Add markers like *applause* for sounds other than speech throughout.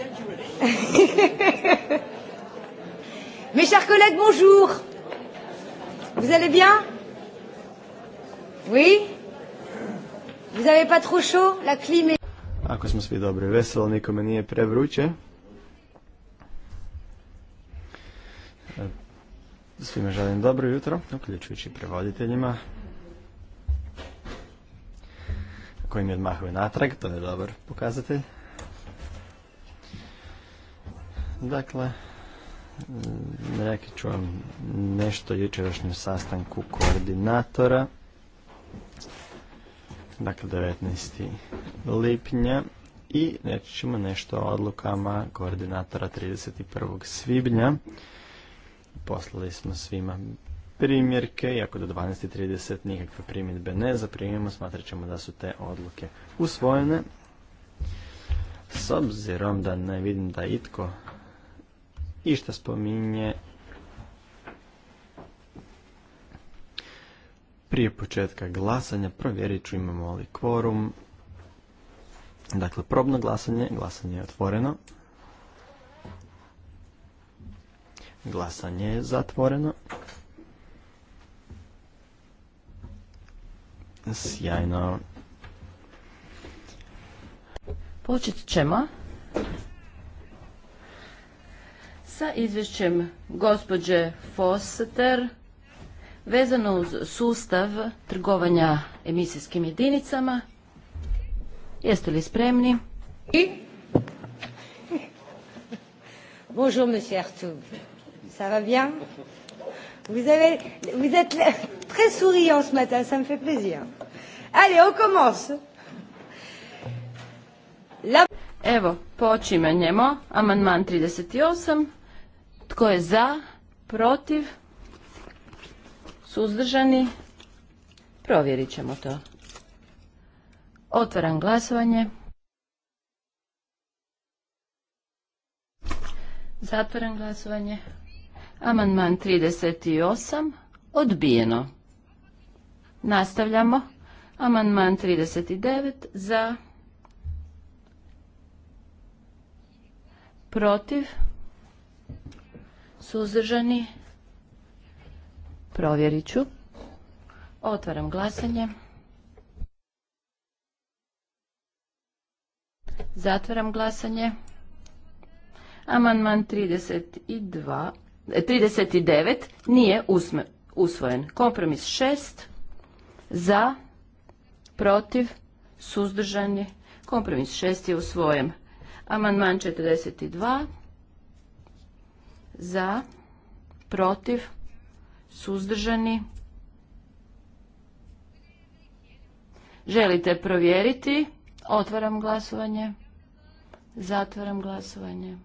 *laughs* Mes chers collègues, bonjour. Vous allez bien Oui Vous n'avez pas trop chaud La clim est... Ako smo svi dobri i veselo, nikome nije prevruće. E, svima želim dobro jutro, uključujući prevoditeljima. Koji mi odmahuje natrag, to je dobar pokazatelj. Dakle, mm, reći ću vam nešto jučerašnjem sastanku koordinatora. Dakle, 19. lipnja i reći ćemo nešto o odlukama koordinatora 31. svibnja. Poslali smo svima primjerke, iako do 12.30 nikakve primjedbe ne zaprimimo, smatrat ćemo da su te odluke usvojene. S obzirom da ne vidim da itko i što spominje prije početka glasanja provjerit ću imamo li kvorum. Dakle, probno glasanje, glasanje je otvoreno. Glasanje je zatvoreno. Sjajno. Počet ćemo sa izvješćem gospođe Foster vezano uz sustav trgovanja emisijskim jedinicama. Jeste li spremni? I? Bonjour, monsieur Artug. Ça va bien? Vous, avez, vous êtes très souriant ce matin, ça me fait plaisir. Allez, on commence. La... Evo, počinjemo. Amandman 38. Tko je za? Protiv? Suzdržani? Provjerit ćemo to. Otvaram glasovanje. Zatvaram glasovanje. Amandman 38. Odbijeno. Nastavljamo. Amandman 39. Za. Protiv. Suzdržani? Provjerit ću. Otvaram glasanje. Zatvaram glasanje. Amandman 32, 39 e, nije usvojen. Kompromis 6 za, protiv, suzdržani. Kompromis 6 je usvojen. Amandman 42 za, protiv, suzdržani. Želite provjeriti? Otvaram glasovanje. Zatvaram glasovanje.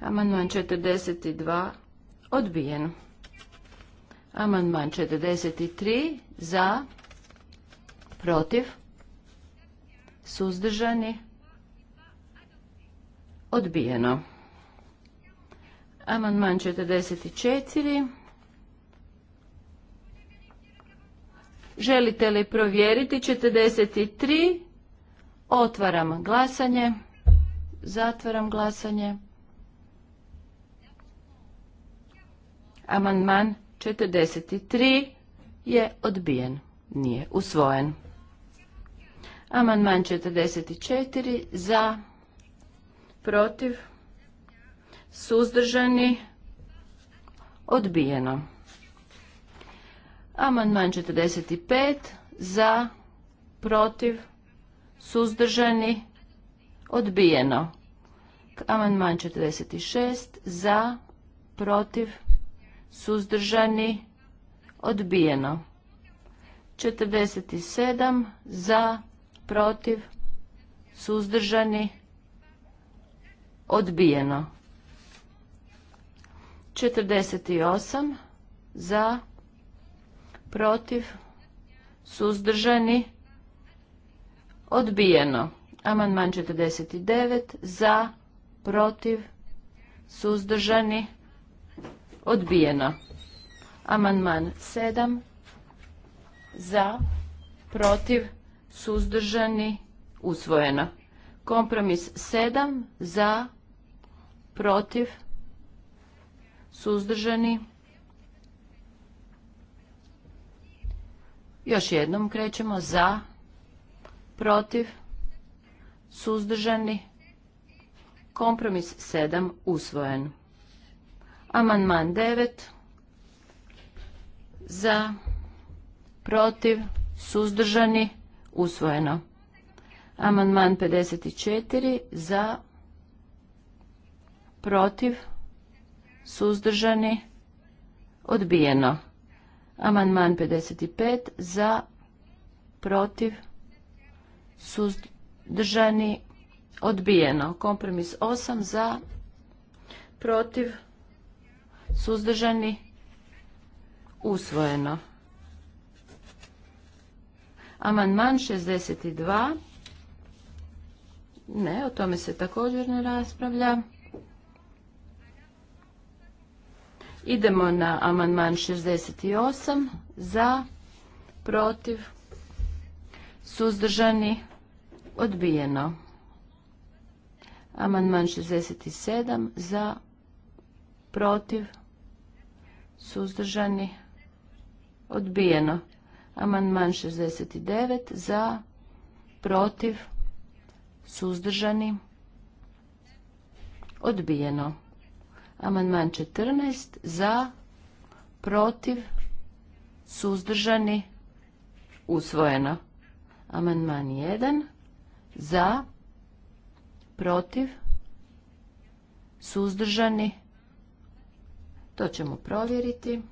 Amandman 42 odbijen. Amandman 43 za, protiv, suzdržani, odbijeno. Amandman 44. Želite li provjeriti 43? Otvaram glasanje. Zatvaram glasanje. Amandman 43 je odbijen, nije usvojen. Amandman 44 za, protiv, suzdržani, odbijeno. Amandman 45 za, protiv, suzdržani, odbijeno. Amandman 46 za, protiv, suzdržani, odbijeno. 47 za, protiv, suzdržani, odbijeno. 48 za, protiv, suzdržani, odbijeno. Amandman 49 za, protiv, suzdržani, odbijeno. Amandman 7 za, protiv, suzdržani, usvojeno. Kompromis 7 za, protiv, suzdržani. Još jednom krećemo za, protiv, suzdržani, kompromis 7 usvojen. Amandman 9 za, protiv, suzdržani, usvojeno. Amandman 54 za, protiv, suzdržani, odbijeno. Amandman 55 za, protiv, suzdržani, odbijeno. Kompromis 8 za, protiv, suzdržani, usvojeno. Amandman 62, ne, o tome se također ne raspravlja. Idemo na amandman 68 za, protiv, suzdržani, odbijeno. Amandman 67 za, protiv, suzdržani, odbijeno. Amandman 69 za, protiv, suzdržani, odbijeno. Amandman 14 za, protiv, suzdržani, usvojeno. Amandman 1 za, protiv, suzdržani, to ćemo provjeriti.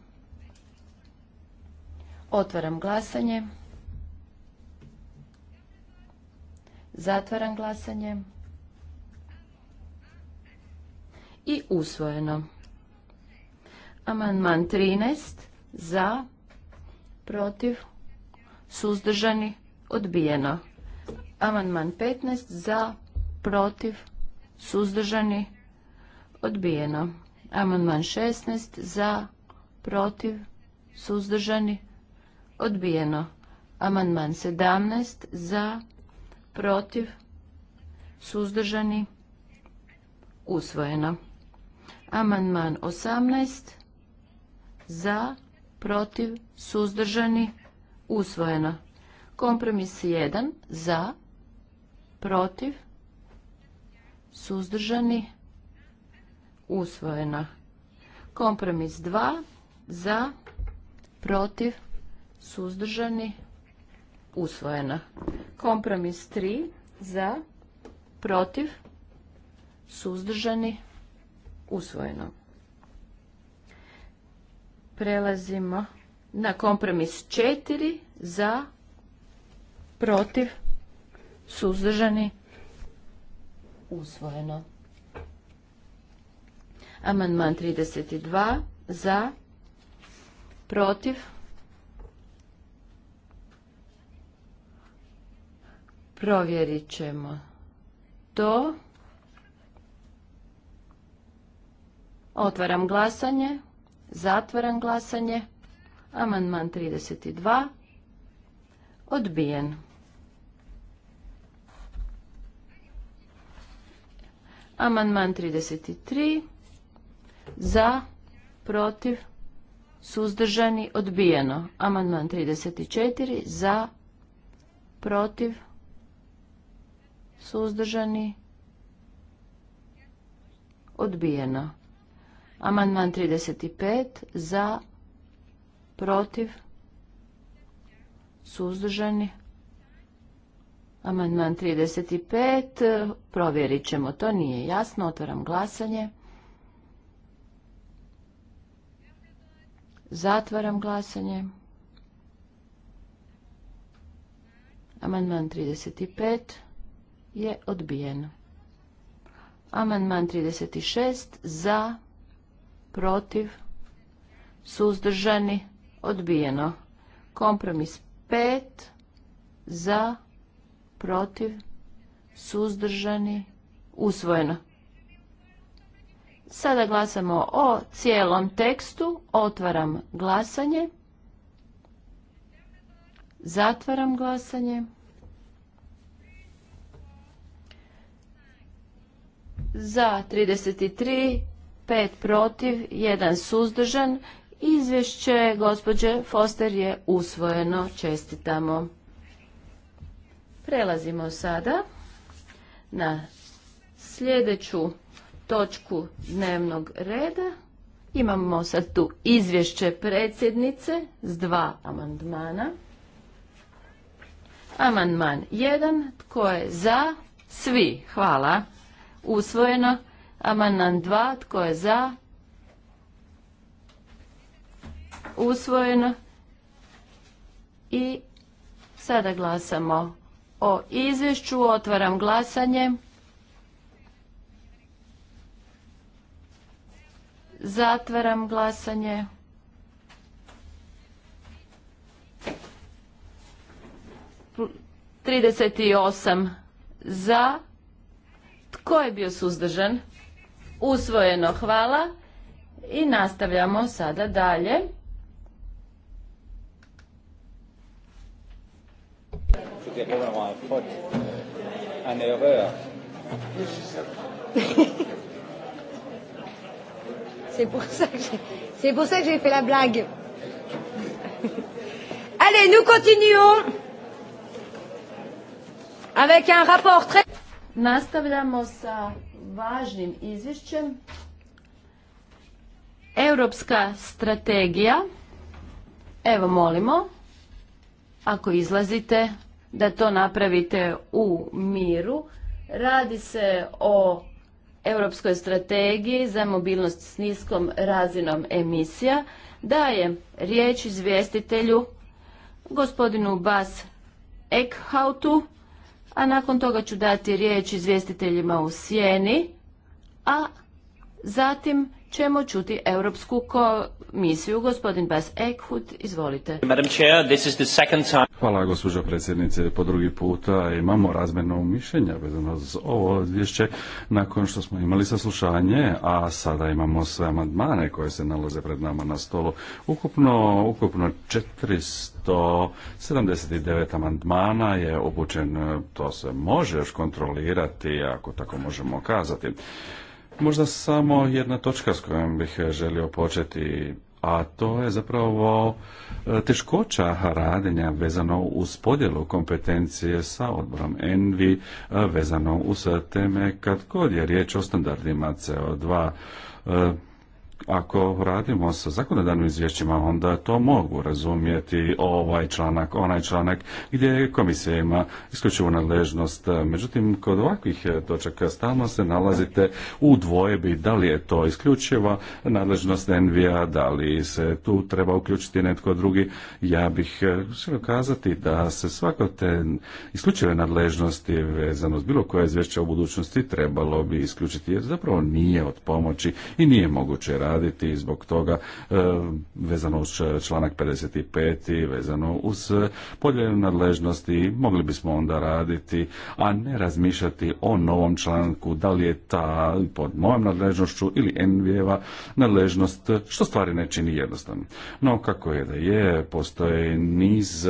Otvaram glasanje. Zatvaram glasanje. i usvojeno. Amandman 13 za, protiv, suzdržani, odbijeno. Amandman 15 za, protiv, suzdržani, odbijeno. Amandman 16 za, protiv, suzdržani, odbijeno. Amandman 17 za, protiv, suzdržani, usvojeno. Amandman 18 za, protiv, suzdržani, usvojeno. Kompromis 1 za, protiv, suzdržani, usvojeno. Kompromis 2 za, protiv, suzdržani, usvojeno. Kompromis 3 za, protiv, suzdržani, usvojeno. Prelazimo na kompromis 4 za, protiv, suzdržani, usvojeno. Amandman 32 za, protiv, provjerit ćemo to. Otvaram glasanje. Zatvaram glasanje. Amandman 32. Odbijen. Amandman 33. Za, protiv, suzdržani, odbijeno. Amandman 34. Za, protiv, suzdržani, odbijeno. Amandman 35 za, protiv, suzdržani. Amandman 35, provjerit ćemo, to nije jasno, otvaram glasanje. Zatvaram glasanje. Amandman 35 je odbijen. Amandman 36 za, protiv, suzdržani, odbijeno. Kompromis 5 za, protiv, suzdržani, usvojeno. Sada glasamo o cijelom tekstu. Otvaram glasanje. Zatvaram glasanje. Za 33 5 protiv, 1 suzdržan. Izvješće gospođe Foster je usvojeno. Čestitamo. Prelazimo sada na sljedeću točku dnevnog reda. Imamo sad tu izvješće predsjednice s dva amandmana. Amandman 1. Tko je za? Svi. Hvala. Usvojeno. Amandman 2. Tko je za? Usvojeno. I sada glasamo o izvješću. Otvaram glasanje. Zatvaram glasanje. Trideset osam za. Tko je bio suzdržan? Usvojeno, hvala. I nastavljamo sada dalje. C'est pour ça que c'est pour ça que j'ai fait la blague. Allez, nous continuons avec un rapport très Nastavljamo sa važnim izvješćem. Europska strategija, evo molimo, ako izlazite, da to napravite u miru. Radi se o Europskoj strategiji za mobilnost s niskom razinom emisija. Dajem riječ izvjestitelju gospodinu Bas Eckhautu a nakon toga ću dati riječ izvjestiteljima u sjeni, a zatim ćemo čuti Europsku ko misiju. Gospodin Bas Ekhut, izvolite. Hvala gospođo predsjednice. Po drugi puta imamo razmjerno mišljenja vezano za ovo izvješće nakon što smo imali saslušanje, a sada imamo sve amandmane koje se nalaze pred nama na stolu. Ukupno, ukupno 479 amandmana je obučen, to se može još kontrolirati, ako tako možemo kazati. Možda samo jedna točka s kojom bih želio početi, a to je zapravo e, teškoća radenja vezano uz podjelu kompetencije sa odborom ENVI, vezano uz teme kad god je riječ o standardima CO2 ako radimo sa zakonodavnim izvješćima, onda to mogu razumjeti ovaj članak, onaj članak gdje komisija ima isključivu nadležnost. Međutim, kod ovakvih točaka stalno se nalazite u dvojebi da li je to isključiva nadležnost Envija, da li se tu treba uključiti netko drugi. Ja bih e, želio kazati da se svako te isključive nadležnosti vezano s bilo koje izvješće u budućnosti trebalo bi isključiti jer zapravo nije od pomoći i nije moguće raditi i zbog toga e, vezano uz članak 55. vezano uz polje nadležnosti mogli bismo onda raditi, a ne razmišljati o novom članku, da li je ta pod mojom nadležnošću ili Envijeva nadležnost, što stvari ne čini jednostavno. No, kako je da je, postoje niz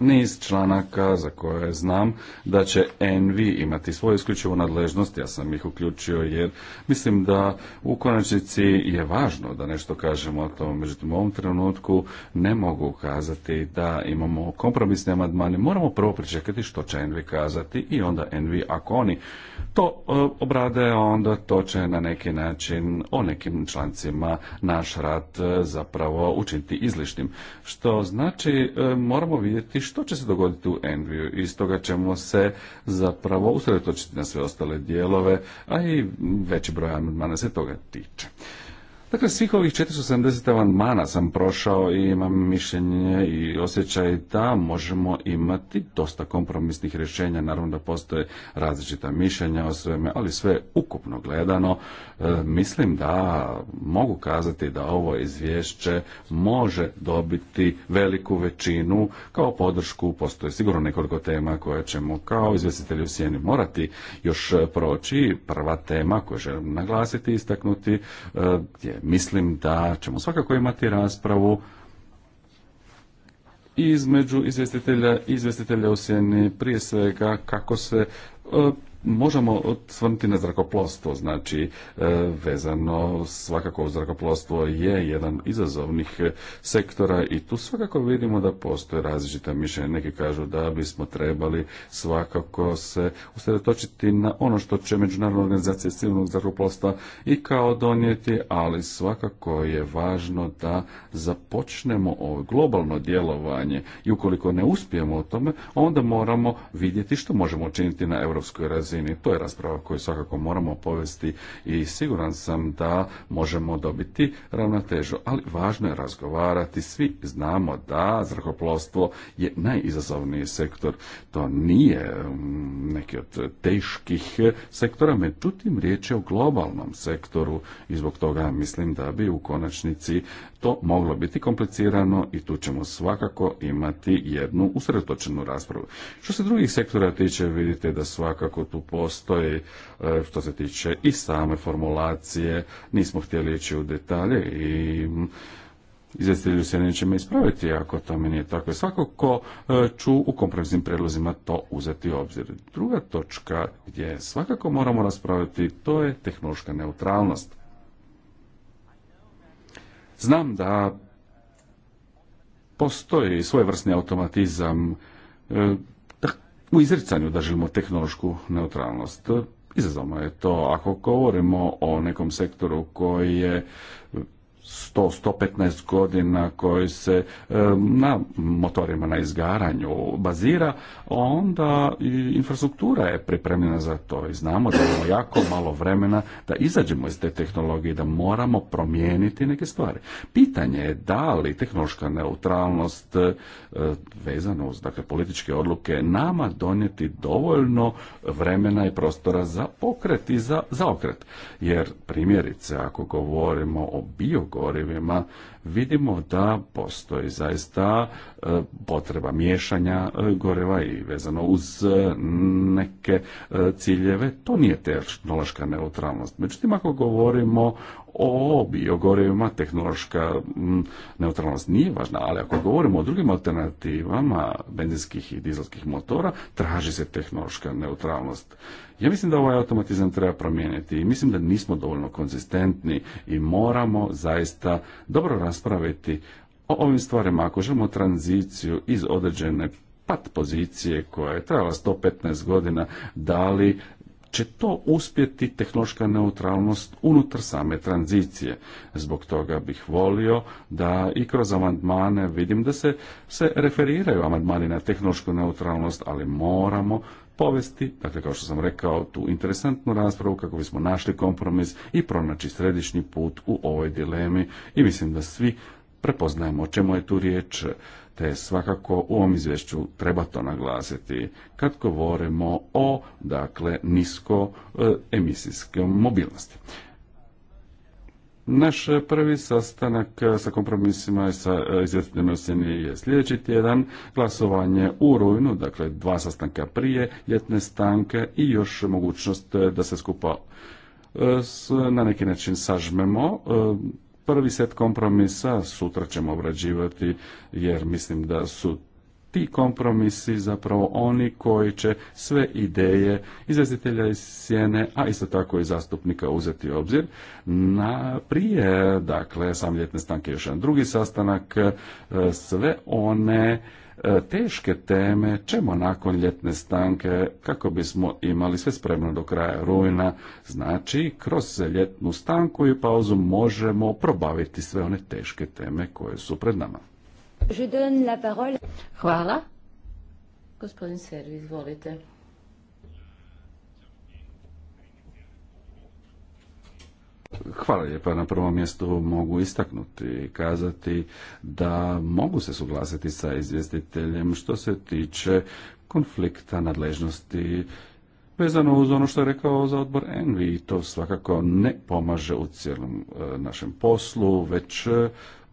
niz članaka za koje znam da će Envi imati svoju isključivu nadležnost, ja sam ih uključio jer mislim da u konačnici je važno da nešto kažemo o tom, međutim u ovom trenutku ne mogu kazati da imamo kompromisne amandmane, moramo prvo pričekati što će Envi kazati i onda Envi ako oni to e, obrade, onda to će na neki način o nekim člancima naš rad e, zapravo učiniti izlišnim. Što znači e, moramo vidjeti što će se dogoditi u Enviju i toga ćemo se zapravo usredotočiti na sve ostale dijelove, a i veći broj amandmana se toga tiče. Dakle, svih ovih 470 amandmana sam prošao i imam mišljenje i osjećaj da možemo imati dosta kompromisnih rješenja. Naravno da postoje različita mišljenja o sveme, ali sve ukupno gledano. E, mislim da mogu kazati da ovo izvješće može dobiti veliku većinu kao podršku. Postoje sigurno nekoliko tema koje ćemo kao izvjestitelji u sjeni morati još proći. Prva tema koju želim naglasiti i istaknuti e, je mislim da ćemo svakako imati raspravu između izvjestitelja i izvjestitelja u sjeni prije svega kako se e, možemo osvrnuti na zrakoplostvo, znači e, vezano svakako zrakoplostvo je jedan izazovnih e, sektora i tu svakako vidimo da postoje različita mišljenja. Neki kažu da bismo trebali svakako se usredotočiti na ono što će Međunarodna organizacija civilnog zrakoplovstva i kao donijeti, ali svakako je važno da započnemo ovo globalno djelovanje i ukoliko ne uspijemo o tome, onda moramo vidjeti što možemo učiniti na europskoj razini razini. To je rasprava koju svakako moramo povesti i siguran sam da možemo dobiti ravnotežu, ali važno je razgovarati. Svi znamo da zrakoplovstvo je najizazovniji sektor. To nije mm, neki od teških sektora, međutim riječ je o globalnom sektoru i zbog toga mislim da bi u konačnici to moglo biti komplicirano i tu ćemo svakako imati jednu usredotočenu raspravu. Što se drugih sektora tiče, vidite da svakako tu postoji e, što se tiče i same formulacije, nismo htjeli ići u detalje i mm, izvjestitelju se nećemo ispraviti ako tome nije tako. Svakako ću e, u kompromisnim predlozima to uzeti u obzir. Druga točka gdje svakako moramo raspraviti to je tehnološka neutralnost. Znam da postoji svojevrsni automatizam e, u izricanju da želimo tehnološku neutralnost. Izazovno je to ako govorimo o nekom sektoru koji je 100-115 godina koji se na motorima na izgaranju bazira, onda infrastruktura je pripremljena za to i znamo da imamo jako malo vremena da izađemo iz te tehnologije, da moramo promijeniti neke stvari. Pitanje je da li tehnološka neutralnost e, vezano uz dakle, političke odluke nama donijeti dovoljno vremena i prostora za pokret i za zaokret. Jer primjerice, ako govorimo o biogodnosti gorivima, vidimo da postoji zaista e, potreba miješanja e, goriva i vezano uz e, neke ciljeve. To nije tehnološka neutralnost. Međutim, ako govorimo o biogorivima tehnološka neutralnost nije važna, ali ako govorimo o drugim alternativama benzinskih i dizelskih motora, traži se tehnološka neutralnost. Ja mislim da ovaj automatizam treba promijeniti i mislim da nismo dovoljno konzistentni i moramo zaista dobro raspraviti o ovim stvarima. Ako želimo tranziciju iz određene pat pozicije koja je trajala 115 godina, da li će to uspjeti tehnološka neutralnost unutar same tranzicije. Zbog toga bih volio da i kroz amandmane vidim da se, se referiraju amandmani na tehnološku neutralnost, ali moramo povesti, dakle kao što sam rekao, tu interesantnu raspravu kako bismo našli kompromis i pronaći središnji put u ovoj dilemi i mislim da svi prepoznajemo o čemu je tu riječ te svakako u ovom izvješću treba to naglasiti kad govorimo o dakle nisko e, mobilnosti. Naš prvi sastanak sa kompromisima i sa e, izvjetiteljima je sljedeći tjedan, glasovanje u rujnu, dakle dva sastanka prije, ljetne stanke i još mogućnost da se skupa e, na neki način sažmemo prvi set kompromisa sutra ćemo obrađivati jer mislim da su ti kompromisi zapravo oni koji će sve ideje izvjestitelja iz sjene, a isto tako i zastupnika uzeti u obzir. Na prije, dakle, sam ljetne stanke još jedan drugi sastanak, e, sve one E, teške teme ćemo nakon ljetne stanke kako bismo imali sve spremno do kraja rujna. Znači, kroz ljetnu stanku i pauzu možemo probaviti sve one teške teme koje su pred nama. Hvala. Gospodin Servi, izvolite. Hvala lijepa. Na prvom mjestu mogu istaknuti i kazati da mogu se suglasiti sa izvjestiteljem što se tiče konflikta nadležnosti vezano uz ono što je rekao za odbor Envi to svakako ne pomaže u cijelom e, našem poslu, već e,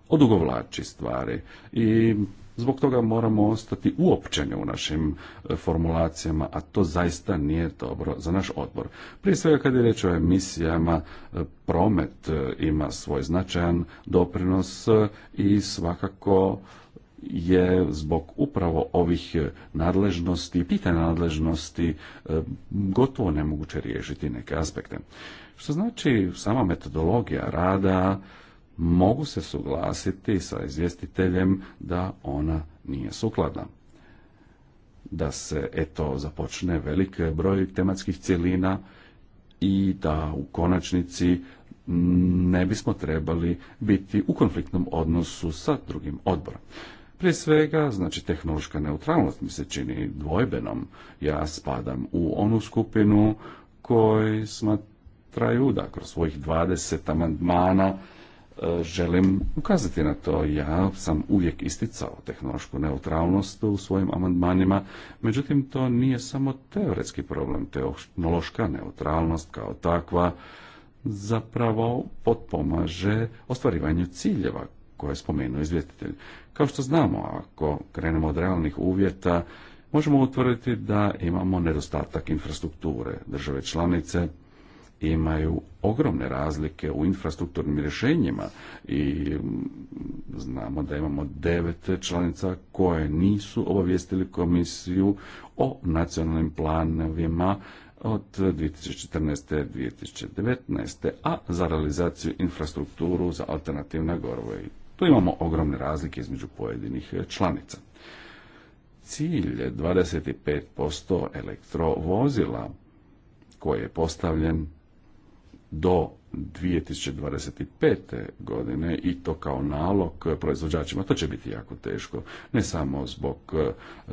odugovlači stvari. I Zbog toga moramo ostati uopćeni u našim e, formulacijama, a to zaista nije dobro za naš odbor. Prije svega kad je reč o emisijama, e, promet e, ima svoj značajan doprinos i svakako je zbog upravo ovih nadležnosti, pitanja nadležnosti, gotovo nemoguće riješiti neke aspekte. Što znači sama metodologija rada, mogu se suglasiti sa izvjestiteljem da ona nije sukladna da se eto započne velik broj tematskih cjelina i da u konačnici ne bismo trebali biti u konfliktnom odnosu sa drugim odborom. Prije svega, znači tehnološka neutralnost mi se čini dvojbenom. Ja spadam u onu skupinu koji smatraju da kroz svojih 20 amandmana E, želim ukazati na to. Ja sam uvijek isticao tehnološku neutralnost u svojim amandmanima, međutim to nije samo teoretski problem. Tehnološka neutralnost kao takva zapravo potpomaže ostvarivanju ciljeva koje je spomenuo izvjetitelj. Kao što znamo, ako krenemo od realnih uvjeta, možemo utvrditi da imamo nedostatak infrastrukture države članice, imaju ogromne razlike u infrastrukturnim rješenjima i mm, znamo da imamo devet članica koje nisu obavijestili komisiju o nacionalnim planovima od 2014. 2019. a za realizaciju infrastrukturu za alternativne gorove. Tu imamo ogromne razlike između pojedinih članica. Cilj 25% elektrovozila koji je postavljen do 2025. godine i to kao nalog proizvođačima. To će biti jako teško, ne samo zbog e,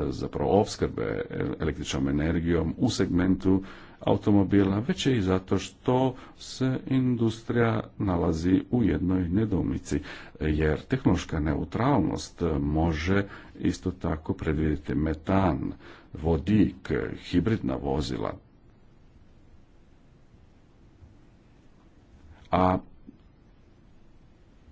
zapravo opskrbe električnom energijom u segmentu automobila, već i zato što se industrija nalazi u jednoj nedomici, jer tehnološka neutralnost može isto tako predvidjeti metan, vodik, hibridna vozila, a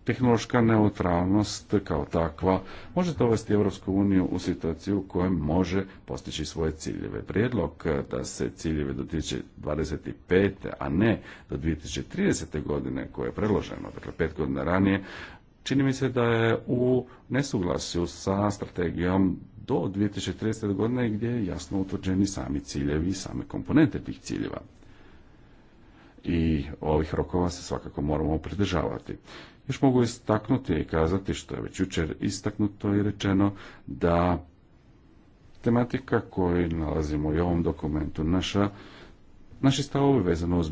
tehnološka neutralnost kao takva može dovesti Europsku uniju u situaciju u kojoj može postići svoje ciljeve. Prijedlog da se ciljeve do 2025. a ne do 2030. godine koje je predloženo, dakle pet godina ranije, čini mi se da je u nesuglasju sa strategijom do 2030. godine gdje je jasno utvrđeni sami ciljevi i same komponente tih ciljeva i ovih rokova se svakako moramo pridržavati. Još mogu istaknuti i kazati što je već jučer istaknuto i rečeno da tematika koju nalazimo u ovom dokumentu naša, naši stavovi vezano uz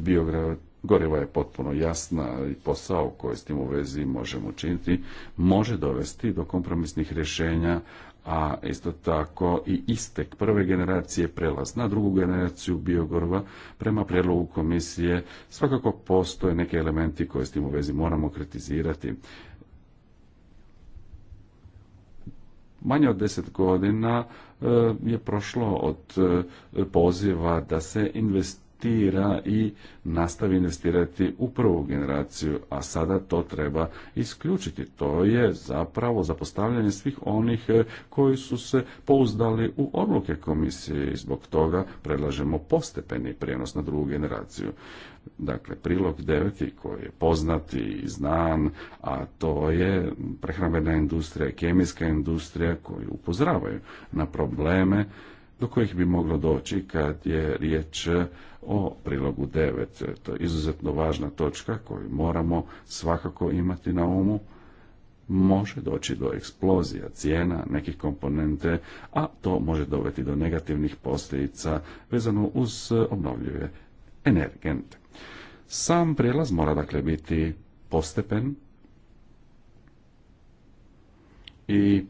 goriva je potpuno jasna i posao koji s tim u vezi možemo učiniti može dovesti do kompromisnih rješenja a isto tako i istek prve generacije prelaz na drugu generaciju biogoriva prema prijedlogu komisije svakako postoje neke elementi koje s tim u vezi moramo kritizirati. Manje od deset godina eh, je prošlo od eh, poziva da se investira investira i nastavi investirati u prvu generaciju, a sada to treba isključiti. To je zapravo zapostavljanje svih onih eh, koji su se pouzdali u odluke komisije i zbog toga predlažemo postepeni prijenos na drugu generaciju. Dakle, prilog deveti koji je poznat i znan, a to je prehrambena industrija, kemijska industrija koji upozoravaju na probleme do kojih bi moglo doći kad je riječ o prilogu 9. E, to je izuzetno važna točka koju moramo svakako imati na umu. Može doći do eksplozija cijena nekih komponente, a to može doveti do negativnih posljedica vezano uz obnovljive energente. Sam prijelaz mora dakle biti postepen i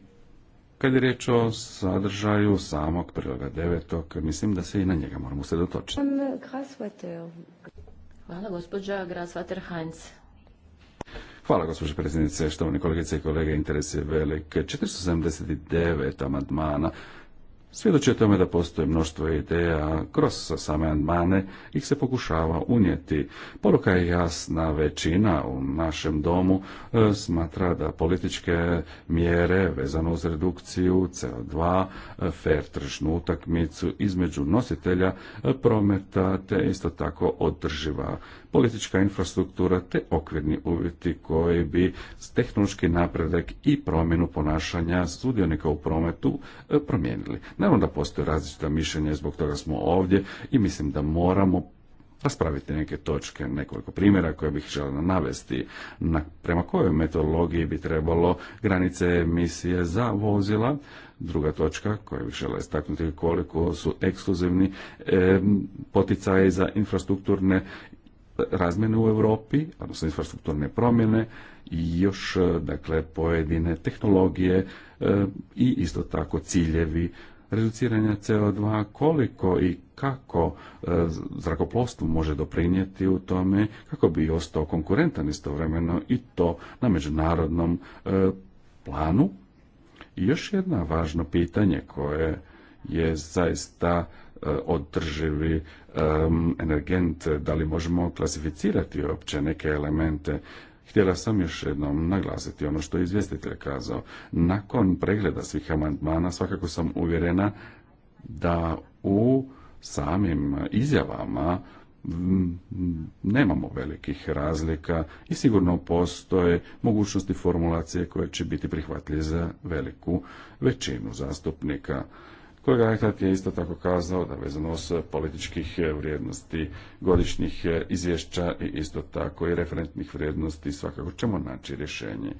kad je riječ o sadržaju samog priloga devetog, mislim da se i na njega moramo se dotočiti. Hvala gospođa Grasvater Heinz. Hvala gospođo predsjednice, štovani kolegice i kolege, interes je velik. 479 amandmana Svjedoči tome da postoje mnoštvo ideja, kroz same amandmane ih se pokušava unijeti. Poruka je jasna, većina u našem domu e, smatra da političke mjere vezano uz redukciju CO2, e, fair tržnu utakmicu između nositelja e, prometa te isto tako održiva politička infrastruktura te okvirni uvjeti koji bi s tehnološki napredak i promjenu ponašanja sudionika u prometu e, promijenili. Naravno da postoje različita mišljenja, zbog toga smo ovdje i mislim da moramo raspraviti neke točke, nekoliko primjera koje bih želio navesti, na, prema kojoj metodologiji bi trebalo granice emisije za vozila, druga točka koja bih želio istaknuti koliko su ekskluzivni e, poticaje za infrastrukturne razmjene u Europi, odnosno infrastrukturne promjene i još e, dakle pojedine tehnologije e, i isto tako ciljevi reduciranja CO2, koliko i kako e, zrakoplovstvo može doprinijeti u tome kako bi ostao konkurentan istovremeno i to na međunarodnom planu. I još jedno važno pitanje koje je zaista održivi um, energent, da li možemo klasificirati uopće neke elemente Htjela sam još jednom naglasiti ono što je izvjestitelj kazao. Nakon pregleda svih amandmana svakako sam uvjerena da u samim izjavama nemamo velikih razlika i sigurno postoje mogućnosti formulacije koje će biti prihvatljive za veliku većinu zastupnika. Kolega je isto tako kazao da vezano političkih e, vrijednosti godišnjih e, izvješća i isto tako i referentnih vrijednosti svakako ćemo naći rješenje.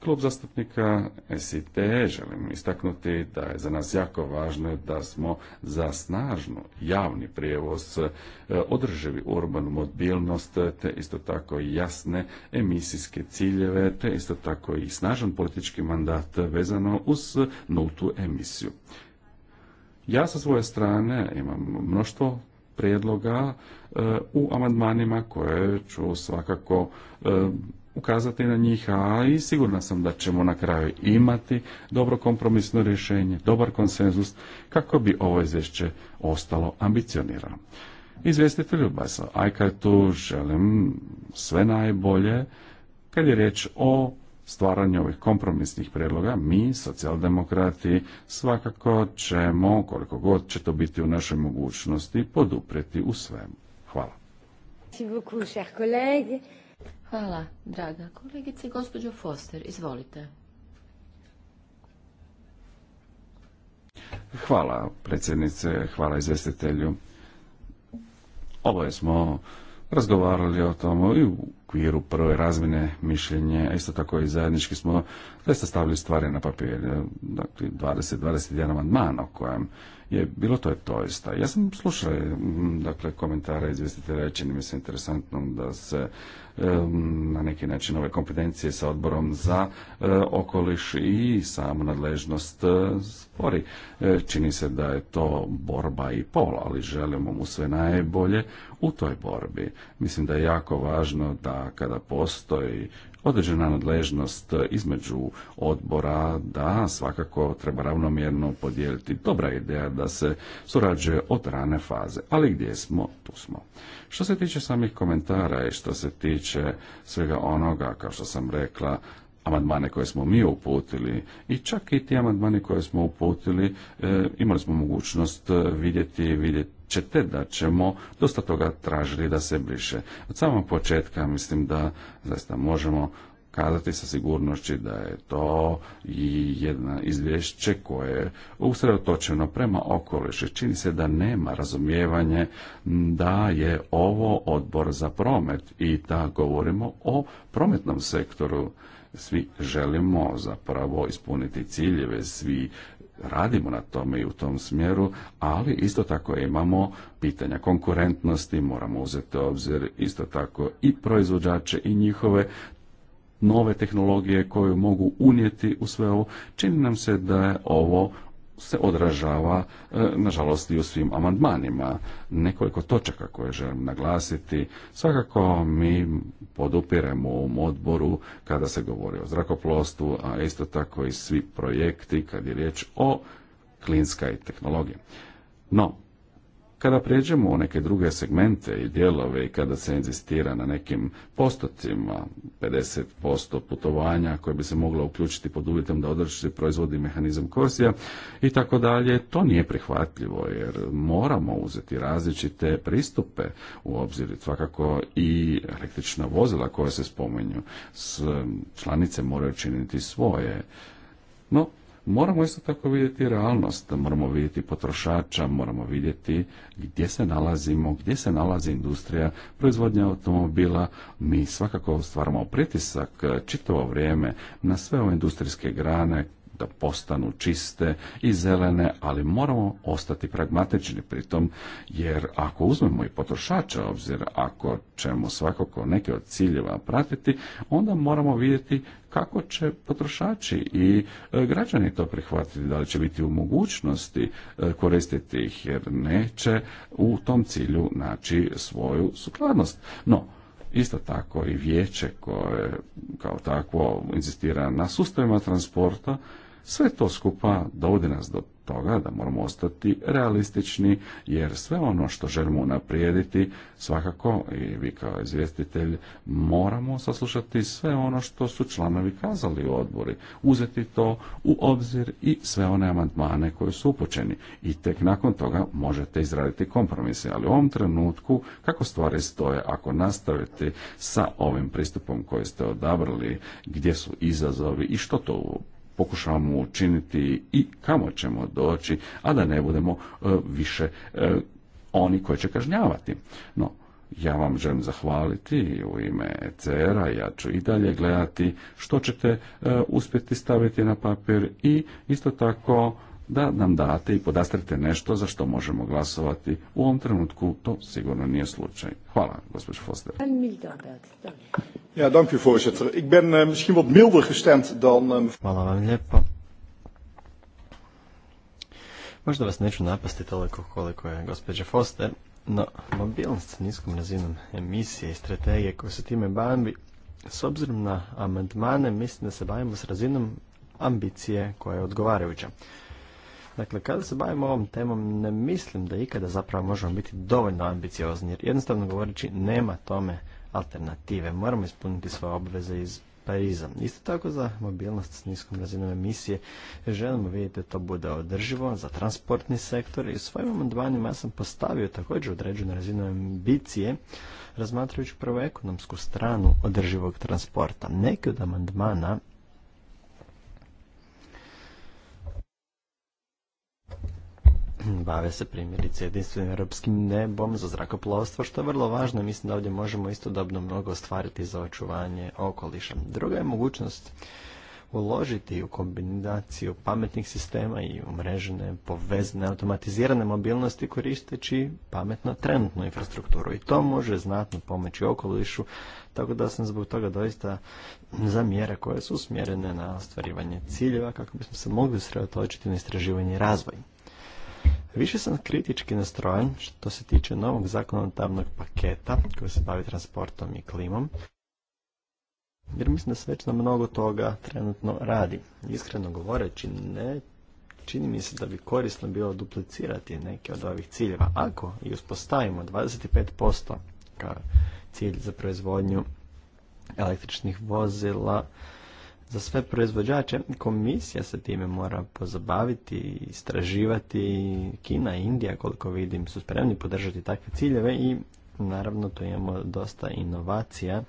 Klub zastupnika SIT želim istaknuti da je za nas jako važno da smo za snažno javni prijevoz, e, održivi urbanu mobilnost, te isto tako i jasne emisijske ciljeve, te isto tako i snažan politički mandat vezano uz nultu emisiju. Ja sa svoje strane imam mnoštvo prijedloga e, u amandmanima koje ću svakako e, ukazati na njih, a i sigurna sam da ćemo na kraju imati dobro kompromisno rješenje, dobar konsenzus kako bi ovo izvješće ostalo ambicionirano. Izvjestitelju Basa tu želim sve najbolje kad je riječ o stvaranje ovih kompromisnih predloga, mi, socijaldemokrati, svakako ćemo, koliko god će to biti u našoj mogućnosti, podupreti u svemu. Hvala. Hvala, draga kolegice. Foster, izvolite. Hvala, predsjednice, hvala izvjestitelju. Ovo smo razgovarali o tomu i u okviru prve razmjene mišljenje, isto tako i zajednički smo zaista stavili stvari na papir, e, dakle 20-21 amandman o kojem je bilo to je toista. Ja sam slušao mm, dakle, komentare izvjestitelja, čini mi se interesantno da se e, na neki način ove kompetencije sa odborom za e, okoliš i samu nadležnost spori. čini se da je to borba i pol, ali želimo mu sve najbolje u toj borbi. Mislim da je jako važno da kada postoji određena nadležnost između odbora da svakako treba ravnomjerno podijeliti. Dobra ideja da se surađuje od rane faze, ali gdje smo, tu smo. Što se tiče samih komentara i što se tiče svega onoga, kao što sam rekla, amandmane koje smo mi uputili i čak i ti amandmani koje smo uputili e, imali smo mogućnost vidjeti, vidjeti ćete da ćemo dosta toga tražili da se briše. Od samog početka mislim da zaista možemo kazati sa sigurnošću da je to i jedna izvješće koje je usredotočeno prema okolišu. Čini se da nema razumijevanje da je ovo odbor za promet i da govorimo o prometnom sektoru svi želimo zapravo ispuniti ciljeve, svi radimo na tome i u tom smjeru, ali isto tako imamo pitanja konkurentnosti, moramo uzeti u obzir isto tako i proizvođače i njihove nove tehnologije koje mogu unijeti u sve ovo. Čini nam se da je ovo se odražava e, nažalost i u svim amandmanima. Nekoliko točaka koje želim naglasiti. Svakako mi podupiremo u ovom odboru kada se govori o zrakoplostu, a isto tako i svi projekti kad je riječ o klinska i No, kada pređemo u neke druge segmente i dijelove i kada se inzistira na nekim postocima, 50% putovanja koje bi se moglo uključiti pod uvjetom da održi proizvodi mehanizam korsija i tako dalje, to nije prihvatljivo jer moramo uzeti različite pristupe u obzir svakako i električna vozila koja se spominju. S, članice moraju činiti svoje. No, moramo isto tako vidjeti realnost, moramo vidjeti potrošača, moramo vidjeti gdje se nalazimo, gdje se nalazi industrija, proizvodnja automobila. Mi svakako stvaramo pritisak čitavo vrijeme na sve ove industrijske grane da postanu čiste i zelene, ali moramo ostati pragmatični pritom, jer ako uzmemo i potrošača obzir, ako ćemo svakako neke od ciljeva pratiti, onda moramo vidjeti kako će potrošači i e, građani to prihvatiti, da li će biti u mogućnosti e, koristiti ih, jer neće u tom cilju naći svoju sukladnost. No, Isto tako i vijeće koje kao takvo insistira na sustavima transporta sve to skupa dovodi nas do toga da moramo ostati realistični, jer sve ono što želimo unaprijediti, svakako i vi kao izvjestitelj moramo saslušati sve ono što su članovi kazali u odbori, uzeti to u obzir i sve one amandmane koje su upućeni i tek nakon toga možete izraditi kompromise, ali u ovom trenutku kako stvari stoje ako nastavite sa ovim pristupom koji ste odabrali, gdje su izazovi i što to pokušavamo učiniti i kamo ćemo doći, a da ne budemo e, više e, oni koji će kažnjavati. No, ja vam želim zahvaliti u ime e cera ja ću i dalje gledati što ćete uspjeti staviti na papir i isto tako da nam date i podastrite nešto za što možemo glasovati. U ovom trenutku to sigurno nije slučaj. Hvala, gospođo Foster. Ja, dank u voorzitter. Ik ben eh, misschien wat milder gestemd dan... Eh, Hvala vam lijepo. Možda vas neću napasti toliko koliko je gospođa Foster, no mobilnost s niskom razinom emisije i strategije koje se time bavi, s obzirom na amandmane, mislim da se bavimo s razinom ambicije koja je odgovarajuća. Dakle, kada se bavimo ovom temom, ne mislim da ikada zapravo možemo biti dovoljno ambiciozni, jer jednostavno govoreći nema tome alternative. Moramo ispuniti svoje obveze iz Pariza. Isto tako za mobilnost s niskom razinom emisije želimo vidjeti da to bude održivo za transportni sektor i u svojim amandmanima sam postavio također određenu razinu ambicije razmatrajući prvo ekonomsku stranu održivog transporta. Neki od amandmana *clears throat* bave se primjerice jedinstvenim europskim nebom za zrakoplovstvo, što je vrlo važno. Mislim da ovdje možemo istodobno mnogo ostvariti za očuvanje okoliša. Druga je mogućnost uložiti u kombinaciju pametnih sistema i umrežene, povezane, automatizirane mobilnosti koristeći pametno trenutnu infrastrukturu. I to može znatno pomoći okolišu, tako da sam zbog toga doista za mjere koje su usmjerene na ostvarivanje ciljeva kako bismo se mogli sredotočiti na istraživanje i razvoj. Više sam kritički nastrojen što se tiče novog zakonodavnog paketa koji se bavi transportom i klimom, jer mislim da se već na mnogo toga trenutno radi. Iskreno govoreći, ne čini mi se da bi korisno bilo duplicirati neke od ovih ciljeva. Ako i uspostavimo 25% kao cilj za proizvodnju električnih vozila, za sve proizvođače. Komisija se time mora pozabaviti, istraživati. Kina i Indija, koliko vidim, su spremni podržati takve ciljeve i naravno tu imamo dosta inovacija.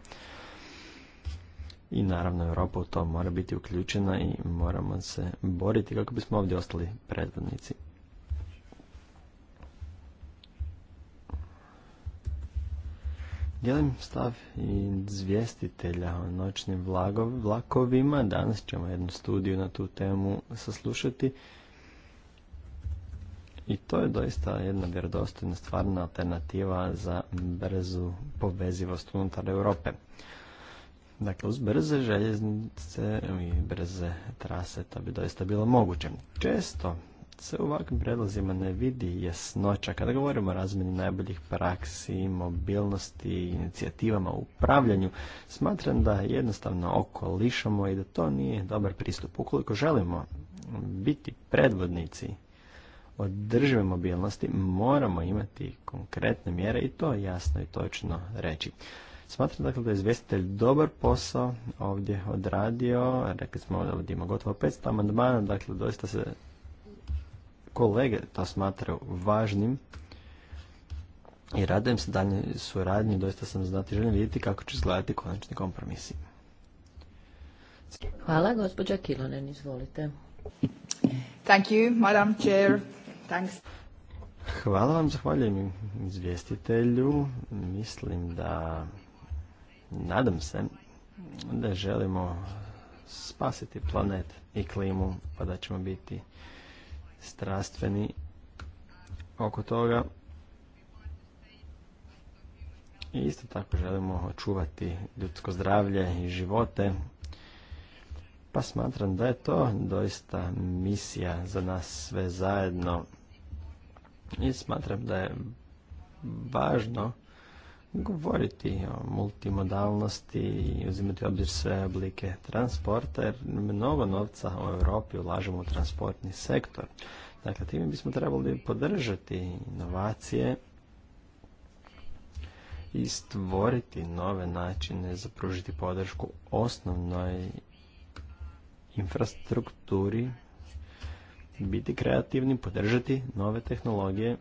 I naravno Europa u to mora biti uključena i moramo se boriti kako bismo ovdje ostali predvodnici. Dijelim stav izvjestitelja o noćnim vlakovima. Danas ćemo jednu studiju na tu temu saslušati. I to je doista jedna vjerodostojna stvarna alternativa za brzu povezivost unutar Europe. Dakle, uz brze željeznice i brze trase to bi doista bilo moguće. Često se u ovakvim predlozima ne vidi jasnoća. Kada govorimo o razmjeni najboljih praksi, mobilnosti, inicijativama, u upravljanju, smatram da jednostavno okolišamo i da to nije dobar pristup. Ukoliko želimo biti predvodnici održive mobilnosti, moramo imati konkretne mjere i to jasno i točno reći. Smatram dakle da je izvjestitelj dobar posao ovdje odradio, rekli smo ovdje ima gotovo 500 amandmana, dakle doista se kolege to smatraju važnim i radujem se dalje suradnji, doista sam znati želim vidjeti kako će izgledati konačni kompromis. Hvala, gospođa Kilonen, izvolite. Thank you, madam chair. Thanks. Hvala vam, zahvaljujem izvjestitelju. Mislim da, nadam se, da želimo spasiti planet i klimu, pa da ćemo biti strastveni oko toga. I isto tako želimo očuvati ljudsko zdravlje i živote. Pa smatram da je to doista misija za nas sve zajedno. I smatram da je važno govoriti o multimodalnosti i uzimati obzir sve oblike transporta jer mnogo novca u Europi ulažemo u transportni sektor. Dakle, time bismo trebali podržati inovacije i stvoriti nove načine za pružiti podršku osnovnoj infrastrukturi, biti kreativni, podržati nove tehnologije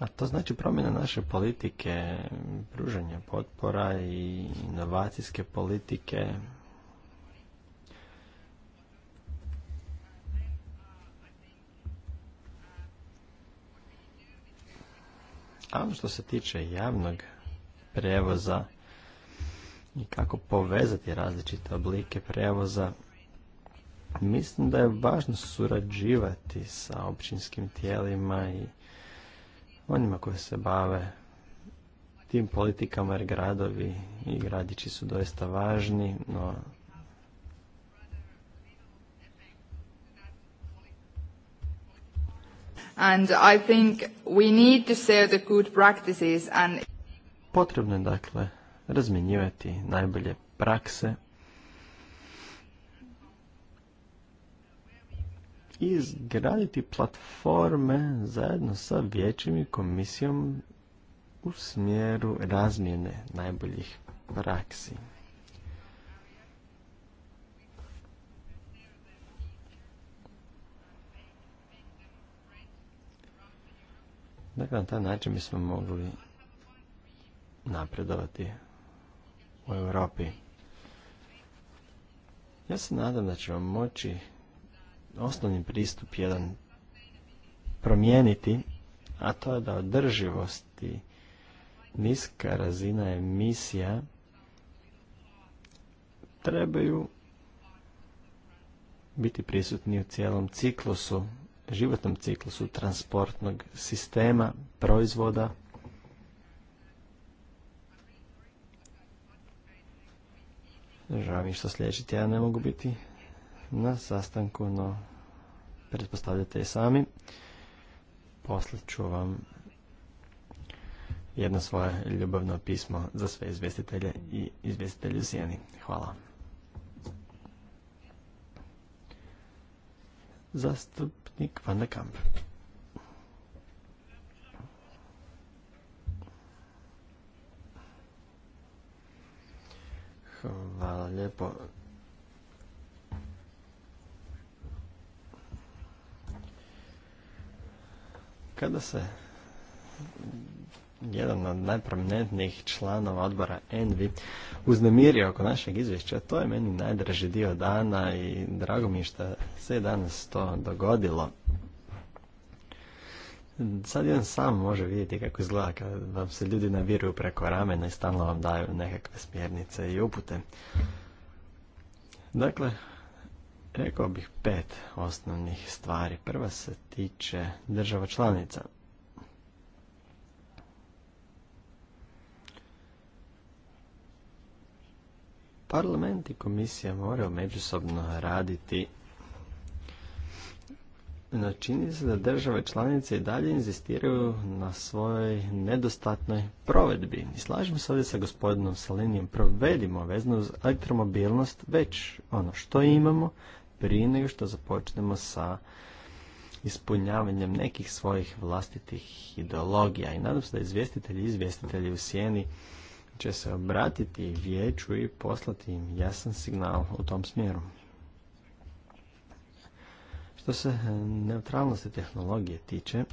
A to znači promjena naše politike, pružanja potpora i inovacijske politike. A ono što se tiče javnog prevoza i kako povezati različite oblike prevoza, mislim da je važno surađivati sa općinskim tijelima i onima koji se bave tim politikama jer gradovi i gradići su doista važni, no And I think we need to share the good practices and Potrebno je dakle razmjenjivati najbolje prakse izgraditi platforme zajedno sa vijećim i komisijom u smjeru razmjene najboljih praksi. Dakle, na taj način bismo mogli napredovati u Europi. Ja se nadam da ćemo moći osnovni pristup jedan promijeniti, a to je da održivosti niska razina emisija trebaju biti prisutni u cijelom ciklusu, životnom ciklusu transportnog sistema, proizvoda. Žao mi što sljedeći tjedan ne mogu biti na sastanku, no pretpostavljate i sami. Poslat ću vam jedno svoje ljubavno pismo za sve izvestitelje i izvjestitelje u Hvala. Zastupnik Van de Kamp. Hvala lijepo Kada se jedan od najprominentnijih članova odbora Envi uznemirio oko našeg izvješća. To je meni najdraži dio dana i drago mi je što se danas to dogodilo. Sad jedan sam može vidjeti kako izgleda kad vam se ljudi naviruju preko ramena i stalno vam daju nekakve smjernice i upute. Dakle, Rekao bih pet osnovnih stvari. Prva se tiče država članica. Parlament i komisija moraju međusobno raditi no čini se da države članice i dalje inzistiraju na svojoj nedostatnoj provedbi. I slažem se ovdje sa gospodinom Salinijem, provedimo vezno uz elektromobilnost već ono što imamo prije nego što započnemo sa ispunjavanjem nekih svojih vlastitih ideologija. I nadam se da izvjestitelji i izvjestitelji u sjeni će se obratiti vijeću i poslati im jasan signal u tom smjeru. Što se eh, neutralnosti tehnologije tiče,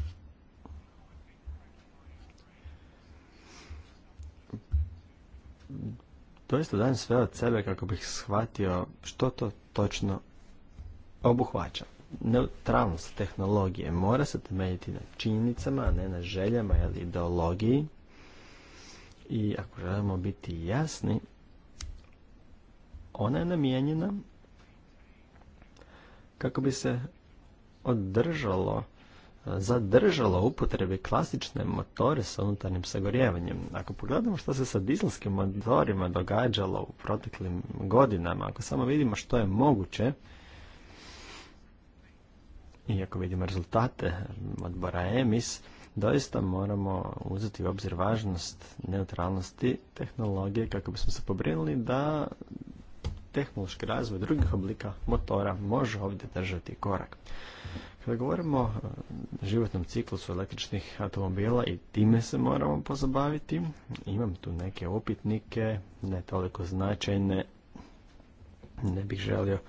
doista dajem sve od sebe kako bih shvatio što to točno obuhvaća. Neutralnost tehnologije mora se temeljiti na činjenicama, a ne na željama ili ideologiji. I ako želimo biti jasni, ona je namijenjena kako bi se održalo zadržalo upotrebe klasične motore sa unutarnjim sagorjevanjem. Ako pogledamo što se sa dizelskim motorima događalo u proteklim godinama, ako samo vidimo što je moguće, iako vidimo rezultate odbora EMIS, doista moramo uzeti u obzir važnost neutralnosti tehnologije kako bismo se pobrinuli da tehnološki razvoj drugih oblika motora može ovdje držati korak. Kada govorimo o životnom ciklusu električnih automobila i time se moramo pozabaviti, imam tu neke opitnike, ne toliko značajne, ne bih želio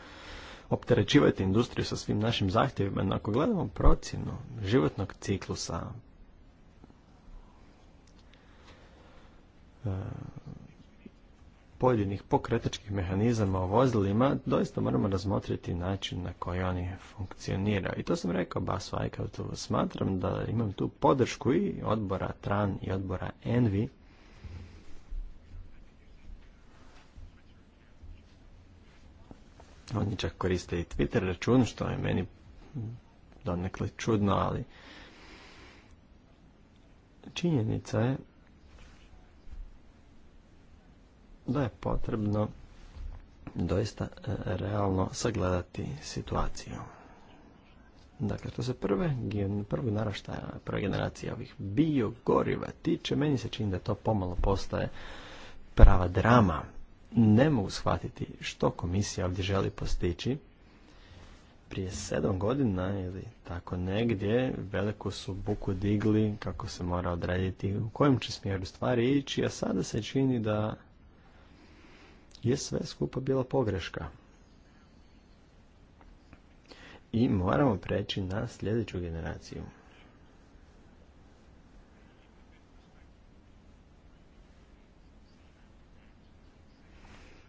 opterećivati industriju sa svim našim zahtjevima. No, ako gledamo procjenu životnog ciklusa e, pojedinih pokretačkih mehanizama o vozilima, doista moramo razmotriti način na koji oni funkcioniraju. I to sam rekao Bas Vajkautu. Smatram da imam tu podršku i odbora TRAN i odbora ENVI Oni čak koriste i Twitter račun, što je meni donekle čudno, ali činjenica je da je potrebno doista e, realno sagledati situaciju. Dakle, što se prve, prvog naraštaja, prve generacije ovih biogoriva tiče, meni se čini da to pomalo postaje prava drama ne mogu shvatiti što komisija ovdje želi postići. Prije sedam godina ili tako negdje veliku su buku digli kako se mora odrediti u kojem će smjeru stvari ići, a sada se čini da je sve skupa bila pogreška. I moramo preći na sljedeću generaciju.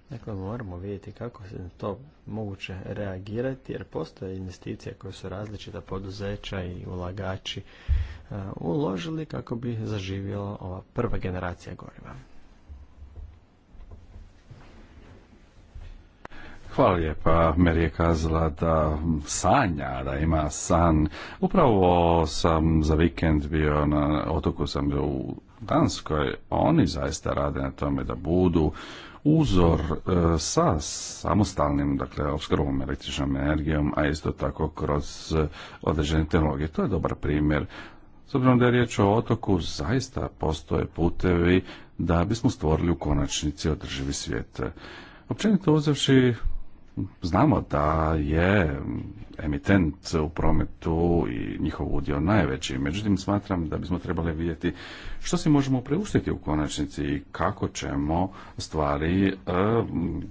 Dakle, moramo vidjeti kako se na to moguće reagirati, jer postoje investicije koje su različita poduzeća i ulagači e, uložili kako bi zaživjela ova prva generacija goriva. Hvala lijepa. Meri je kazala da sanja, da ima san. Upravo sam za vikend bio na otoku, sam bio u Danskoj. Oni zaista rade na tome da budu uzor e, sa samostalnim, dakle, opskrbom električnom energijom, a isto tako kroz e, određene tehnologije. To je dobar primjer. S obzirom da je riječ o otoku, zaista postoje putevi da bismo stvorili u konačnici održivi svijet. Općenito uzevši, Znamo da je emitent u prometu i njihov udio najveći. Međutim, smatram da bismo trebali vidjeti što si možemo preuštiti u konačnici i kako ćemo stvari e,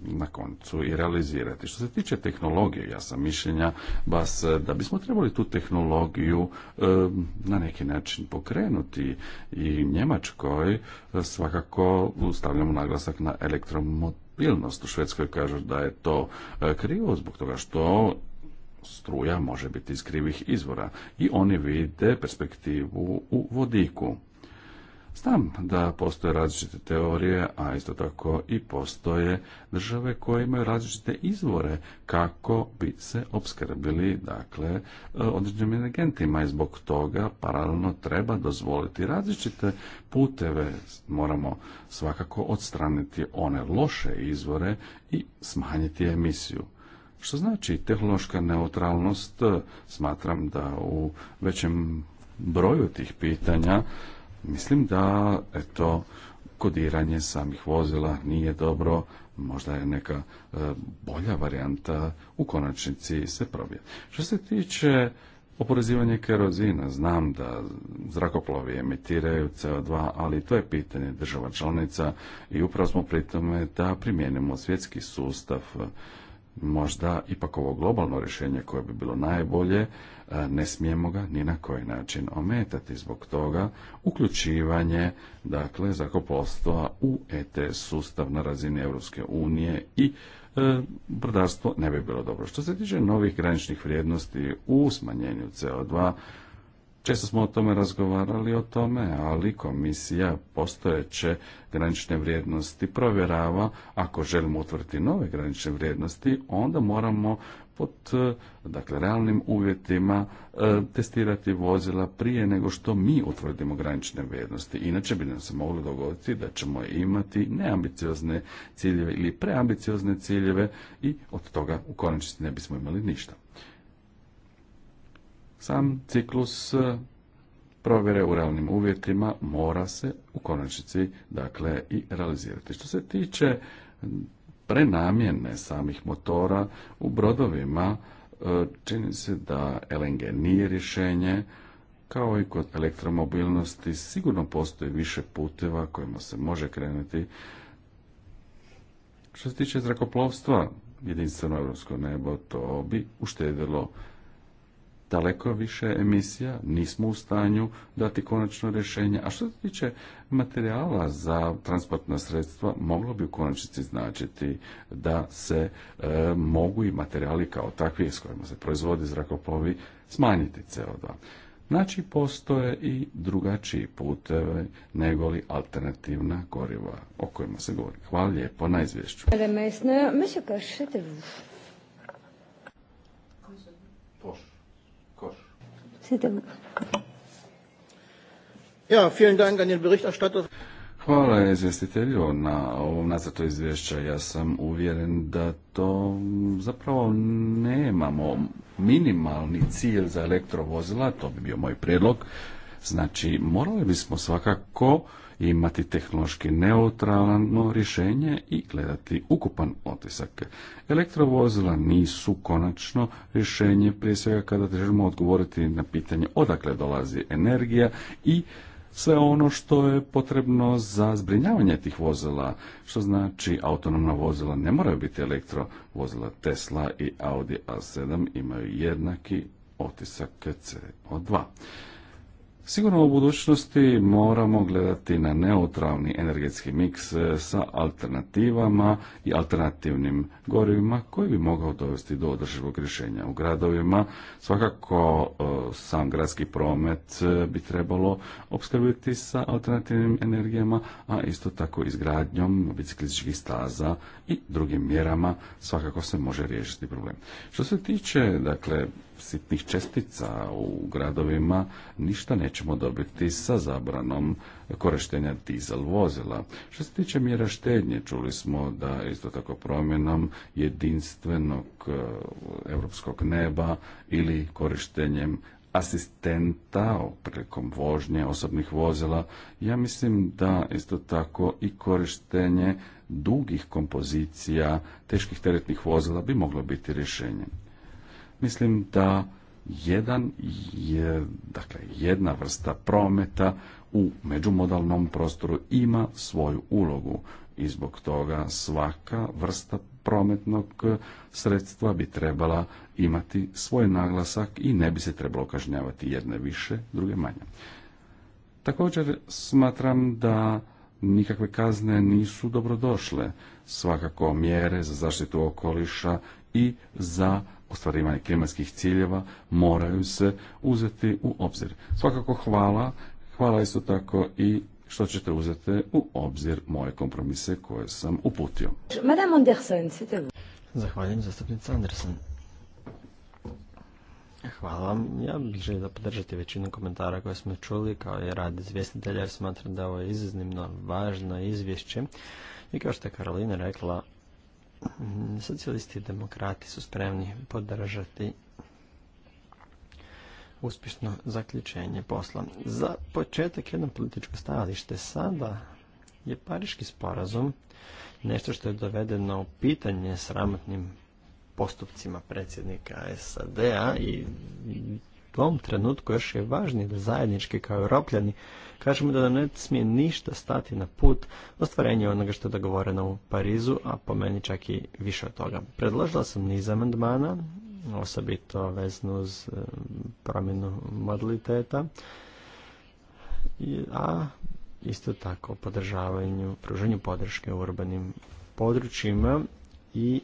na koncu i realizirati. Što se tiče tehnologije, ja sam mišljenja bas da bismo trebali tu tehnologiju e, na neki način pokrenuti i Njemačkoj e, svakako stavljamo naglasak na elektromotor stabilnost u Švedskoj kažu da je to e, krivo zbog toga što struja može biti iz krivih izvora i oni vide perspektivu u vodiku. Znam da postoje različite teorije, a isto tako i postoje države koje imaju različite izvore kako bi se opskrbili dakle, e, određenim energentima i zbog toga paralelno treba dozvoliti različite puteve. Moramo svakako odstraniti one loše izvore i smanjiti emisiju. Što znači tehnološka neutralnost, smatram da u većem broju tih pitanja Mislim da eto kodiranje samih vozila nije dobro, možda je neka e, bolja varijanta u konačnici se probije. Što se tiče oporezivanja kerozina. Znam da zrakoplovi emitiraju CO2, ali to je pitanje država članica i upravo smo pri tome da primijenimo svjetski sustav. Možda ipak ovo globalno rješenje koje bi bilo najbolje ne smijemo ga ni na koji način ometati. Zbog toga uključivanje dakle zakopostova u ET sustav na razini Europske unije i e, brodarstvo ne bi bilo dobro. Što se tiče novih graničnih vrijednosti u smanjenju CO2, Često smo o tome razgovarali o tome, ali komisija postojeće granične vrijednosti provjerava. Ako želimo utvrditi nove granične vrijednosti, onda moramo pod e, dakle, realnim uvjetima e, testirati vozila prije nego što mi utvrdimo granične vrijednosti. Inače bi nam se moglo dogoditi da ćemo imati neambiciozne ciljeve ili preambiciozne ciljeve i od toga u konačnici ne bismo imali ništa. Sam ciklus e, provjere u realnim uvjetima mora se u konačnici dakle i realizirati. Što se tiče prenamjene samih motora u brodovima e, čini se da LNG nije rješenje, kao i kod elektromobilnosti sigurno postoji više puteva kojima se može krenuti. Što se tiče zrakoplovstva, jedinstveno europsko nebo, to bi uštedilo daleko više emisija, nismo u stanju dati konačno rješenje. A što se tiče materijala za transportna sredstva, moglo bi u konačnici značiti da se e, mogu i materijali kao takvi s kojima se proizvodi zrakoplovi smanjiti CO2. Znači, postoje i drugačiji puteve nego alternativna goriva o kojima se govori. Hvala lijepo na izvješću. Hvala izvjestitelju na ovom nacrtu izvješća. Ja sam uvjeren da to zapravo nemamo minimalni cilj za elektrovozila, to bi bio moj prijedlog. Znači, morali bismo svakako imati tehnološki neutralno rješenje i gledati ukupan otisak. Elektrovozila nisu konačno rješenje, prije svega kada želimo odgovoriti na pitanje odakle dolazi energija i sve ono što je potrebno za zbrinjavanje tih vozila, što znači autonomna vozila ne moraju biti elektrovozila Tesla i Audi A7 imaju jednaki otisak CO2. Sigurno u budućnosti moramo gledati na neutralni energetski miks e, sa alternativama i alternativnim gorivima koji bi mogao dovesti do održivog rješenja u gradovima. Svakako e, sam gradski promet e, bi trebalo opskrbiti sa alternativnim energijama, a isto tako izgradnjom biciklističkih staza i drugim mjerama svakako se može riješiti problem. Što se tiče dakle sitnih čestica u gradovima ništa nećemo dobiti sa zabranom korištenja dizel vozila. Što se tiče mjera štednje, čuli smo da isto tako promjenom jedinstvenog e, europskog neba ili korištenjem asistenta prilikom vožnje osobnih vozila, ja mislim da isto tako i korištenje dugih kompozicija teških teretnih vozila bi moglo biti rješenje. Mislim da jedan je, dakle, jedna vrsta prometa u međumodalnom prostoru ima svoju ulogu i zbog toga svaka vrsta prometnog sredstva bi trebala imati svoj naglasak i ne bi se trebalo kažnjavati jedne više, druge manje. Također smatram da nikakve kazne nisu dobrodošle, svakako mjere za zaštitu okoliša i za ostvarivanje klimatskih ciljeva moraju se uzeti u obzir. Svakako hvala, hvala isto tako i što ćete uzeti u obzir moje kompromise koje sam uputio. Madame Anderson, Zahvaljujem zastupnica Anderson. Hvala vam. Ja bih želio da podržati većinu komentara koje smo čuli kao i rad izvjestitelja jer smatram da ovo je iznimno važno izvješće. I kao što je Karolina rekla, socijalisti i demokrati su spremni podržati uspješno zaključenje posla. Za početak jedno političko stajalište sada je pariški sporazum nešto što je dovedeno u pitanje sramotnim postupcima predsjednika SAD-a i tom trenutku još je važnije da zajednički kao europljani kažemo da ne smije ništa stati na put ostvarenju onoga što je dogovoreno u Parizu, a po meni čak i više od toga. Predložila sam niz amandmana, osobito vezno uz e, promjenu modaliteta, a isto tako podržavanju, pruženju podrške u urbanim područjima i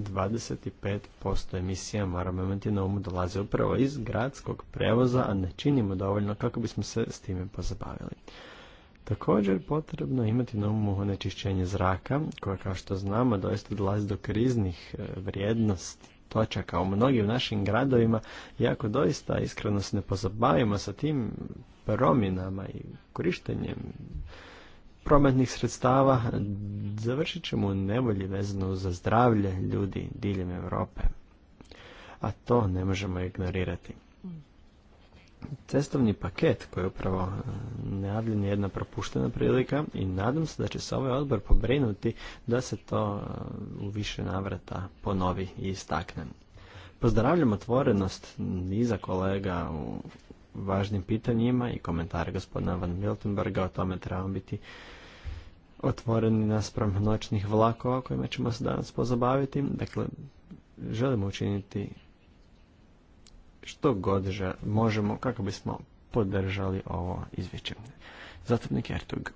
25% emisija moramo imati na umu dolaze upravo iz gradskog prevoza, a ne činimo dovoljno kako bismo se s time pozabavili. Također potrebno imati na umu onečišćenje zraka, koja kao što znamo doista dolazi do kriznih e, vrijednosti točaka u mnogim našim gradovima i ako doista iskreno se ne pozabavimo sa tim promjenama i korištenjem prometnih sredstava završit ćemo u nevolji vezano za zdravlje ljudi diljem Europe. A to ne možemo ignorirati. Cestovni paket koji je upravo e, najavljen je jedna propuštena prilika i nadam se da će se ovaj odbor pobrinuti da se to e, u više navrata ponovi i istakne. Pozdravljam otvorenost niza kolega u važnim pitanjima i komentare gospodina Van Miltenberga o tome trebamo biti otvoreni naspram noćnih vlakova kojima ćemo se danas pozabaviti. Dakle, želimo učiniti što god možemo kako bismo podržali ovo izvješće. Zatopnik Ertug.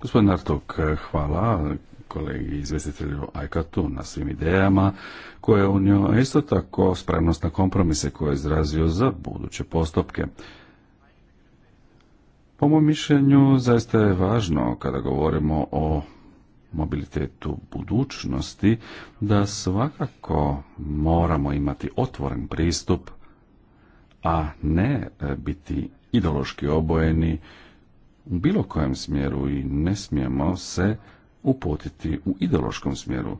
Gospodin Artug, hvala kolegi izvestitelju Ajkatu na svim idejama koje je unio, isto tako spremnost na kompromise koje je izrazio za buduće postupke. Po mom mišljenju, zaista je važno kada govorimo o mobilitetu budućnosti, da svakako moramo imati otvoren pristup, a ne e, biti ideološki obojeni u bilo kojem smjeru i ne smijemo se uputiti u ideološkom smjeru.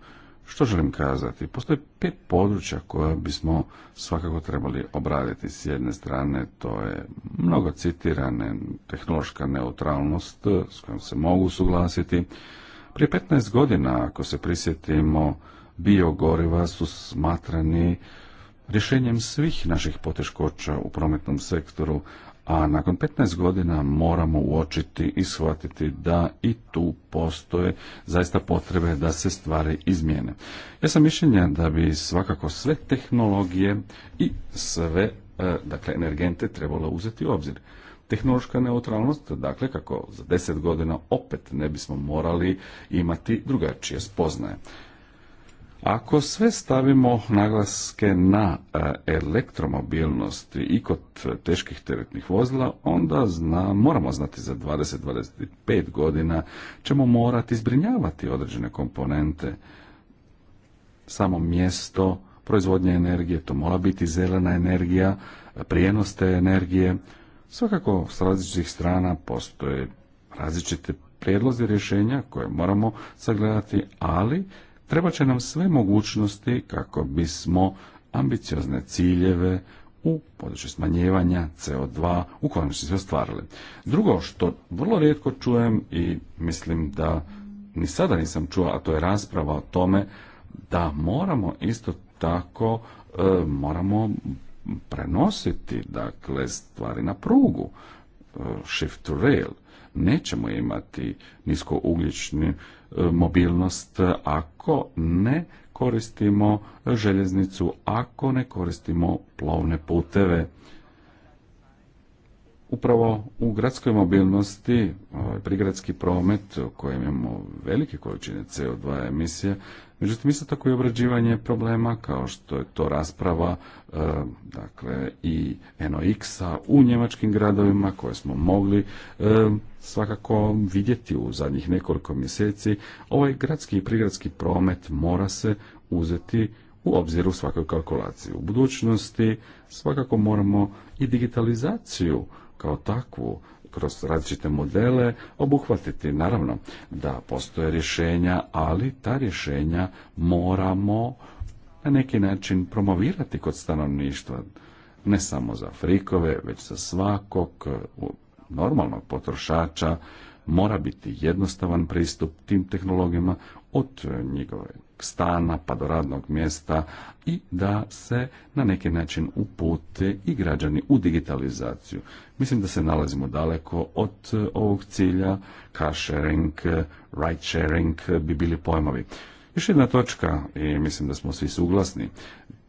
Što želim kazati? Postoje pet područja koja bismo svakako trebali obraditi. S jedne strane, to je mnogo citirane tehnološka neutralnost s kojom se mogu suglasiti. Prije 15 godina, ako se prisjetimo, biogoriva su smatrani rješenjem svih naših poteškoća u prometnom sektoru, a nakon 15 godina moramo uočiti i shvatiti da i tu postoje zaista potrebe da se stvari izmijene. Ja sam mišljenja da bi svakako sve tehnologije i sve e, dakle energente trebalo uzeti u obzir. Tehnološka neutralnost, dakle kako za deset godina opet ne bismo morali imati drugačije spoznaje. Ako sve stavimo naglaske na e, elektromobilnost i kod teških teretnih vozila, onda moramo znati za 20-25 godina ćemo morati zbrinjavati određene komponente. Samo mjesto proizvodnje energije, to mora biti zelena energija, prijenos te energije. Svakako s različitih strana postoje različite prijedlozi rješenja koje moramo sagledati, ali Treba će nam sve mogućnosti kako bismo ambiciozne ciljeve u području smanjivanja CO2 u konačnici ostvarili. Drugo što vrlo rijetko čujem i mislim da ni sada nisam čuo, a to je rasprava o tome da moramo isto tako e, moramo prenositi dakle stvari na prugu e, shift to rail nećemo imati nisko ugljični, mobilnost ako ne koristimo željeznicu, ako ne koristimo plovne puteve. Upravo u gradskoj mobilnosti, ovaj, prigradski promet u kojem imamo velike količine CO2 emisije, Međutim, isto tako i obrađivanje problema kao što je to rasprava e, dakle i NOX-a u njemačkim gradovima koje smo mogli e, svakako vidjeti u zadnjih nekoliko mjeseci. Ovaj gradski i prigradski promet mora se uzeti u obziru svakoj kalkulaciji. U budućnosti svakako moramo i digitalizaciju kao takvu kroz različite modele obuhvatiti. Naravno da postoje rješenja, ali ta rješenja moramo na neki način promovirati kod stanovništva. Ne samo za frikove, već za svakog normalnog potrošača mora biti jednostavan pristup tim tehnologijama od njegove stana pa do radnog mjesta i da se na neki način upute i građani u digitalizaciju. Mislim da se nalazimo daleko od e, ovog cilja, car sharing, e, ride sharing e, bi bili pojmovi. Još jedna točka, i mislim da smo svi suglasni,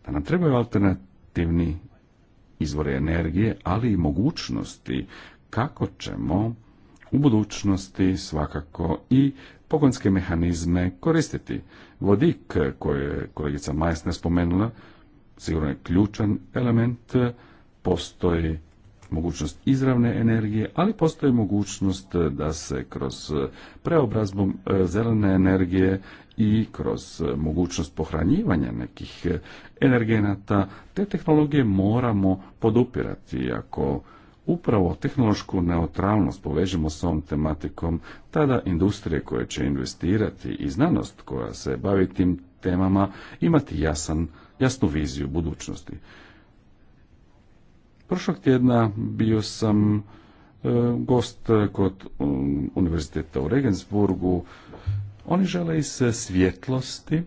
da nam trebaju alternativni izvore energije, ali i mogućnosti kako ćemo u budućnosti svakako i pogonske mehanizme koristiti. Vodik koje je kolegica Majsna spomenula, sigurno je ključan element, postoji mogućnost izravne energije, ali postoji mogućnost da se kroz preobrazbu e, zelene energije i kroz mogućnost pohranjivanja nekih energenata te tehnologije moramo podupirati. Ako upravo tehnološku neutralnost povežemo s ovom tematikom, tada industrije koje će investirati i znanost koja se bavi tim temama imati jasan, jasnu viziju budućnosti. Prošlog tjedna bio sam e, gost kod univerziteta u Regensburgu. Oni žele se svjetlosti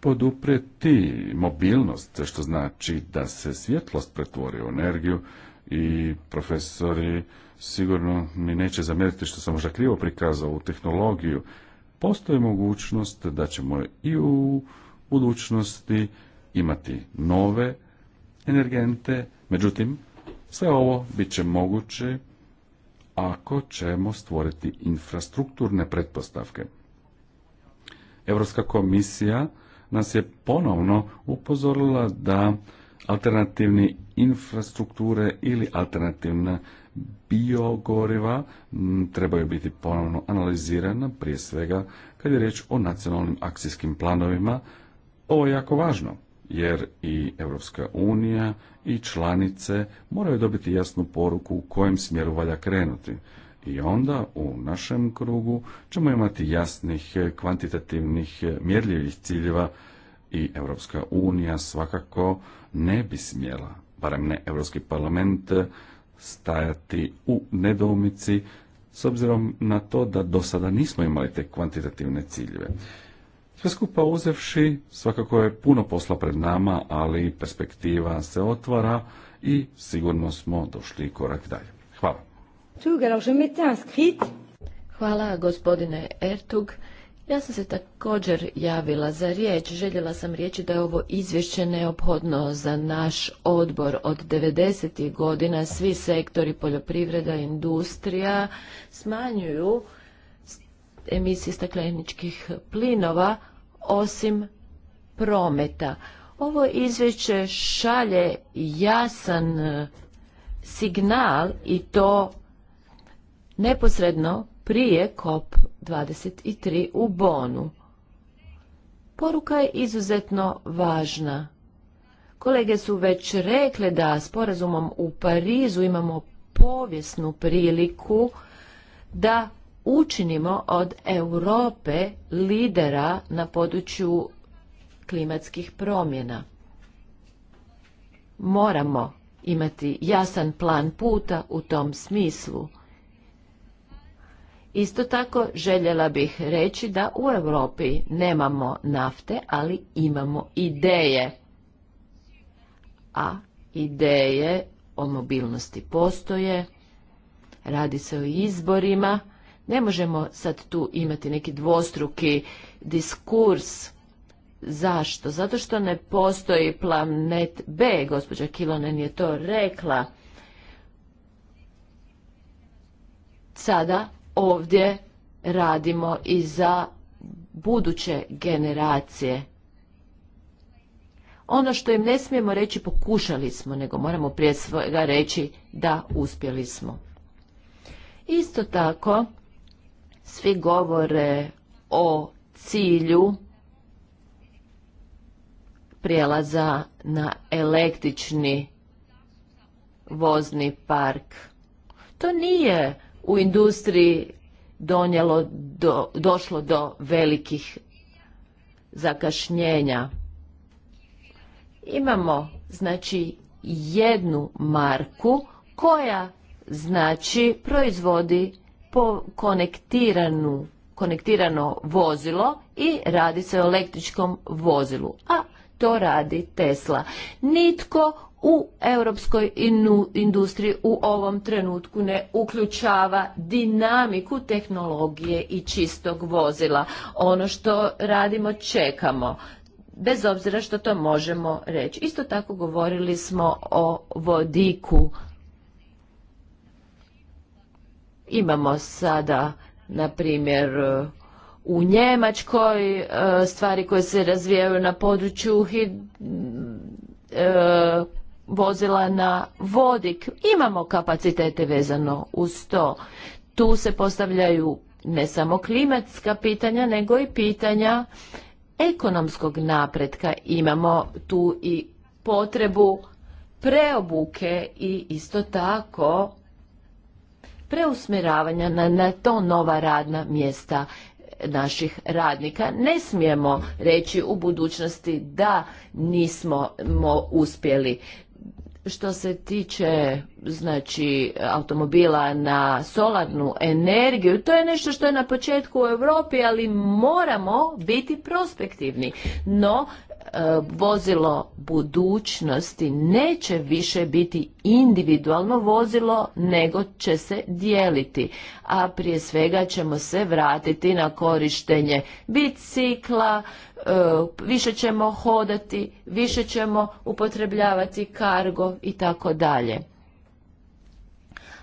poduprijeti mobilnost, što znači da se svjetlost pretvori u energiju, i profesori sigurno mi neće zamjeriti što sam možda krivo prikazao u tehnologiju. Postoji mogućnost da ćemo i u budućnosti imati nove energente, međutim, sve ovo bit će moguće ako ćemo stvoriti infrastrukturne pretpostavke. Europska komisija nas je ponovno upozorila da Alternativne infrastrukture ili alternativna biogoriva trebaju biti ponovno analizirana, prije svega kad je riječ o nacionalnim akcijskim planovima. Ovo je jako važno, jer i Europska unija i članice moraju dobiti jasnu poruku u kojem smjeru valja krenuti. I onda u našem krugu ćemo imati jasnih kvantitativnih mjerljivih ciljeva i Europska unija svakako ne bi smjela, barem ne Europski parlament, stajati u nedoumici s obzirom na to da do sada nismo imali te kvantitativne ciljeve. Sve skupa uzevši, svakako je puno posla pred nama, ali perspektiva se otvara i sigurno smo došli korak dalje. Hvala. Hvala gospodine Ertug. Ja sam se također javila za riječ. Željela sam riječi da je ovo izvješće neophodno za naš odbor od 90. godina. Svi sektori poljoprivreda, industrija smanjuju emisije stakleničkih plinova osim prometa. Ovo izvješće šalje jasan signal i to neposredno prije COP23 u Bonu. Poruka je izuzetno važna. Kolege su već rekle da sporazumom u Parizu imamo povijesnu priliku da učinimo od Europe lidera na području klimatskih promjena. Moramo imati jasan plan puta u tom smislu. Isto tako željela bih reći da u Europi nemamo nafte, ali imamo ideje. A ideje o mobilnosti postoje, radi se o izborima, ne možemo sad tu imati neki dvostruki diskurs. Zašto? Zato što ne postoji planet B, gospođa Kilonen je to rekla. Sada ovdje radimo i za buduće generacije. Ono što im ne smijemo reći pokušali smo, nego moramo prije svega reći da uspjeli smo. Isto tako, svi govore o cilju prijelaza na električni vozni park. To nije u industriji donijelo do, došlo do velikih zakašnjenja. Imamo znači jednu marku koja znači proizvodi konektirano vozilo i radi se o električkom vozilu, a to radi Tesla. Nitko u europskoj industriji u ovom trenutku ne uključava dinamiku tehnologije i čistog vozila. Ono što radimo čekamo bez obzira što to možemo reći. Isto tako govorili smo o vodiku. Imamo sada, na primjer, u Njemačkoj e, stvari koje se razvijaju na području e, vozila na vodik. Imamo kapacitete vezano uz to. Tu se postavljaju ne samo klimatska pitanja, nego i pitanja ekonomskog napretka. Imamo tu i potrebu preobuke i isto tako preusmjeravanja na, to nova radna mjesta naših radnika. Ne smijemo reći u budućnosti da nismo uspjeli. Što se tiče znači automobila na solarnu energiju, to je nešto što je na početku u Europi, ali moramo biti prospektivni. No E, vozilo budućnosti neće više biti individualno vozilo nego će se dijeliti a prije svega ćemo se vratiti na korištenje bicikla e, više ćemo hodati više ćemo upotrebljavati kargo i tako dalje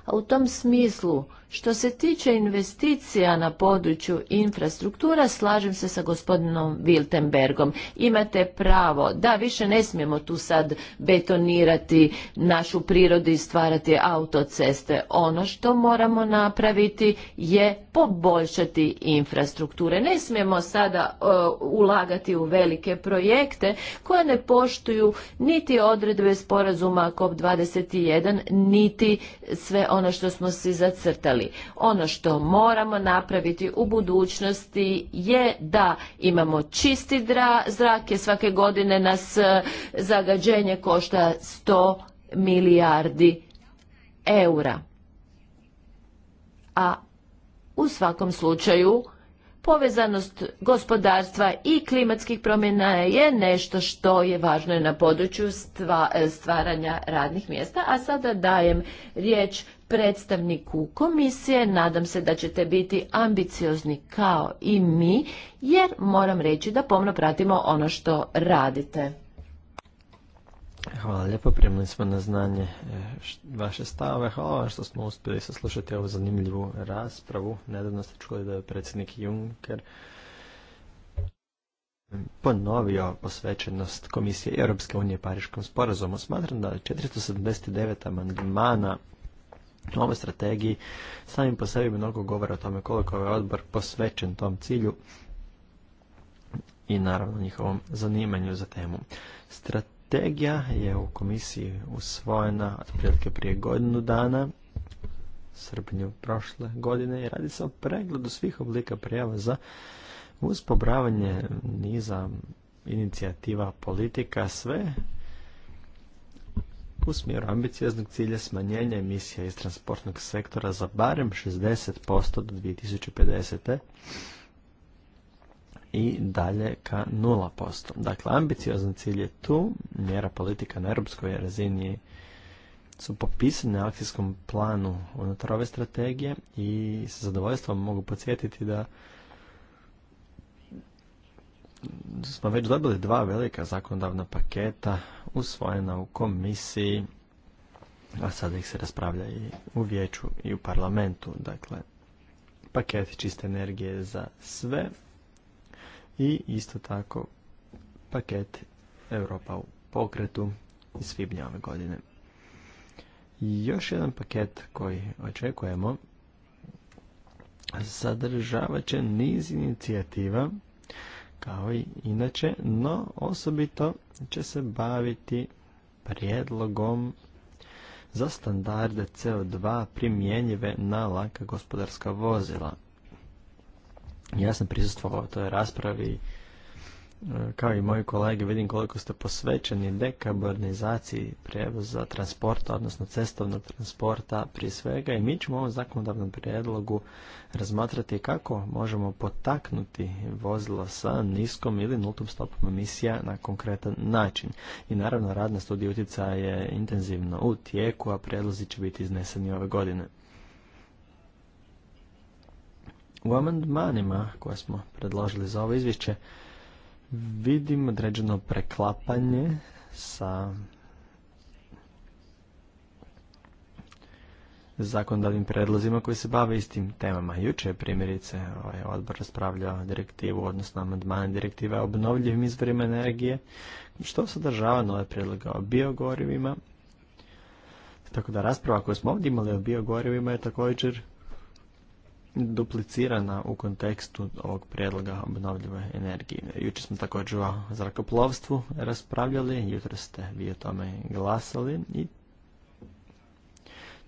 a u tom smislu što se tiče investicija na području infrastruktura, slažem se sa gospodinom Wiltenbergom. Imate pravo, da više ne smijemo tu sad betonirati našu prirodu i stvarati autoceste. Ono što moramo napraviti je poboljšati infrastrukture. Ne smijemo sada e, ulagati u velike projekte koje ne poštuju niti odredbe sporazuma COP21, niti sve ono što smo si zacrtali. Dakle, ono što moramo napraviti u budućnosti je da imamo čisti zrak jer svake godine nas e, zagađenje košta 100 milijardi eura. A u svakom slučaju povezanost gospodarstva i klimatskih promjena je nešto što je važno na području e, stvaranja radnih mjesta. A sada dajem riječ predstavniku komisije. Nadam se da ćete biti ambiciozni kao i mi, jer moram reći da pomno pratimo ono što radite. Hvala lijepo, primili smo na znanje e, vaše stave. Hvala vam što smo uspjeli saslušati ovu zanimljivu raspravu. Nedavno ste čuli da je predsjednik Juncker ponovio posvećenost Komisije Europske unije Pariškom sporazumu. Smatram da 479 amandmana o ovoj strategiji samim po sebi mnogo govore o tome koliko je odbor posvećen tom cilju i naravno njihovom zanimanju za temu. Strategija je u komisiji usvojena otprilike prije godinu dana, srpnju prošle godine i radi se o pregledu svih oblika prijava uz pobravanje niza inicijativa politika sve u smjeru ambicioznog cilja smanjenja emisija iz transportnog sektora za barem 60% do 2050. i dalje ka 0%. Dakle, ambiciozan cilj je tu, mjera politika na europskoj razini su popisane na akcijskom planu unutar ove strategije i sa zadovoljstvom mogu podsjetiti da smo već dobili dva velika zakonodavna paketa usvojena u komisiji, a sada ih se raspravlja i u vijeću i u parlamentu. Dakle, paket čiste energije za sve i isto tako paket Europa u pokretu iz svibnja ove godine. Još jedan paket koji očekujemo sadržavat će niz inicijativa kao i inače, no osobito će se baviti prijedlogom za standarde CO2 primjenjive na laka gospodarska vozila. Ja sam prisustvovao toj raspravi kao i moji kolege vidim koliko ste posvećeni dekarbonizaciji prijevoza transporta, odnosno cestovnog transporta prije svega i mi ćemo u ovom zakonodavnom prijedlogu razmatrati kako možemo potaknuti vozila sa niskom ili nultom stopom emisija na konkretan način. I naravno radna studija je intenzivno u tijeku, a prijedlozi će biti izneseni ove godine. U amandmanima koje smo predložili za ovo izvješće, vidim određeno preklapanje sa zakonodavnim predlozima koji se bave istim temama. Juče je primjerice ovaj odbor raspravljao direktivu, odnosno amandmane direktive o obnovljivim izvorima energije, što sadržava nove prijedloga o biogorivima. Tako da rasprava koju smo ovdje imali o biogorivima je također duplicirana u kontekstu ovog prijedloga obnovljive energije. Jučer smo također o zrakoplovstvu raspravljali, jutro ste vi o tome glasali i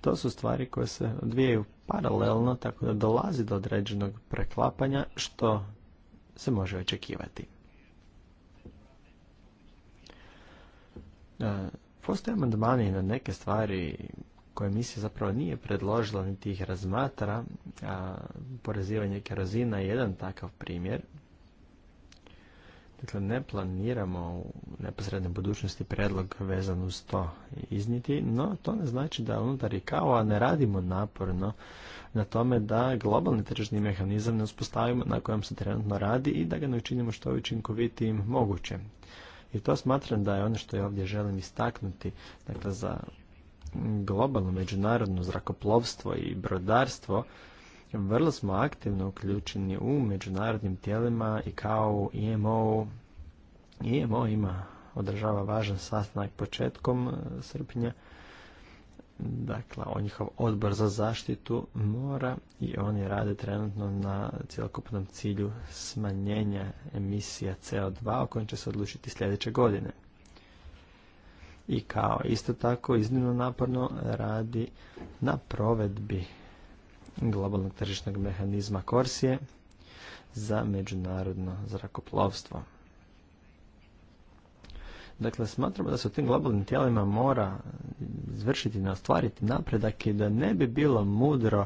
to su stvari koje se odvijaju paralelno, tako da dolazi do određenog preklapanja što se može očekivati. E, postoje amandmani na neke stvari koje misija zapravo nije predložila niti ih razmatra, a porezivanje kerozina je jedan takav primjer. Dakle, ne planiramo u neposrednoj budućnosti predlog vezan uz to izniti, no to ne znači da unutar i kao, a ne radimo naporno na tome da globalni tržni mehanizam ne uspostavimo na kojem se trenutno radi i da ga ne učinimo što učinkovitijim moguće. I to smatram da je ono što ja ovdje želim istaknuti. Dakle, za globalno međunarodno zrakoplovstvo i brodarstvo, vrlo smo aktivno uključeni u međunarodnim tijelima i kao IMO. IMO ima, održava važan sastanak početkom e, srpnja. Dakle, on njihov odbor za zaštitu mora i oni rade trenutno na cjelokupnom cilju smanjenja emisija CO2 o kojem će se odlučiti sljedeće godine i kao isto tako iznimno naporno radi na provedbi globalnog tržišnog mehanizma Korsije za međunarodno zrakoplovstvo. Dakle, smatramo da se u tim globalnim tijelima mora izvršiti na ostvariti napredak i da ne bi bilo mudro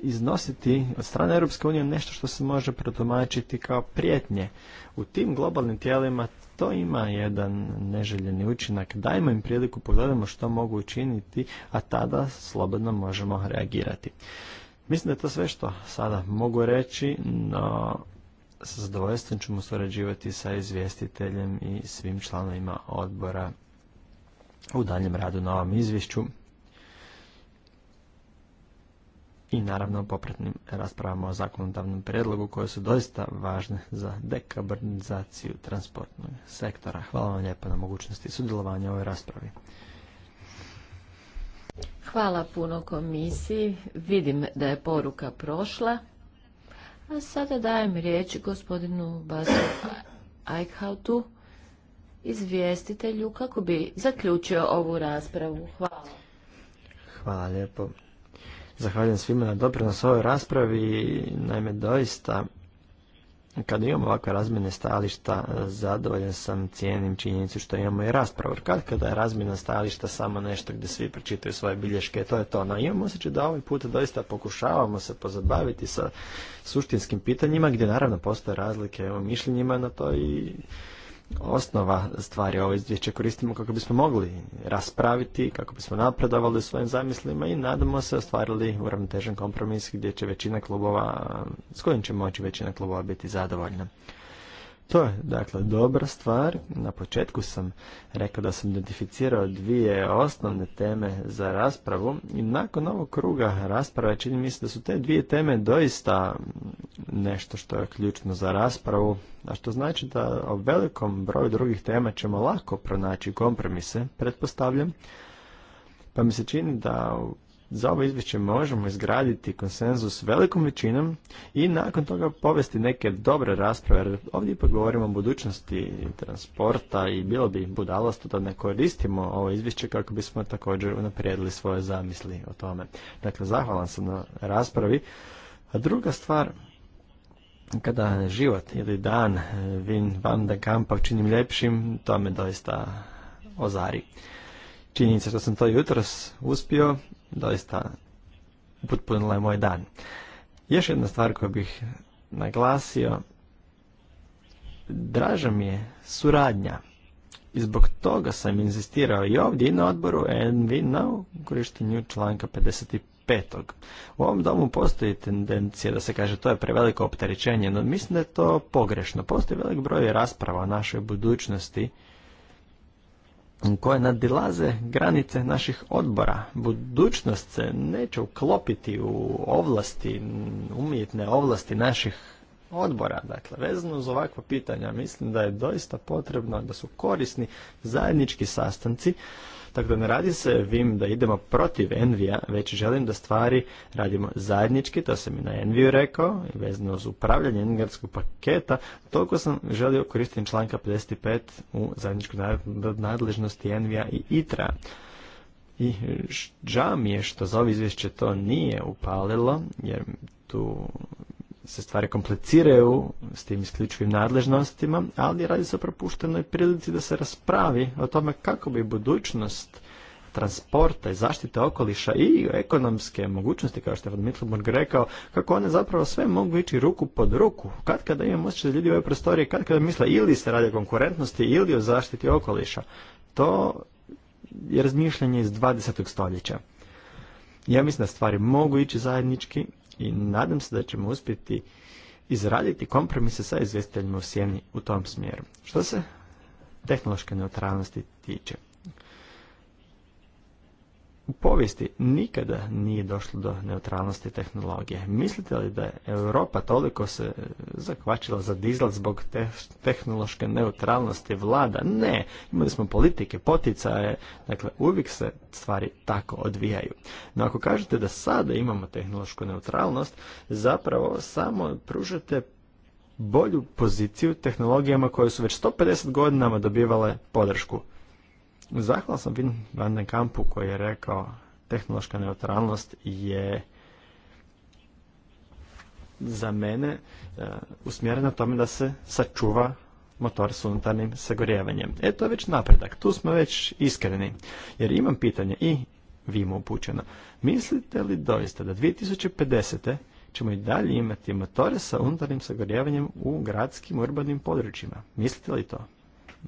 iznositi od strane Europske unije nešto što se može protumačiti kao prijetnje. U tim globalnim tijelima to ima jedan neželjeni učinak. Dajmo im priliku, pogledamo što mogu učiniti, a tada slobodno možemo reagirati. Mislim da je to sve što sada mogu reći, no sa zadovoljstvom ćemo surađivati sa izvjestiteljem i svim članovima odbora u daljem radu na ovom izvješću i naravno popratnim raspravama o zakonodavnom predlogu koje su doista važne za dekarbonizaciju transportnog sektora. Hvala vam lijepa na mogućnosti sudjelovanja u ovoj raspravi. Hvala puno komisiji. Vidim da je poruka prošla. A sada dajem riječ gospodinu Basu Eichhautu, izvjestitelju, kako bi zaključio ovu raspravu. Hvala. Hvala lijepo. Zahvaljujem svima na doprinos ovoj raspravi. Naime, doista, kad imamo ovakve razmjene stajališta, zadovoljan sam cijenim činjenicu što imamo i raspravu. Kad kada je razmjena stajališta samo nešto gdje svi pročitaju svoje bilješke, to je to. No imamo osjećaj da ovaj put doista pokušavamo se pozabaviti sa suštinskim pitanjima, gdje naravno postoje razlike u mišljenjima na to i osnova stvari ovo izvješće koristimo kako bismo mogli raspraviti, kako bismo napredovali svojim zamislima i nadamo se ostvarili uravnotežen kompromis gdje će većina klubova, s kojim će moći većina klubova biti zadovoljna. To je, dakle, dobra stvar. Na početku sam rekao da sam identificirao dvije osnovne teme za raspravu i nakon ovog kruga rasprave čini mi se da su te dvije teme doista nešto što je ključno za raspravu, a što znači da o velikom broju drugih tema ćemo lako pronaći kompromise, pretpostavljam, pa mi se čini da za ovo izvješće možemo izgraditi konsenzus velikom većinom i nakon toga povesti neke dobre rasprave. Jer ovdje ipak govorimo o budućnosti transporta i bilo bi budalost da ne koristimo ovo izvješće kako bismo također unaprijedili svoje zamisli o tome. Dakle, zahvalan sam na raspravi. A druga stvar, kada život ili dan Vin eh, van de Kampa činim ljepšim, to me doista ozari. Činjenica što sam to jutros uspio doista uputpunila je moj dan. Još jedna stvar koju bih naglasio, draža mi je suradnja. I zbog toga sam insistirao i ovdje i na odboru NV na korištenju članka 55. U ovom domu postoji tendencija da se kaže to je preveliko opterećenje, no mislim da je to pogrešno. Postoji velik broj rasprava o našoj budućnosti koje nadilaze granice naših odbora. Budućnost se neće uklopiti u ovlasti, umjetne ovlasti naših odbora. Dakle, vezano uz ovakva pitanja, mislim da je doista potrebno da su korisni zajednički sastanci tako da ne radi se vim da idemo protiv Envija, već želim da stvari radimo zajednički, to sam i na Enviju rekao, vezano uz upravljanje engarskog paketa, toliko sam želio koristiti članka 55 u zajedničkoj nadležnosti Envija i ITRA. I žao mi je što za ovo izvješće to nije upalilo, jer tu se stvari kompliciraju s tim isključivim nadležnostima, ali radi se o propuštenoj prilici da se raspravi o tome kako bi budućnost transporta i zaštite okoliša i ekonomske mogućnosti, kao što je Van Mittelburg rekao, kako one zapravo sve mogu ići ruku pod ruku. Kad kada imamo osjećaj ljudi u ovoj prostoriji, kad kada misle ili se radi o konkurentnosti ili o zaštiti okoliša. To je razmišljanje iz 20. stoljeća. Ja mislim da stvari mogu ići zajednički i nadam se da ćemo uspjeti izraditi kompromise sa izvjestiteljima u sjeni u tom smjeru. Što se tehnološke neutralnosti tiče u povijesti nikada nije došlo do neutralnosti tehnologije. Mislite li da je Europa toliko se zakvačila za dizel zbog te tehnološke neutralnosti vlada? Ne, imali smo politike, poticaje, dakle uvijek se stvari tako odvijaju. No ako kažete da sada imamo tehnološku neutralnost, zapravo samo pružate bolju poziciju tehnologijama koje su već 150 godinama dobivale podršku Zahvala sam Vin van den Kampu koji je rekao tehnološka neutralnost je za mene e, usmjerena tome da se sačuva motor s unutarnjim sagorjevanjem. E, to je već napredak, tu smo već iskreni. Jer imam pitanje i vi mu upućeno. Mislite li doista da 2050. ćemo i dalje imati motore sa unutarnjim sagorjevanjem u gradskim urbanim područjima? Mislite li to?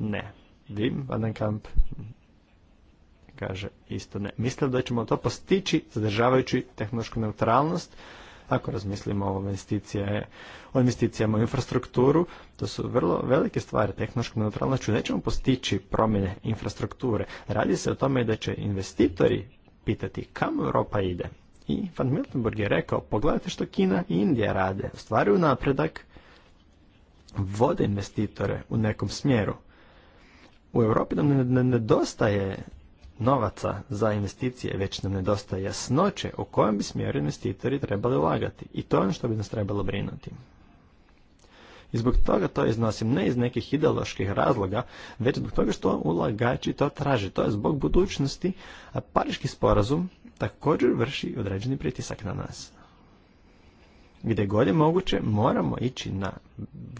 Ne den Kamp kaže isto ne. Mislim da ćemo to postići zadržavajući tehnološku neutralnost. Ako razmislimo o, o investicijama u infrastrukturu, to su vrlo velike stvari. Tehnološku neutralnošću nećemo postići promjene infrastrukture. Radi se o tome da će investitori pitati kam Europa ide. I Van Miltenburg je rekao, pogledajte što Kina i Indija rade. Ostvaruju napredak, vode investitore u nekom smjeru u Europi nam nedostaje novaca za investicije, već nam nedostaje jasnoće u kojem bi smjeru investitori trebali ulagati. I to je ono što bi nas trebalo brinuti. I zbog toga to iznosim ne iz nekih ideoloških razloga, već zbog toga što ulagači to traže. To je zbog budućnosti, a pariški sporazum također vrši određeni pritisak na nas. Gdje god je moguće, moramo ići na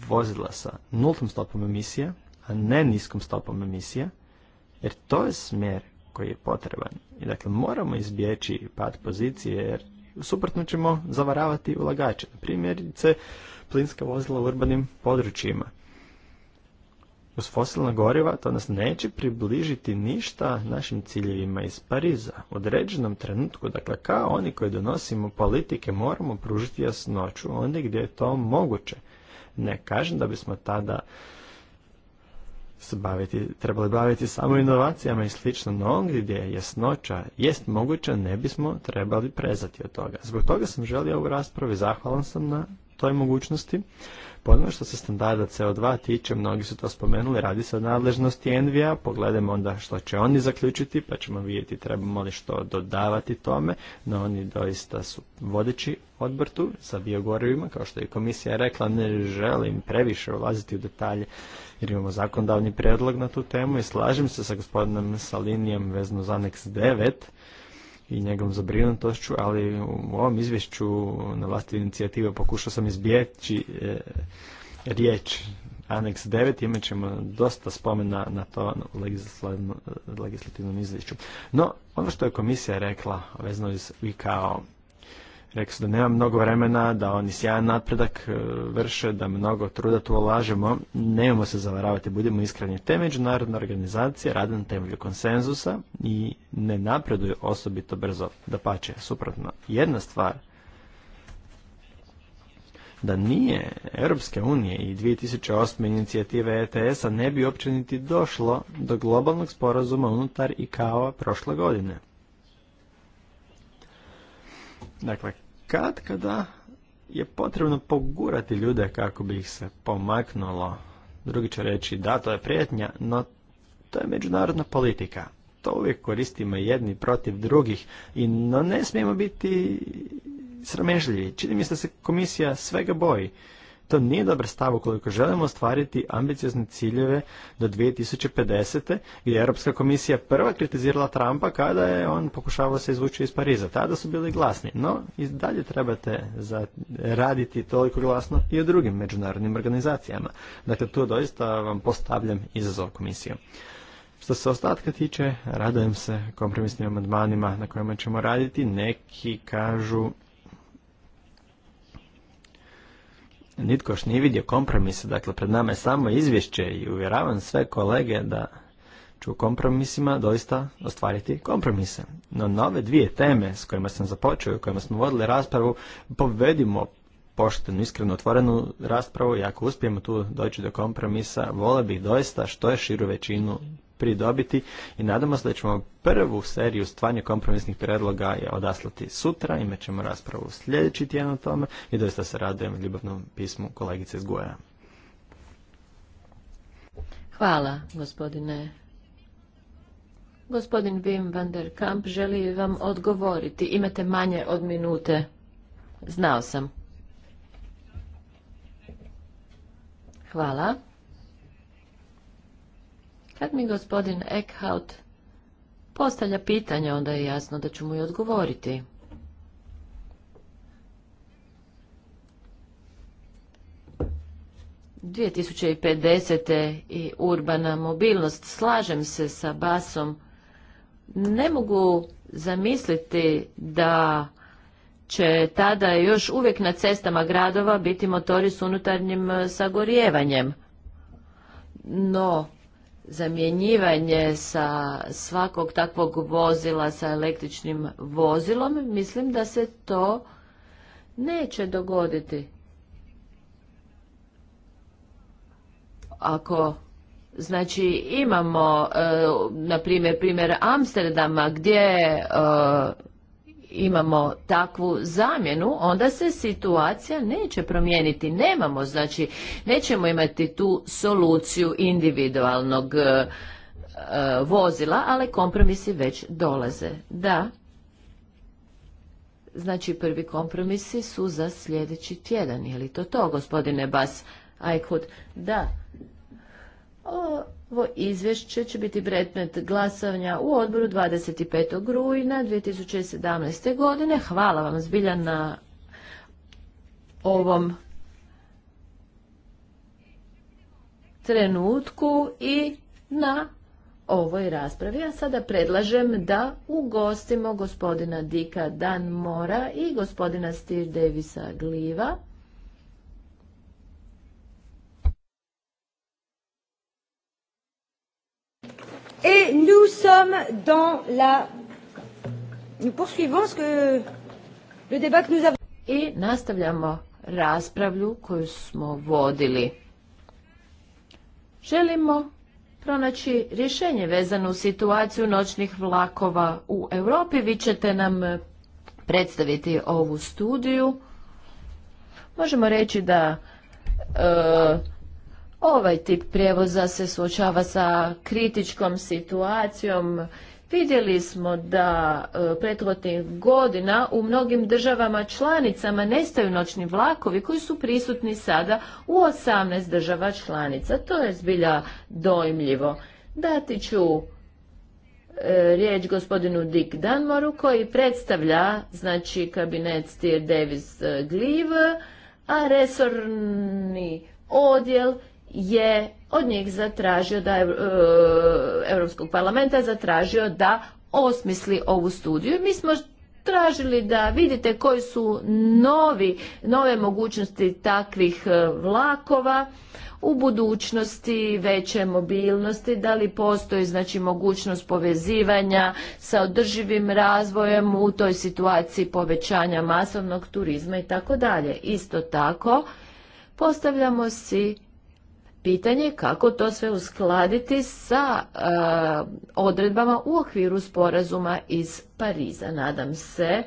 vozila sa nultom stopom emisija, a ne niskom stopom emisija, jer to je smjer koji je potreban. I dakle, moramo izbjeći pad pozicije, jer suprotno ćemo zavaravati ulagače. Primjerice, plinska vozila u urbanim područjima. Uz fosilna goriva to nas neće približiti ništa našim ciljevima iz Pariza. U određenom trenutku, dakle kao oni koji donosimo politike, moramo pružiti jasnoću onda gdje je to moguće. Ne kažem da bismo tada se baviti, trebali baviti samo inovacijama i slično, no gdje je jasnoća jest moguća, ne bismo trebali prezati od toga. Zbog toga sam želio ovu raspravu i zahvalan sam na toj mogućnosti. Ponovno što se standarda CO2 tiče, mnogi su to spomenuli, radi se o nadležnosti Envija, pogledajmo onda što će oni zaključiti, pa ćemo vidjeti trebamo li što dodavati tome, no oni doista su vodeći odbor tu sa biogorivima, kao što je komisija rekla, ne želim previše ulaziti u detalje jer imamo zakondavni predlog na tu temu i slažem se sa gospodinom Salinijem vezno za aneks 9 i njegovom zabrinutošću, ali u ovom izvješću na vlasti inicijative pokušao sam izbjeći e, riječ aneks 9, imat ćemo dosta spomena na to legislativnom izvješću. No, ono što je komisija rekla vezno iz kao Rekli su da nema mnogo vremena, da oni sjajan napredak e, vrše, da mnogo truda tu olažemo. Nemojmo se zavaravati, budimo iskreni. Te međunarodne organizacije rade na temelju konsenzusa i ne napreduju osobito brzo. Da pače, suprotno. Jedna stvar da nije Europske unije i 2008. inicijative ETS-a ne bi uopće niti došlo do globalnog sporazuma unutar i kao prošle godine. Dakle, kad kada je potrebno pogurati ljude kako bi ih se pomaknulo. Drugi će reći da to je prijetnja, no to je međunarodna politika. To uvijek koristimo jedni protiv drugih i no ne smijemo biti sramežljivi. Čini mi se da se komisija svega boji. To nije dobar stav ukoliko želimo ostvariti ambiciozne ciljeve do 2050. gdje je Europska komisija prva kritizirala Trumpa kada je on pokušavao se izvući iz Pariza. Tada su bili glasni, no i dalje trebate raditi toliko glasno i o drugim međunarodnim organizacijama. Dakle, tu doista vam postavljam izazov komisijom. Što se ostatka tiče, radujem se kompromisnim amandmanima na kojima ćemo raditi. Neki kažu nitko još nije vidio kompromise, dakle pred nama je samo izvješće i uvjeravam sve kolege da ću kompromisima doista ostvariti kompromise. No na ove dvije teme s kojima sam započeo i kojima smo vodili raspravu, povedimo poštenu, iskreno otvorenu raspravu i ako uspijemo tu doći do kompromisa, vole bih doista što je širu većinu pridobiti i nadamo se da ćemo prvu seriju stvarno kompromisnih predloga je odaslati sutra, imat ćemo raspravu sljedeći tjedan o tome i doista se radujem ljubavnom pismu kolegice iz Goja. Hvala, gospodine. Gospodin Wim van der Kamp želi vam odgovoriti. Imate manje od minute. Znao sam. Hvala. Kad mi gospodin Eckhout postavlja pitanje, onda je jasno da ću mu i odgovoriti. 2050. i urbana mobilnost slažem se sa basom ne mogu zamisliti da će tada još uvijek na cestama gradova biti motori s unutarnjim sagorijevanjem no zamjenjivanje sa svakog takvog vozila sa električnim vozilom, mislim da se to neće dogoditi. Ako znači imamo e, na primjer primjer Amsterdama gdje e, imamo takvu zamjenu, onda se situacija neće promijeniti. Nemamo, znači, nećemo imati tu soluciju individualnog e, e, vozila, ali kompromisi već dolaze. Da. Znači, prvi kompromisi su za sljedeći tjedan. Je li to to, gospodine Bas Ajkut? Da. O, ovo izvješće će biti predmet glasovanja u odboru 25. rujna 2017. godine. Hvala vam zbilja na ovom trenutku i na ovoj raspravi. Ja sada predlažem da ugostimo gospodina Dika Dan Mora i gospodina Steve Davisa Gliva. Et nous sommes dans la... Nous poursuivons ce Le débat que nous avons... I nastavljamo raspravlju koju smo vodili. Želimo pronaći rješenje vezano u situaciju noćnih vlakova u Europi. Vi ćete nam predstaviti ovu studiju. Možemo reći da e, Ovaj tip prijevoza se suočava sa kritičkom situacijom. Vidjeli smo da e, prethodnih godina u mnogim državama članicama nestaju noćni vlakovi koji su prisutni sada u 18 država članica. To je zbilja dojmljivo. Dati ću e, riječ gospodinu Dick Danmoru koji predstavlja znači kabinet Stier Davis e, Gliv, a resorni odjel je od njih zatražio da e, Europskog parlamenta zatražio da osmisli ovu studiju. mi smo tražili da vidite koji su novi, nove mogućnosti takvih e, vlakova u budućnosti, veće mobilnosti, da li postoji znači mogućnost povezivanja sa održivim razvojem u toj situaciji povećanja masovnog turizma i tako dalje. Isto tako postavljamo si pitanje kako to sve uskladiti sa eh, odredbama u okviru sporazuma iz Pariza. Nadam se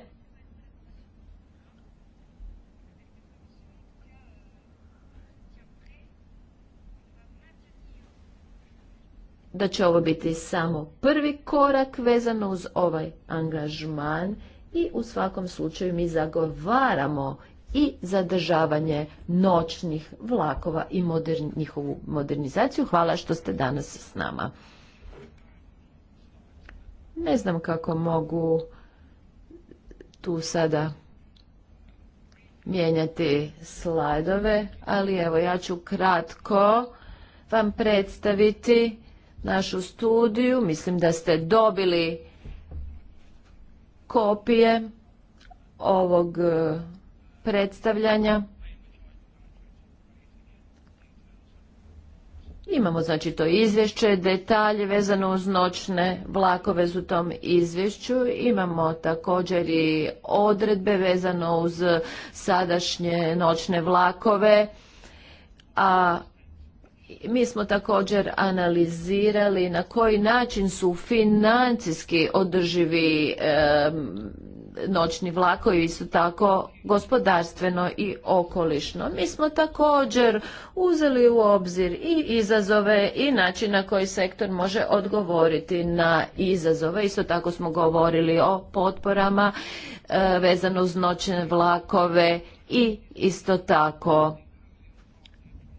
da će ovo biti samo prvi korak vezano uz ovaj angažman i u svakom slučaju mi zagovaramo i zadržavanje noćnih vlakova i modern, njihovu modernizaciju. Hvala što ste danas s nama. Ne znam kako mogu tu sada mijenjati slajdove, ali evo ja ću kratko vam predstaviti našu studiju. Mislim da ste dobili kopije ovog predstavljanja. Imamo znači to izvješće, detalje vezano uz noćne vlakove u tom izvješću. Imamo također i odredbe vezano uz sadašnje noćne vlakove. A mi smo također analizirali na koji način su financijski održivi noćni vlakovi su tako gospodarstveno i okolišno. Mi smo također uzeli u obzir i izazove i način na koji sektor može odgovoriti na izazove. Isto tako smo govorili o potporama e, vezano uz noćne vlakove i isto tako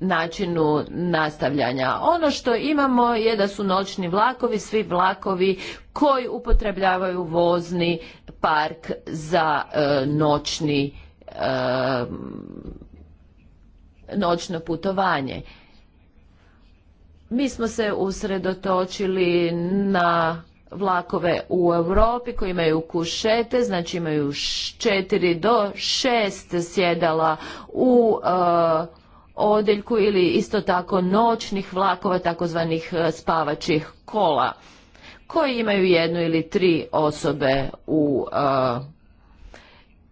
načinu nastavljanja. Ono što imamo je da su noćni vlakovi, svi vlakovi koji upotrebljavaju vozni park za e, noćni e, noćno putovanje. Mi smo se usredotočili na vlakove u Europi koji imaju kušete, znači imaju 4 do 6 sjedala u e, odjeljku ili isto tako noćnih vlakova takozvanih e, spavačih kola koji imaju jednu ili tri osobe u e,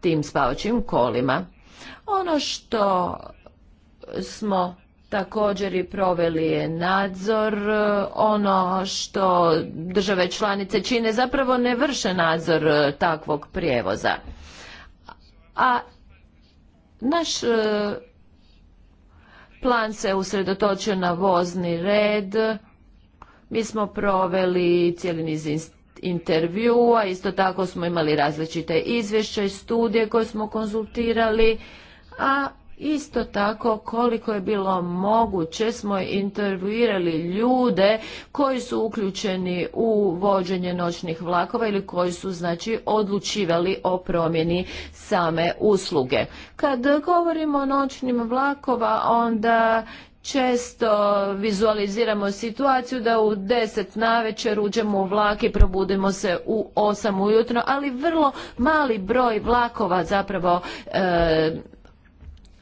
tim spavačim kolima. Ono što smo također i proveli je nadzor. E, ono što države članice čine zapravo ne vrše nadzor takvog prijevoza. A naš Plan se usredotočio na vozni red. Mi smo proveli cijeli niz intervjua, isto tako smo imali različite izvješće i studije koje smo konzultirali, a Isto tako koliko je bilo moguće smo intervjuirali ljude koji su uključeni u vođenje noćnih vlakova ili koji su znači odlučivali o promjeni same usluge. Kad govorimo o noćnim vlakova onda često vizualiziramo situaciju da u 10 navečer uđemo u vlak i probudimo se u 8 ujutro, ali vrlo mali broj vlakova zapravo e,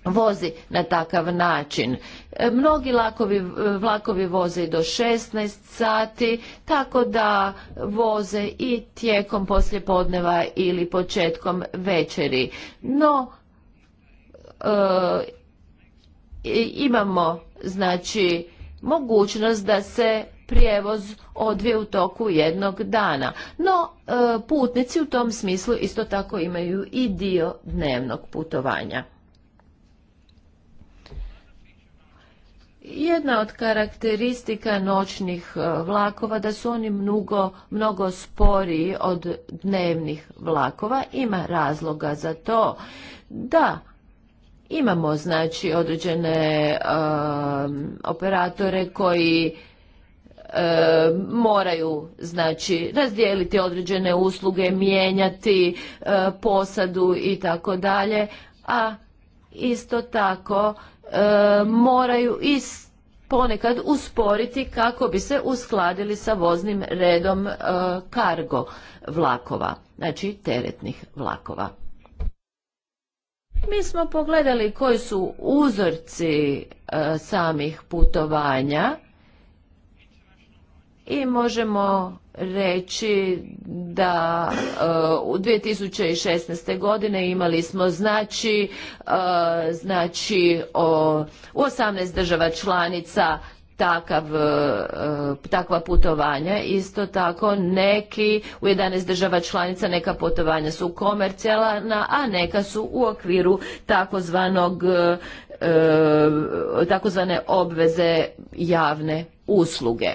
vozi na takav način. E, mnogi lakovi, vlakovi voze i do 16 sati, tako da voze i tijekom poslijepodneva ili početkom večeri. No, e, imamo znači mogućnost da se prijevoz odvije u toku jednog dana. No, e, putnici u tom smislu isto tako imaju i dio dnevnog putovanja. Jedna od karakteristika noćnih e, vlakova da su oni mnogo, mnogo sporiji od dnevnih vlakova. Ima razloga za to. Da, imamo znači određene operatore koji moraju znači razdijeliti određene usluge, mijenjati e, posadu i tako dalje, a isto tako E, moraju i ponekad usporiti kako bi se uskladili sa voznim redom e, kargo vlakova, znači teretnih vlakova. Mi smo pogledali koji su uzorci e, samih putovanja i možemo reći da e, u 2016. godine imali smo znači e, znači u 18 država članica takav, e, takva putovanja. Isto tako neki u 11 država članica neka putovanja su komercijalna, a neka su u okviru takozvanog takozvane obveze javne usluge.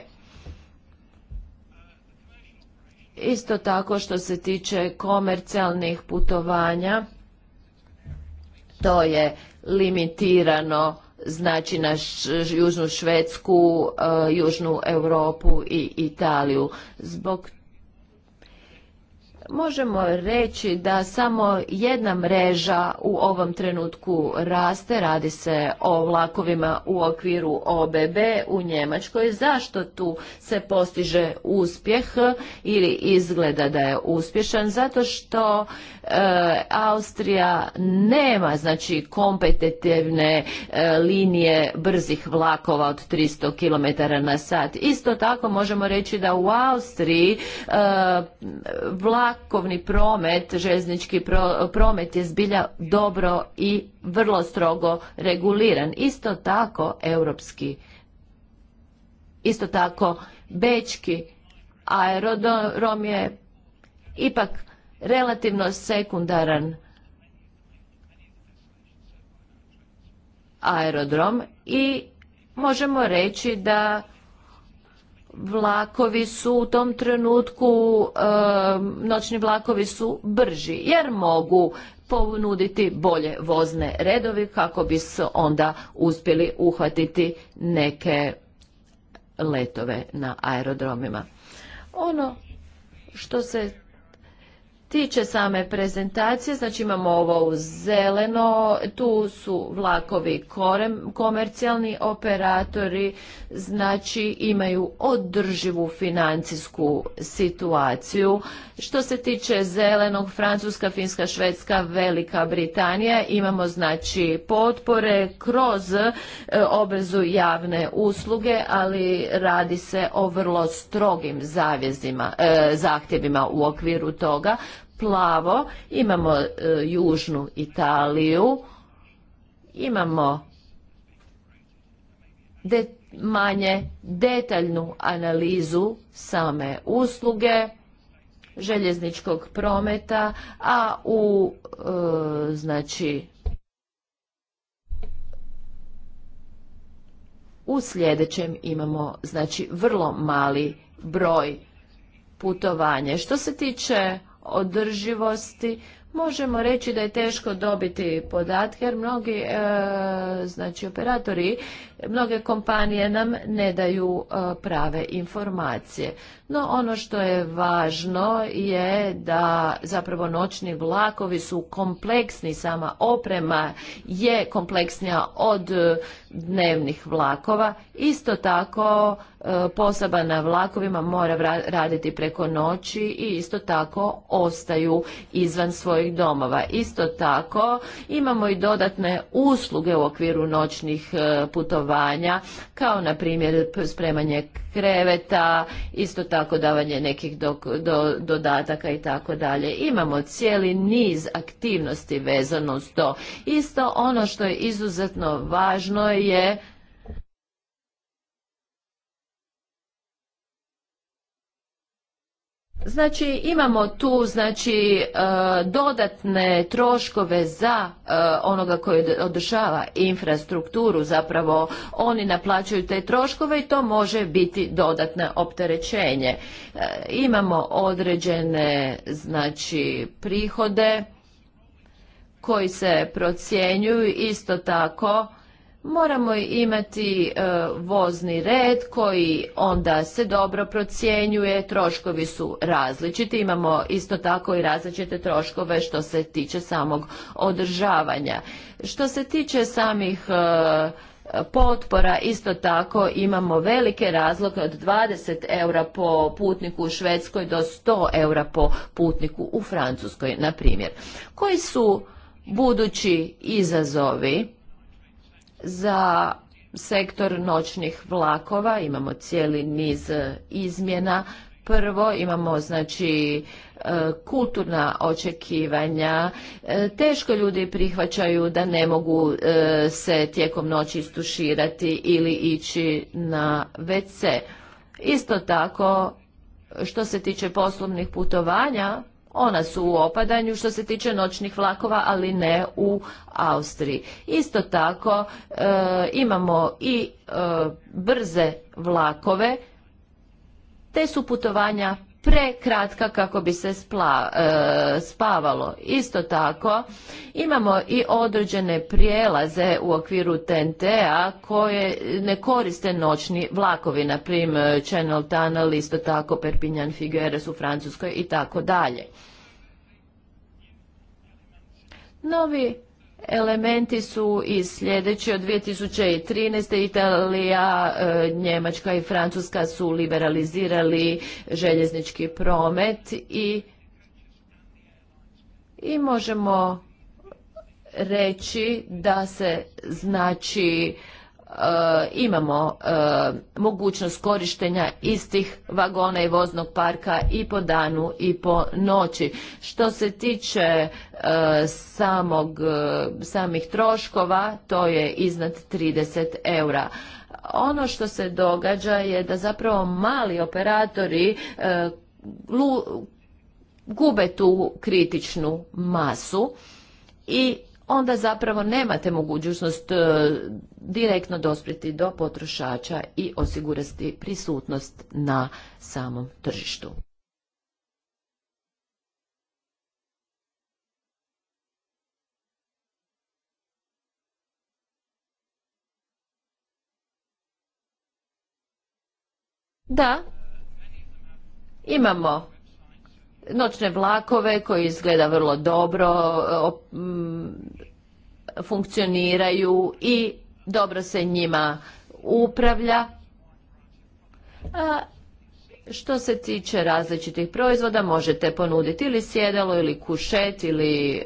Isto tako što se tiče komercijalnih putovanja, to je limitirano znači na Južnu Švedsku, e, Južnu Europu i Italiju. Zbog Možemo reći da samo jedna mreža u ovom trenutku raste, radi se o vlakovima u okviru OBB u Njemačkoj. Zašto tu se postiže uspjeh ili izgleda da je uspješan? Zato što e, Austrija nema znači kompetitivne e, linije brzih vlakova od 300 km na sat. Isto tako možemo reći da u Austriji e, vlak vlakovni promet, željeznički promet je zbilja dobro i vrlo strogo reguliran. Isto tako europski, isto tako bečki aerodrom je ipak relativno sekundaran aerodrom i možemo reći da vlakovi su u tom trenutku, noćni vlakovi su brži jer mogu ponuditi bolje vozne redovi kako bi se onda uspjeli uhvatiti neke letove na aerodromima. Ono što se tiče same prezentacije, znači imamo ovo u zeleno, tu su vlakovi komercijalni operatori, znači imaju održivu financijsku situaciju što se tiče zelenog, Francuska, Finska, Švedska, Velika Britanija, imamo znači potpore kroz e, obvezu javne usluge, ali radi se o vrlo strogim zavjezima, e, zahtjevima u okviru toga. Plavo, imamo e, južnu Italiju, imamo manje detaljnu analizu same usluge, željezničkog prometa, a u e, znači u sljedećem imamo znači vrlo mali broj putovanja. Što se tiče održivosti, možemo reći da je teško dobiti podatke jer mnogi e, znači operatori mnoge kompanije nam ne daju e, prave informacije. No ono što je važno je da zapravo noćni vlakovi su kompleksni, sama oprema je kompleksnija od e, dnevnih vlakova. Isto tako e, posaba na vlakovima mora raditi preko noći i isto tako ostaju izvan svojih domova. Isto tako imamo i dodatne usluge u okviru noćnih putovanja kao na primjer spremanje kreveta, isto tako davanje nekih do, dodataka i tako dalje. Imamo cijeli niz aktivnosti vezano s to. Isto ono što je izuzetno važno je Znači imamo tu znači e, dodatne troškove za e, onoga koji održava infrastrukturu, zapravo oni naplaćuju te troškove i to može biti dodatno opterećenje. E, imamo određene znači prihode koji se procjenjuju isto tako moramo imati e, vozni red koji onda se dobro procjenjuje, troškovi su različiti, imamo isto tako i različite troškove što se tiče samog održavanja. Što se tiče samih e, potpora isto tako imamo velike razloge od 20 eura po putniku u Švedskoj do 100 eura po putniku u Francuskoj, na primjer. Koji su budući izazovi za sektor noćnih vlakova imamo cijeli niz e, izmjena. Prvo imamo znači e, kulturna očekivanja. E, teško ljudi prihvaćaju da ne mogu se tijekom noći istuširati ili ići na WC. Isto tako što se tiče poslovnih putovanja, ona su u opadanju što se tiče noćnih vlakova, ali ne u Austriji. Isto tako e, imamo i e, brze vlakove, te su putovanja prekratka kako bi se e, spavalo. Isto tako imamo i određene prijelaze u okviru TNT-a koje ne koriste noćni vlakovi, na primjer Channel Tunnel, isto tako Perpignan Figueres u Francuskoj i tako dalje. Novi Elementi su i sljedeći od 2013. Italija, e, Njemačka i Francuska su liberalizirali željeznički promet i, i možemo reći da se znači E, imamo e, mogućnost korištenja istih vagona i voznog parka i po danu i po noći. Što se tiče e, samog, samih troškova, to je iznad 30 eura ono što se događa je da zapravo mali operatori gube tu kritičnu masu i onda zapravo nemate mogućnost e, direktno dospjeti do potrošača i osigurati prisutnost na samom tržištu. Da, imamo noćne vlakove koji izgleda vrlo dobro, mm, funkcioniraju i dobro se njima upravlja što se tiče različitih proizvoda možete ponuditi ili sjedalo ili kušet ili e,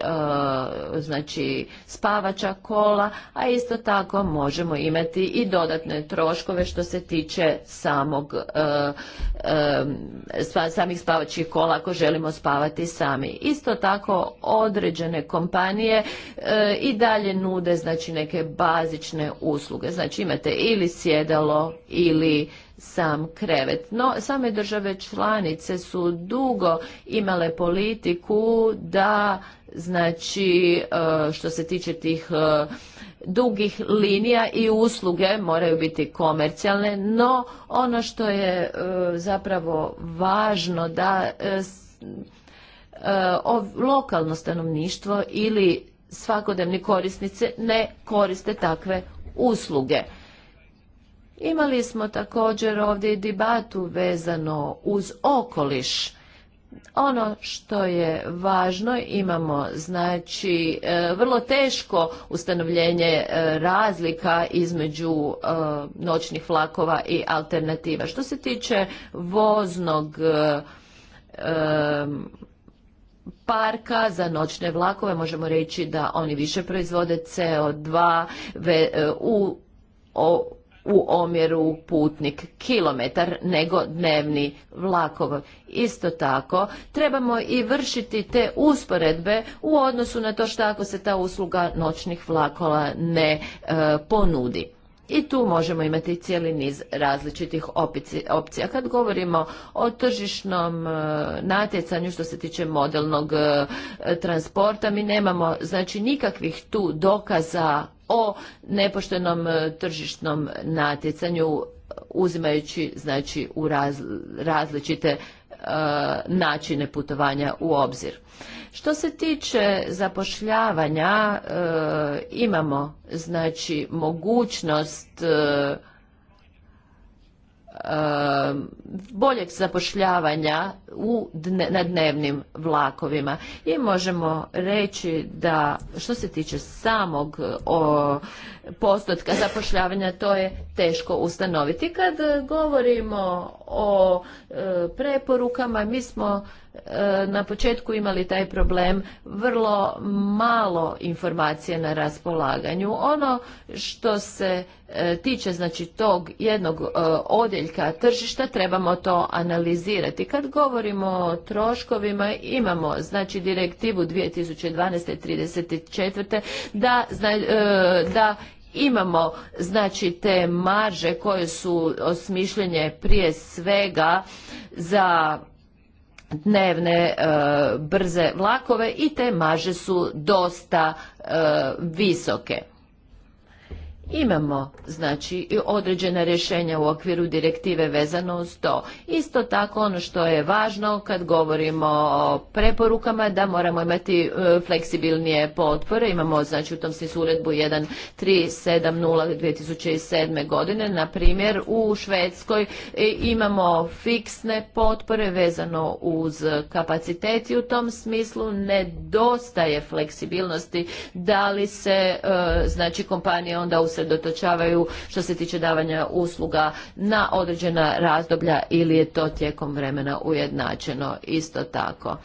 znači spavača kola, a isto tako možemo imati i dodatne troškove što se tiče samog e, e, samih spavačih kola ako želimo spavati sami. Isto tako određene kompanije e, i dalje nude znači neke bazične usluge. Znači imate ili sjedalo ili sam krevet. No, same države članice su dugo imale politiku da, znači, e, što se tiče tih e, dugih linija i usluge moraju biti komercijalne, no ono što je e, zapravo važno da lokalno stanovništvo ili svakodnevni korisnice ne koriste takve usluge. Imali smo također ovdje i debatu vezano uz okoliš. Ono što je važno, imamo znači e, vrlo teško ustanovljenje e, razlika između e, noćnih vlakova i alternativa. Što se tiče voznog parka za noćne vlakove, možemo reći da oni više proizvode CO2 u u omjeru putnik kilometar nego dnevni vlakov. Isto tako, trebamo i vršiti te usporedbe u odnosu na to što ako se ta usluga noćnih vlakova ne e, ponudi. I tu možemo imati cijeli niz različitih opcija. Kad govorimo o tržišnom e, natjecanju što se tiče modelnog e, transporta, mi nemamo znači nikakvih tu dokaza o nepoštenom e, tržišnom natjecanju uzimajući znači u različite e, načine putovanja u obzir. Što se tiče zapošljavanja, e, imamo znači mogućnost boljeg zapošljavanja u na dnevnim vlakovima i možemo reći da što se tiče samog o, postotka zapošljavanja to je teško ustanoviti kad govorimo o e, preporukama mi smo e, na početku imali taj problem vrlo malo informacije na raspolaganju ono što se e, tiče znači tog jednog odjeljka tržišta trebamo to analizirati kad govorimo govorimo o troškovima, imamo znači direktivu 2012-34 da, e, da imamo znači te marže koje su osmišljenje prije svega za dnevne e, brze vlakove i te marže su dosta e, visoke Imamo znači i određena rješenja u okviru direktive vezano uz to. Isto tako ono što je važno kad govorimo o preporukama da moramo imati e, fleksibilnije potpore. Imamo znači u tom smislu uredbu 1370 2007. godine. Na primjer u Švedskoj e, imamo fiksne potpore vezano uz kapacitet i u tom smislu nedostaje fleksibilnosti da li se e, znači kompanije onda u usredotočavaju što se tiče davanja usluga na određena razdoblja ili je to tijekom vremena ujednačeno isto tako.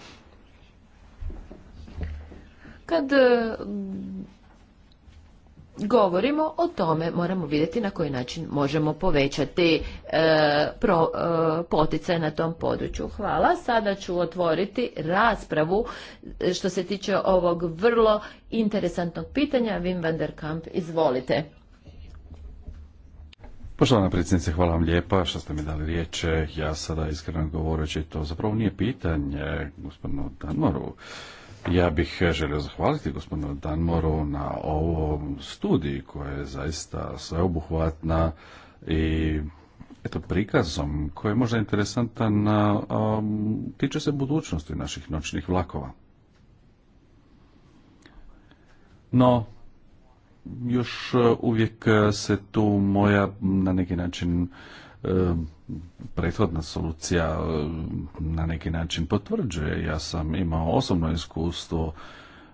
Kad e, govorimo o tome moramo vidjeti na koji način možemo povećati e, e, poticaj na tom području. Hvala. Sada ću otvoriti raspravu što se tiče ovog vrlo interesantnog pitanja. Wim van der Kamp, izvolite. Poštovana predsjednice, hvala vam lijepa što ste mi dali riječ. Ja sada iskreno govoreći to zapravo nije pitanje gospodinu Danmoru. Ja bih želio zahvaliti gospodinu Danmoru na ovom studiji koja je zaista sveobuhvatna i eto prikazom koji je možda interesantan um, tiče se budućnosti naših noćnih vlakova. No, još e, uvijek e, se tu moja na neki način e, prethodna solucija na neki način potvrđuje. Ja sam imao osobno iskustvo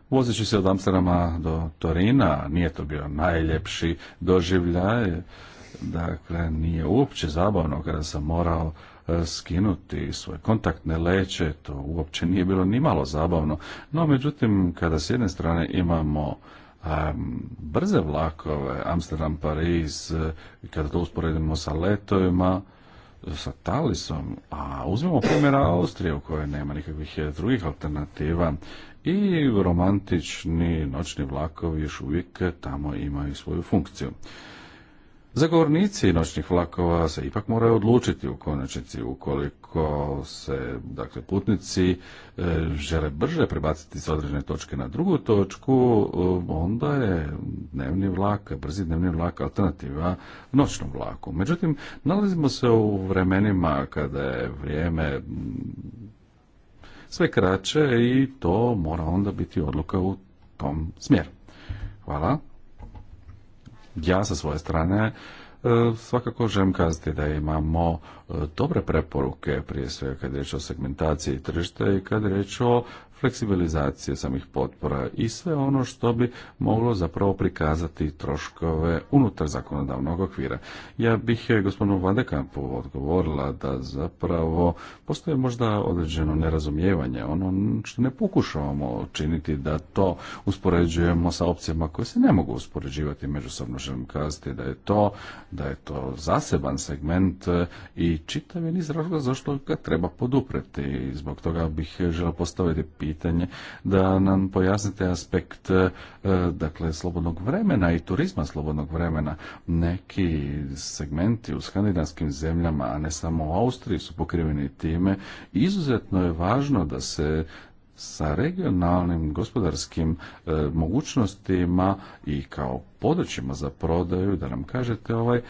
vozeći se od Amsterdama do Torina, nije to bio najljepši doživljaj, dakle nije uopće zabavno kada sam morao skinuti svoje kontaktne leće, to uopće nije bilo ni malo zabavno. No međutim, kada s jedne strane imamo brze vlakove Amsterdam, Pariz, e, kada to usporedimo sa letovima, sa Talisom, a uzmemo primjera Austrije u kojoj nema nikakvih e, drugih alternativa i romantični noćni vlakovi još uvijek tamo imaju svoju funkciju. Zagovornici noćnih vlakova se ipak moraju odlučiti u konačnici ukoliko se dakle, putnici e, žele brže prebaciti s određene točke na drugu točku, e, onda je dnevni vlak, brzi dnevni vlak alternativa noćnom vlaku. Međutim, nalazimo se u vremenima kada je vrijeme mm, sve kraće i to mora onda biti odluka u tom smjeru. Hvala. Ja sa svoje strane e, svakako želim kazati da imamo e, dobre preporuke prije svega kad je riječ o segmentaciji tržišta i kad je riječ o fleksibilizacije samih potpora i sve ono što bi moglo zapravo prikazati troškove unutar zakonodavnog okvira. Ja bih eh, gospodinu Vandekampu odgovorila da zapravo postoje možda određeno nerazumijevanje. Ono što ne pokušavamo činiti da to uspoređujemo sa opcijama koje se ne mogu uspoređivati međusobno. Želim kazati da je to, da je to zaseban segment eh, i čitav je niz razloga zašto ga treba podupreti. Zbog toga bih želio postaviti pitanje pitanje da nam pojasnite aspekt e, dakle slobodnog vremena i turizma slobodnog vremena. Neki segmenti u skandinavskim zemljama, a ne samo u Austriji su pokriveni time. Izuzetno je važno da se sa regionalnim gospodarskim e, mogućnostima i kao područjima za prodaju da nam kažete ovaj e,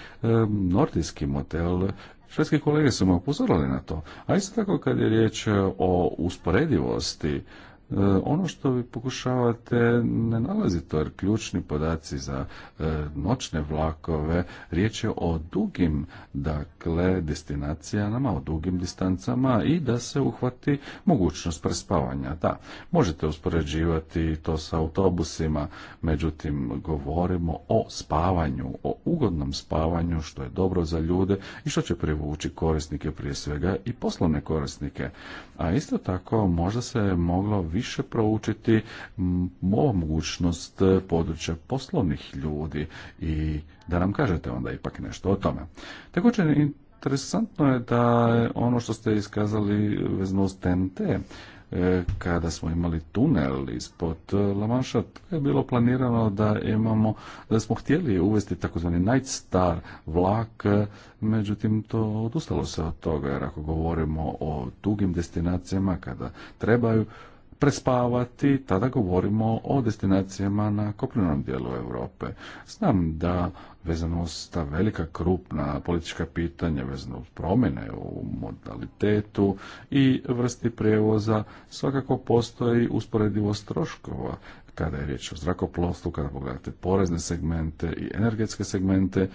nordijski model Švedske kolege su me upozorili na to. A isto tako kad je riječ o usporedivosti E, ono što vi pokušavate ne to, jer ključni podaci za e, noćne vlakove, riječ je o dugim, dakle, destinacijama, o dugim distancama i da se uhvati mogućnost prespavanja. Da, možete uspoređivati to sa autobusima, međutim, govorimo o spavanju, o ugodnom spavanju, što je dobro za ljude i što će privući korisnike prije svega i poslovne korisnike. A isto tako, možda se moglo više proučiti mogućnost e, područja poslovnih ljudi i da nam kažete onda ipak nešto o tome. Također interesantno je da ono što ste iskazali vezno s TNT, e, kada smo imali tunel ispod Lamanša, je bilo planirano da imamo, da smo htjeli uvesti takozvani Night Star vlak, e, međutim to odustalo se od toga, jer ako govorimo o dugim destinacijama kada trebaju prespavati, tada govorimo o destinacijama na kopnenom dijelu Europe. Znam da vezano uz ta velika krupna politička pitanja, vezano uz promjene u modalitetu i vrsti prijevoza, svakako postoji usporedivost troškova kada je riječ o zrakoplovstvu, kada pogledate porezne segmente i energetske segmente,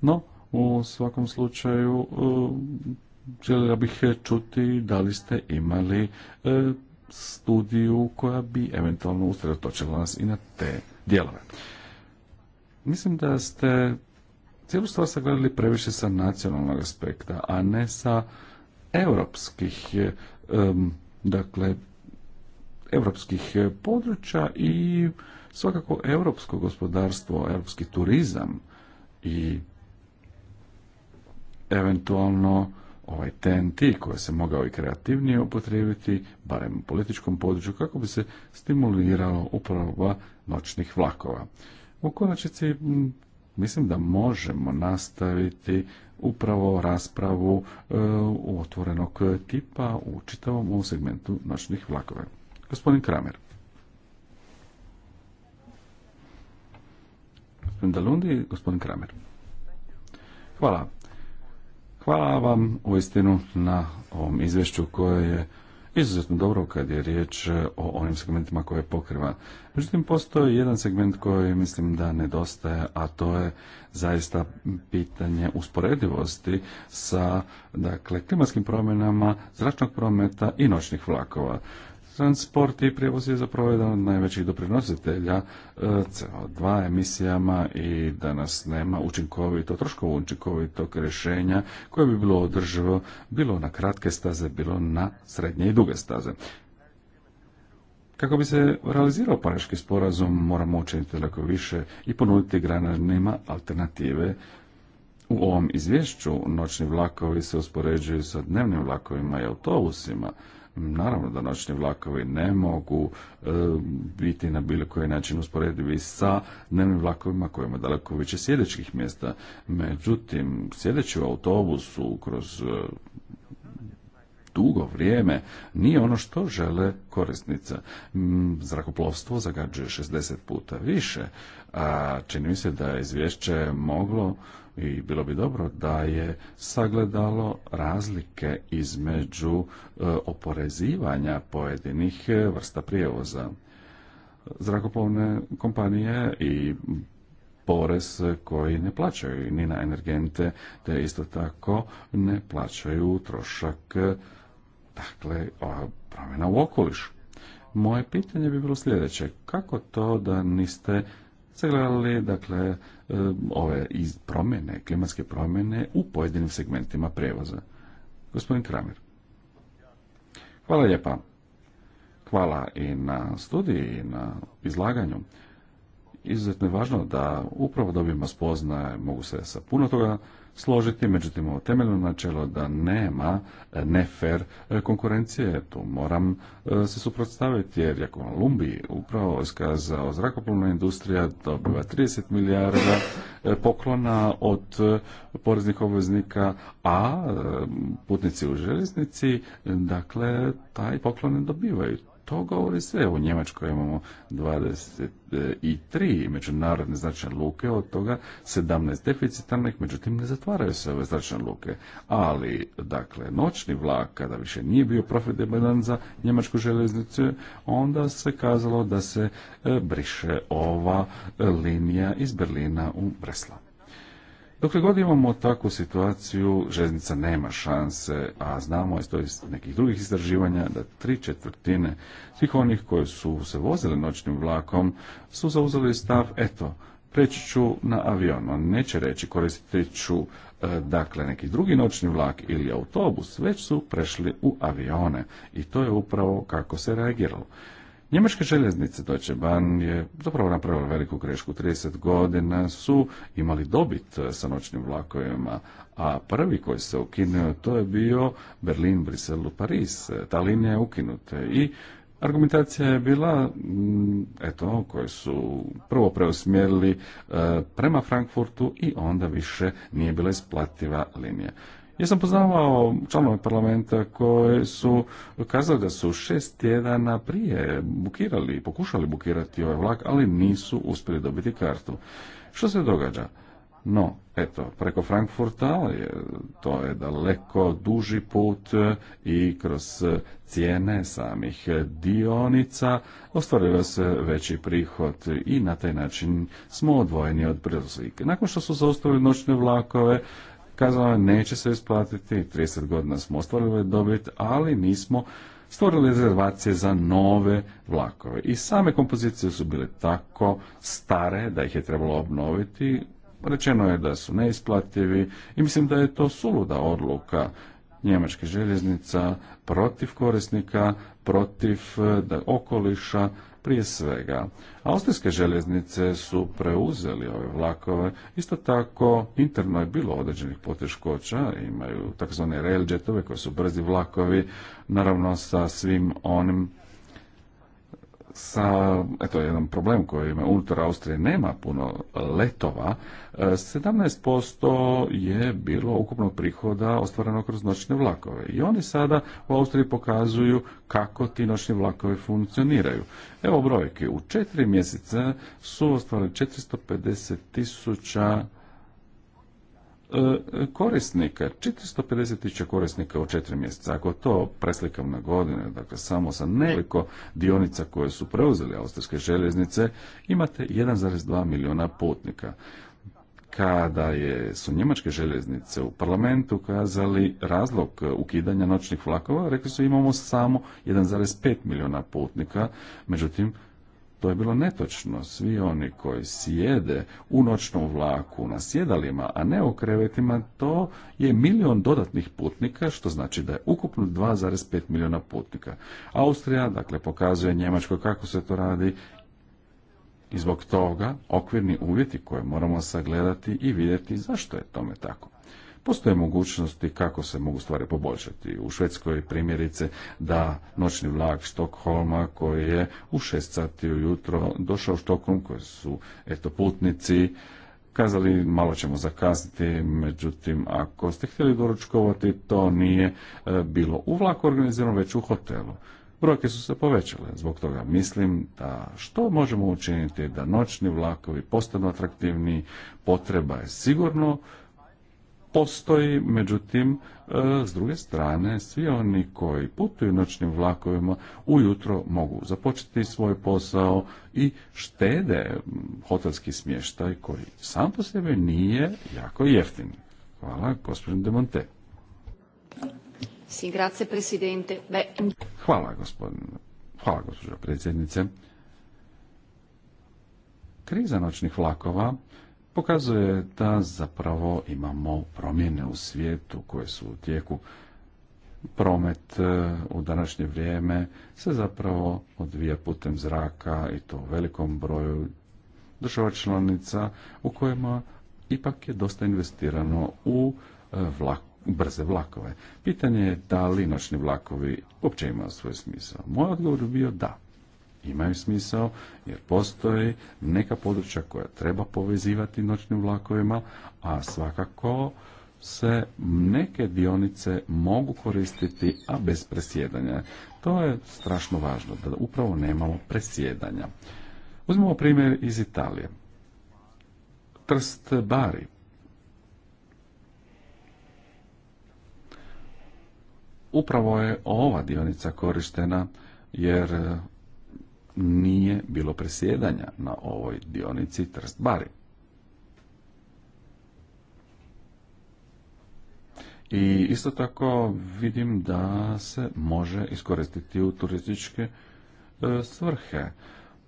no u svakom slučaju e, želio bih čuti da li ste imali e, studiju koja bi eventualno usredotočila nas i na te dijelove. Mislim da ste cijelu stvar sagledali previše sa nacionalnog aspekta, a ne sa europskih dakle europskih područja i svakako europsko gospodarstvo, europski turizam i eventualno ovaj TNT koji se mogao i kreativnije upotrijebiti, barem u političkom području, kako bi se stimulirao uprava noćnih vlakova. U konačnici mislim da možemo nastaviti upravo raspravu e, otvorenog tipa u čitavom ovom segmentu noćnih vlakova. Gospodin Kramer. Gospodin Dalundi gospodin Kramer. Hvala. Hvala vam istinu na ovom izvješću koje je izuzetno dobro kad je riječ e, o onim segmentima koje pokriva. Međutim, postoji jedan segment koji mislim da nedostaje, a to je zaista pitanje usporedivosti sa dakle, klimatskim promjenama, zračnog prometa i noćnih vlakova. Transport i prijevoz je zapravo jedan od najvećih doprinositelja e, CO2 emisijama i danas nema učinkovito, troškovo učinkovitog rješenja koje bi bilo održivo bilo na kratke staze, bilo na srednje i duge staze. Kako bi se realizirao pariški sporazum, moramo učiniti daleko više i ponuditi granarnima alternative u ovom izvješću noćni vlakovi se uspoređuju sa dnevnim vlakovima i autobusima. Naravno da noćni vlakovi ne mogu e, biti na bilo koji način usporedivi sa dnevnim vlakovima koji ima daleko više sjedećih mjesta. Međutim, sjedeći u autobusu kroz e, dugo vrijeme nije ono što žele korisnica. Zrakoplovstvo zagađuje 60 puta više. A čini mi se da je izvješće moglo i bilo bi dobro da je sagledalo razlike između e, oporezivanja pojedinih e, vrsta prijevoza. Zrakoplovne kompanije i porez koji ne plaćaju ni na energente, te isto tako ne plaćaju trošak e, dakle, promjena u okolišu. Moje pitanje bi bilo sljedeće. Kako to da niste sagledali dakle, e, ove iz promjene, klimatske promjene u pojedinim segmentima prevoza. Gospodin Kramer. Hvala lijepa. Hvala i na studiji i na izlaganju. Izuzetno je važno da upravo dobijemo spoznaje, mogu se sa puno toga složiti, međutim ovo temeljno načelo da nema e, nefer e, konkurencije, tu moram e, se suprotstaviti jer jako Lumbiji upravo iskazao zrakoplovna industrija dobiva 30 milijarda poklona od poreznih obveznika, a putnici u željeznici, dakle, taj poklon ne dobivaju to govori sve. U Njemačkoj imamo 23 međunarodne zračne luke, od toga 17 deficitarnih, međutim ne zatvaraju se ove zračne luke. Ali, dakle, noćni vlak, kada više nije bio profitabilan za Njemačku željeznicu, onda se kazalo da se e, briše ova e, linija iz Berlina u bresla Dokle god imamo takvu situaciju, željeznica nema šanse, a znamo iz to iz nekih drugih istraživanja da tri četvrtine svih onih koji su se vozili noćnim vlakom su zauzeli stav, eto, preći ću na avion. On neće reći koristit ću e, dakle neki drugi noćni vlak ili autobus, već su prešli u avione i to je upravo kako se reagiralo. Njemačke željeznice Deutsche Bahn je zapravo napravila veliku grešku. 30 godina su imali dobit sa noćnim vlakovima, a prvi koji se ukinuo to je bio Berlin, Brisel, Paris. Ta linija je ukinuta i Argumentacija je bila, mm, eto, koje su prvo preusmjerili eh, prema Frankfurtu i onda više nije bila isplativa linija. Ja sam poznavao članove parlamenta koji su kazali da su šest tjedana prije bukirali, pokušali bukirati ovaj vlak, ali nisu uspjeli dobiti kartu. Što se događa? No, eto, preko Frankfurta, to je daleko duži put e, i kroz cijene samih dionica ostvario se veći prihod i na taj način smo odvojeni od prevoznika. Nakon što su zaustavili noćne vlakove, kazala neće se isplatiti, 30 godina smo ostvarili ovaj dobit, ali nismo stvorili rezervacije za nove vlakove. I same kompozicije su bile tako stare da ih je trebalo obnoviti. Rečeno je da su neisplativi i mislim da je to suluda odluka Njemačke željeznica protiv korisnika, protiv e, okoliša, prije svega, austrijske željeznice su preuzeli ove vlakove, isto tako interno je bilo određenih poteškoća, imaju takzvane railjetove koji su brzi vlakovi, naravno sa svim onim sa, eto, jedan problem koji ima unutar Austrije nema puno letova, 17% e, je bilo ukupnog prihoda ostvareno kroz noćne vlakove. I oni sada u Austriji pokazuju kako ti noćni vlakovi funkcioniraju. Evo brojke, u četiri mjeseca su ostvarili 450 tisuća E, korisnika, 450.000 tisuća korisnika u četiri mjeseca. Ako to preslikam na godine, dakle samo sa nekoliko dionica koje su preuzeli austrijske željeznice, imate 1,2 milijuna putnika kada je, su njemačke željeznice u parlamentu kazali razlog ukidanja noćnih vlakova, rekli su imamo samo 1,5 milijuna putnika, međutim to je bilo netočno. Svi oni koji sjede u noćnom vlaku na sjedalima, a ne u krevetima, to je milion dodatnih putnika, što znači da je ukupno 2,5 milijuna putnika. Austrija, dakle, pokazuje Njemačkoj kako se to radi i zbog toga okvirni uvjeti koje moramo sagledati i vidjeti zašto je tome tako postoje mogućnosti kako se mogu stvari poboljšati. U Švedskoj primjerice da noćni vlak Štokholma koji je u 6 sati ujutro došao u Štokholm koji su eto putnici kazali malo ćemo zakasniti, međutim ako ste htjeli doručkovati to nije e, bilo u vlaku organizirano već u hotelu. Brojke su se povećale, zbog toga mislim da što možemo učiniti da noćni vlakovi postanu atraktivniji, potreba je sigurno postoji, međutim, e, s druge strane, svi oni koji putuju noćnim vlakovima ujutro mogu započeti svoj posao i štede hotelski smještaj koji sam po sebi nije jako jeftin. Hvala, gospodin Demonte. Hvala, gospodin. Hvala, gospođo predsjednice. Kriza noćnih vlakova pokazuje da zapravo imamo promjene u svijetu koje su u tijeku promet e, u današnje vrijeme se zapravo odvija putem zraka i to u velikom broju država članica u kojima ipak je dosta investirano u e, brze vlakove. Pitanje je da li noćni vlakovi uopće imaju svoj smisao. Moj odgovor je bio da imaju smisao jer postoji neka područja koja treba povezivati noćnim vlakovima, a svakako se neke dionice mogu koristiti, a bez presjedanja. To je strašno važno, da upravo nemamo presjedanja. Uzmemo primjer iz Italije. Trst Bari. Upravo je ova dionica korištena jer nije bilo presjedanja na ovoj dionici Trst Bari. I isto tako vidim da se može iskoristiti u turističke e, svrhe.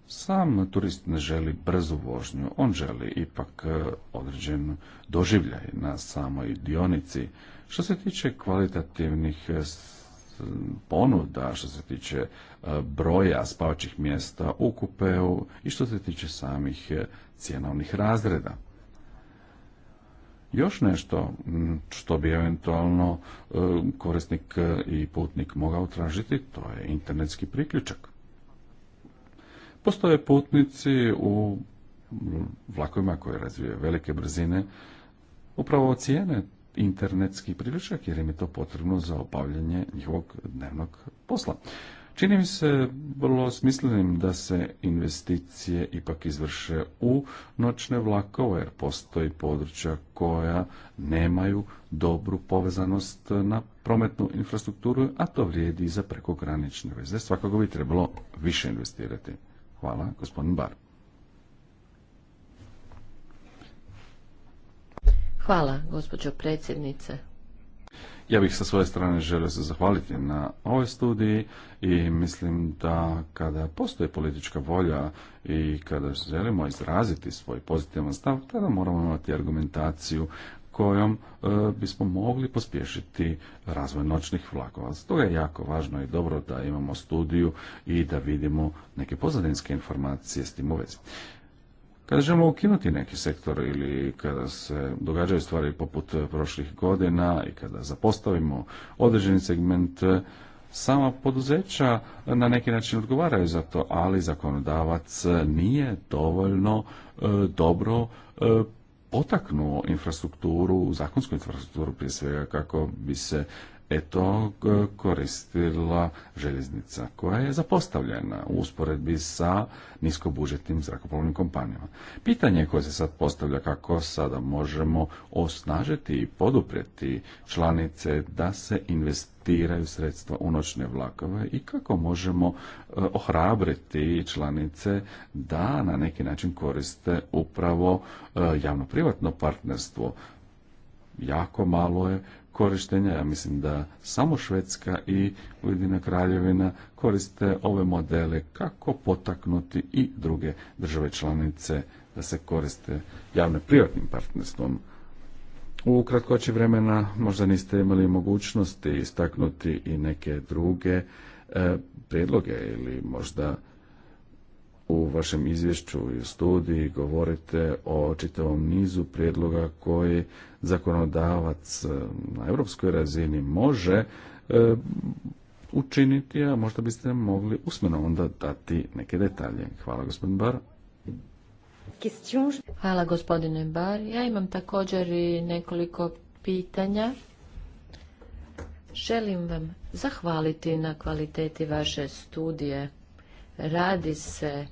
Sam turist ne želi brzu vožnju, on želi ipak e, određen doživljaj na samoj dionici. Što se tiče kvalitativnih e, ponuda što se tiče e, broja spavačih mjesta u kupeu i što se tiče samih e, cjenovnih razreda. Još nešto što bi eventualno e, korisnik i putnik mogao tražiti, to je internetski priključak. Postoje putnici u vlakovima koje razvijaju velike brzine, upravo cijene internetski priručak jer im je to potrebno za obavljanje njihovog dnevnog posla. Čini mi se vrlo smislenim da se investicije ipak izvrše u noćne vlakove, jer postoji područja koja nemaju dobru povezanost na prometnu infrastrukturu, a to vrijedi i za prekogranične veze. Svakako bi trebalo više investirati. Hvala, gospodin Bar. Hvala, gospođo predsjednice. Ja bih sa svoje strane želio se zahvaliti na ovoj studiji i mislim da kada postoji politička volja i kada želimo izraziti svoj pozitivan stav, tada moramo imati argumentaciju kojom e, bismo mogli pospješiti razvoj noćnih vlakova. Stoga je jako važno i dobro da imamo studiju i da vidimo neke pozadinske informacije s tim u kada želimo ukinuti neki sektor ili kada se događaju stvari poput e, prošlih godina i kada zapostavimo određeni segment, e, sama poduzeća na neki način odgovaraju za to, ali zakonodavac e, nije dovoljno dobro potaknuo infrastrukturu, zakonsku infrastrukturu prije svega kako bi se eto e, koristila željeznica koja je zapostavljena u usporedbi sa niskobužetnim zrakoplovnim kompanijama. Pitanje koje se sad postavlja kako sada možemo osnažiti i poduprijeti članice da se investiraju sredstva u noćne vlakove i kako možemo e, ohrabriti članice da na neki način koriste upravo e, javno-privatno partnerstvo jako malo je korištenja. Ja mislim da samo Švedska i Ujedina kraljevina koriste ove modele kako potaknuti i druge države članice da se koriste javno-privatnim partnerstvom. U kratkoći vremena možda niste imali mogućnosti istaknuti i neke druge e, prijedloge ili možda u vašem izvješću i studiji govorite o čitavom nizu prijedloga koji zakonodavac e, na europskoj razini može e, učiniti, a možda biste mogli usmeno onda dati neke detalje. Hvala gospodin Bar. Hvala gospodine Bar. Ja imam također i nekoliko pitanja. Želim vam zahvaliti na kvaliteti vaše studije Radi se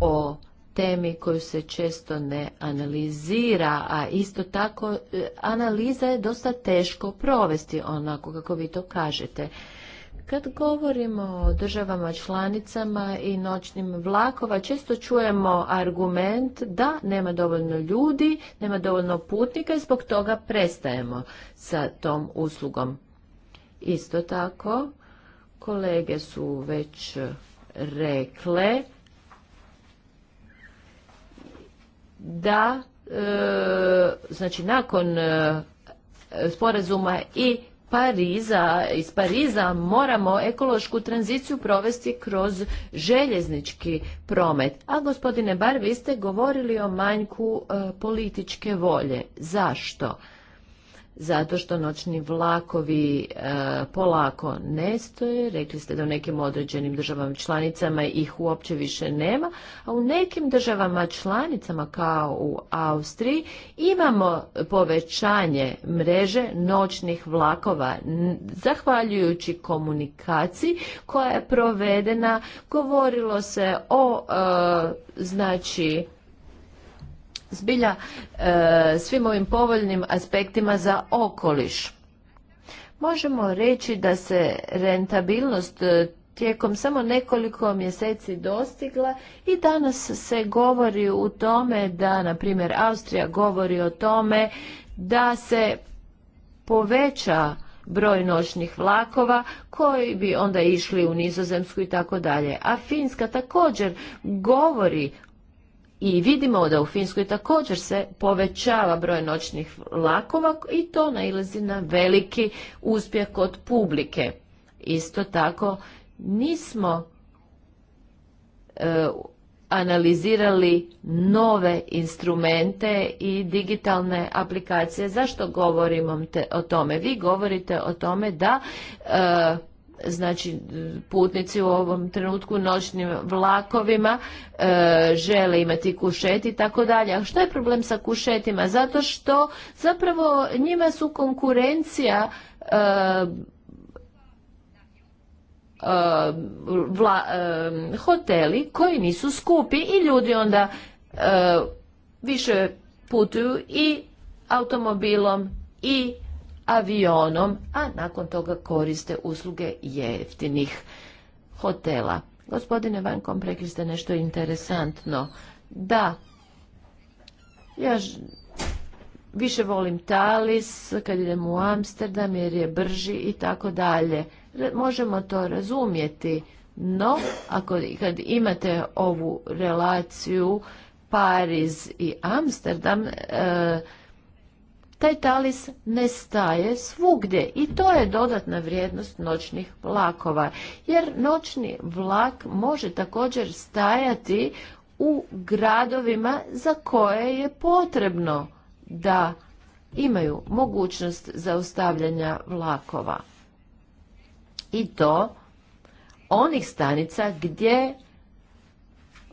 o temi koju se često ne analizira, a isto tako e, analiza je dosta teško provesti onako kako vi to kažete. Kad govorimo o državama članicama i noćnim vlakova, često čujemo argument da nema dovoljno ljudi, nema dovoljno putnika i zbog toga prestajemo sa tom uslugom. Isto tako, kolege su već rekle da e, znači nakon e, sporazuma i Pariza, iz Pariza moramo ekološku tranziciju provesti kroz željeznički promet. A gospodine Bar, vi ste govorili o manjku e, političke volje. Zašto? zato što noćni vlakovi e, polako nestoje, rekli ste da u nekim određenim državama članicama ih uopće više nema, a u nekim državama članicama kao u Austriji imamo povećanje mreže noćnih vlakova zahvaljujući komunikaciji koja je provedena, govorilo se o e, znači zbilja e, svim ovim povoljnim aspektima za okoliš. Možemo reći da se rentabilnost e, tijekom samo nekoliko mjeseci dostigla i danas se govori u tome da, na primjer, Austrija govori o tome da se poveća broj noćnih vlakova koji bi onda išli u Nizozemsku i tako dalje. A Finska također govori i vidimo da u Finskoj također se povećava broj noćnih vlakova i to nailazi na veliki uspjeh kod publike. Isto tako nismo e, analizirali nove instrumente i digitalne aplikacije. Zašto govorimo o tome? Vi govorite o tome da e, znači putnici u ovom trenutku noćnim vlakovima e, žele imati kušet i tako dalje. A što je problem sa kušetima? Zato što zapravo njima su konkurencija e, e, hoteli koji nisu skupi i ljudi onda više putuju i automobilom i avionom, a nakon toga koriste usluge jeftinih hotela. Gospodine Vankom, rekli ste nešto interesantno. Da, ja više volim Talis kad idem u Amsterdam jer je brži i tako dalje. Možemo to razumjeti, no ako kad imate ovu relaciju Pariz i Amsterdam, e, taj talis ne staje svugdje i to je dodatna vrijednost noćnih vlakova, jer noćni vlak može također stajati u gradovima za koje je potrebno da imaju mogućnost zaustavljanja vlakova. I to onih stanica gdje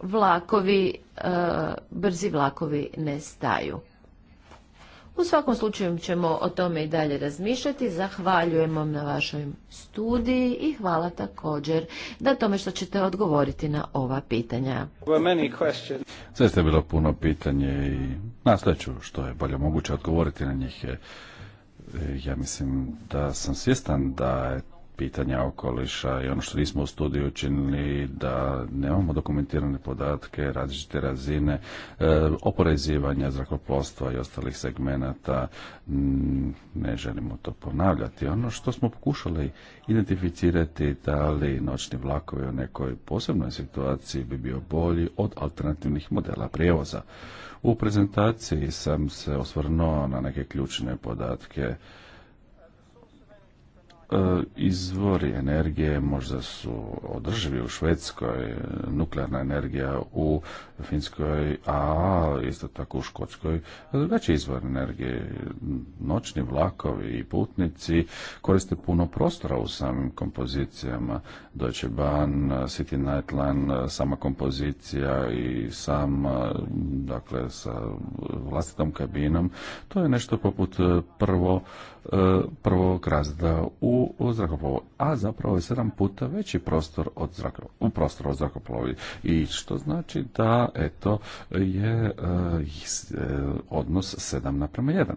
vlakovi, e, brzi vlakovi ne staju. U svakom slučaju ćemo o tome i dalje razmišljati. Zahvaljujemo na vašoj studiji i hvala također da tome što ćete odgovoriti na ova pitanja. Sve ste bilo puno pitanje i nastojeću što je bolje moguće odgovoriti na njih. E, ja mislim da sam svjestan da je pitanja okoliša i ono što nismo u studiju učinili da nemamo dokumentirane podatke različite razine e, oporezivanja zrakoplovstva i ostalih segmenata mm, ne želimo to ponavljati ono što smo pokušali identificirati da li noćni vlakovi u nekoj posebnoj situaciji bi bio bolji od alternativnih modela prijevoza u prezentaciji sam se osvrnuo na neke ključne podatke E, izvori energije možda su održivi u Švedskoj, nuklearna energija u Finskoj, a isto tako u Škotskoj, drugačiji izvor energije. Noćni vlakovi i putnici koriste puno prostora u samim kompozicijama. Deutsche Bahn, City Nightline, sama kompozicija i sam, dakle, sa vlastitom kabinom, to je nešto poput e, prvo E, prvog razreda u, u zrakoplovu, a zapravo je sedam puta veći prostor od zrakoplova, u prostoru od zrakoplovi. I što znači da eto je e, e, odnos 7 naprema jedan.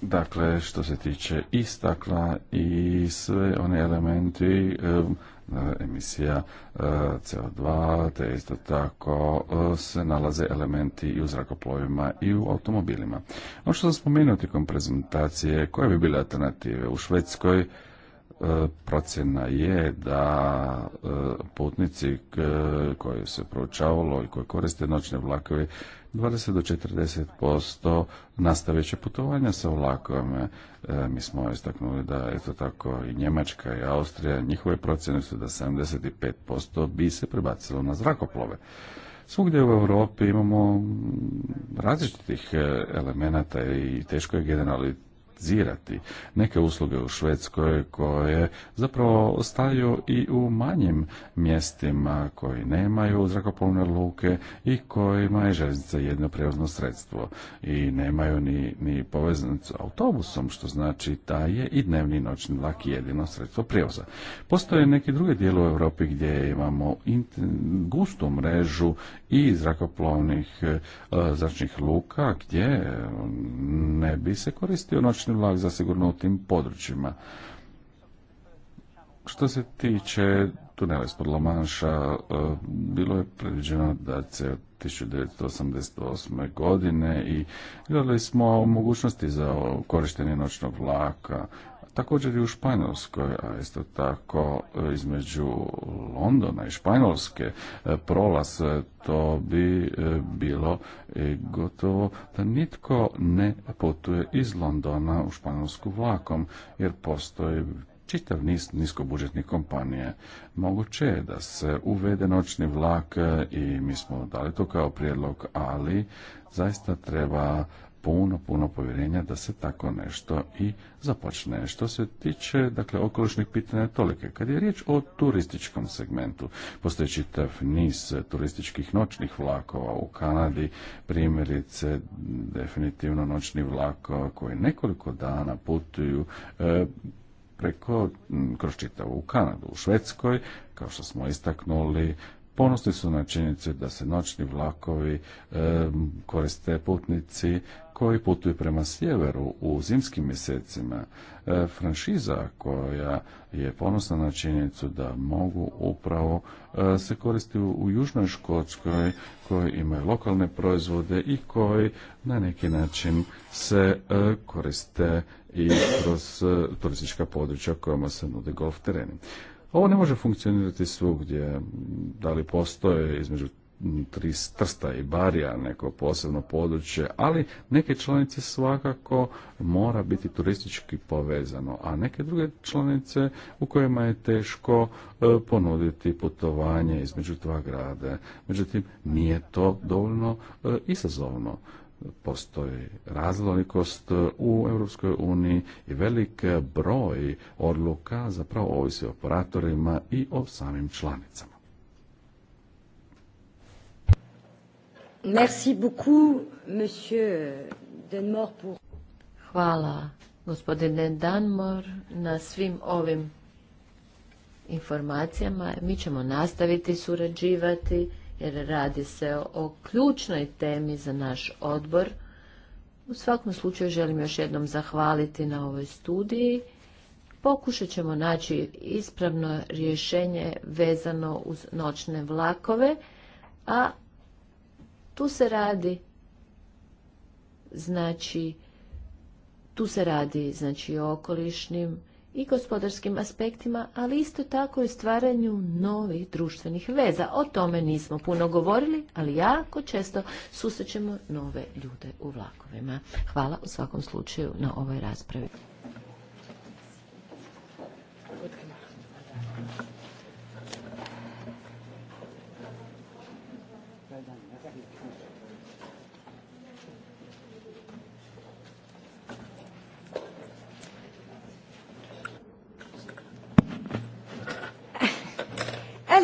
Dakle, što se tiče i stakla i sve one elementi, E, emisija e, CO2, te isto tako e, se nalaze elementi i u zrakoplovima i u automobilima. Ono što sam spomenuo tijekom prezentacije, koje bi bile alternative? U Švedskoj procjena je da putnici koji se proučavalo i koji koriste noćne vlakove 20 do 40% nastavit će putovanja sa vlakom. E, mi smo istaknuli da eto tako i Njemačka i Austrija, njihove procjene su da 75% bi se prebacilo na zrakoplove. Svugdje u Europi imamo različitih e, elemenata i teško je generalizirati privatizirati. Neke usluge u Švedskoj koje zapravo ostaju i u manjim mjestima koji nemaju zrakoplovne luke i kojima je željeznica jedno prijevozno sredstvo i nemaju ni, ni poveznicu autobusom, što znači da je i dnevni noćni vlak jedino sredstvo prijevoza. Postoje neki drugi dijelo u Europi gdje imamo gustu mrežu i zrakoplovnih e, zračnih luka gdje e, ne bi se koristio noćni vlak zasigurno u tim područjima. Što se tiče tunela ispod Lomanša, e, bilo je predviđeno da se od 1988. godine i gledali smo mogućnosti za korištenje noćnog vlaka Također i u Španjolskoj, a isto tako e, između Londona i Španjolske e, prolaz e, to bi bilo gotovo da nitko ne putuje iz Londona u Španjolsku vlakom, jer postoji čitav niz niskobudžetnih kompanije. Moguće je da se uvede noćni vlak i mi smo dali to kao prijedlog, ali zaista treba puno, puno povjerenja da se tako nešto i započne. Što se tiče dakle, okolišnih pitanja tolike, kad je riječ o turističkom segmentu, postoji čitav niz turističkih noćnih vlakova u Kanadi, primjerice definitivno noćni vlakova koji nekoliko dana putuju e, preko, kroz čitavu Kanadu, u Švedskoj, kao što smo istaknuli, ponosni su na činjenicu da se noćni vlakovi e, koriste putnici koji putuje prema sjeveru u zimskim mjesecima. E, franšiza koja je ponosna na činjenicu da mogu upravo e, se koristiti u, Južnoj Škotskoj koji imaju lokalne proizvode i koji na neki način se e, koriste i kroz turistička područja kojima se nude golf tereni. Ovo ne može funkcionirati svugdje. Da li postoje između tri strsta i barija, neko posebno područje, ali neke članice svakako mora biti turistički povezano, a neke druge članice u kojima je teško e, ponuditi putovanje između dva grade. Međutim, nije to dovoljno e, izazovno postoji razlikost e, u Europskoj uniji i velik broj odluka zapravo ovisi o operatorima i o samim članicama. Merci beaucoup, Hvala, gospodine Danmor, na svim ovim informacijama. Mi ćemo nastaviti surađivati jer radi se o ključnoj temi za naš odbor. U svakom slučaju želim još jednom zahvaliti na ovoj studiji. Pokušat ćemo naći ispravno rješenje vezano uz noćne vlakove, a tu se radi, znači, tu se radi znači o okolišnim i gospodarskim aspektima, ali isto tako i stvaranju novih društvenih veza. O tome nismo puno govorili, ali jako često susrećemo nove ljude u vlakovima. Hvala u svakom slučaju na ovoj raspravi.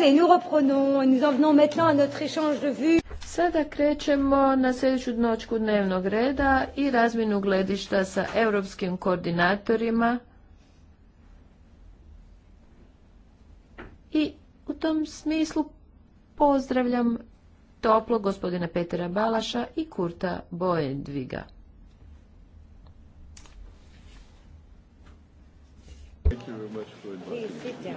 nous reprenons. Sada krećemo na sljedeću dnočku dnevnog reda i razminu gledišta sa europskim koordinatorima. I u tom smislu pozdravljam toplo gospodina Petera Balaša i Kurta Bojendviga. Thank you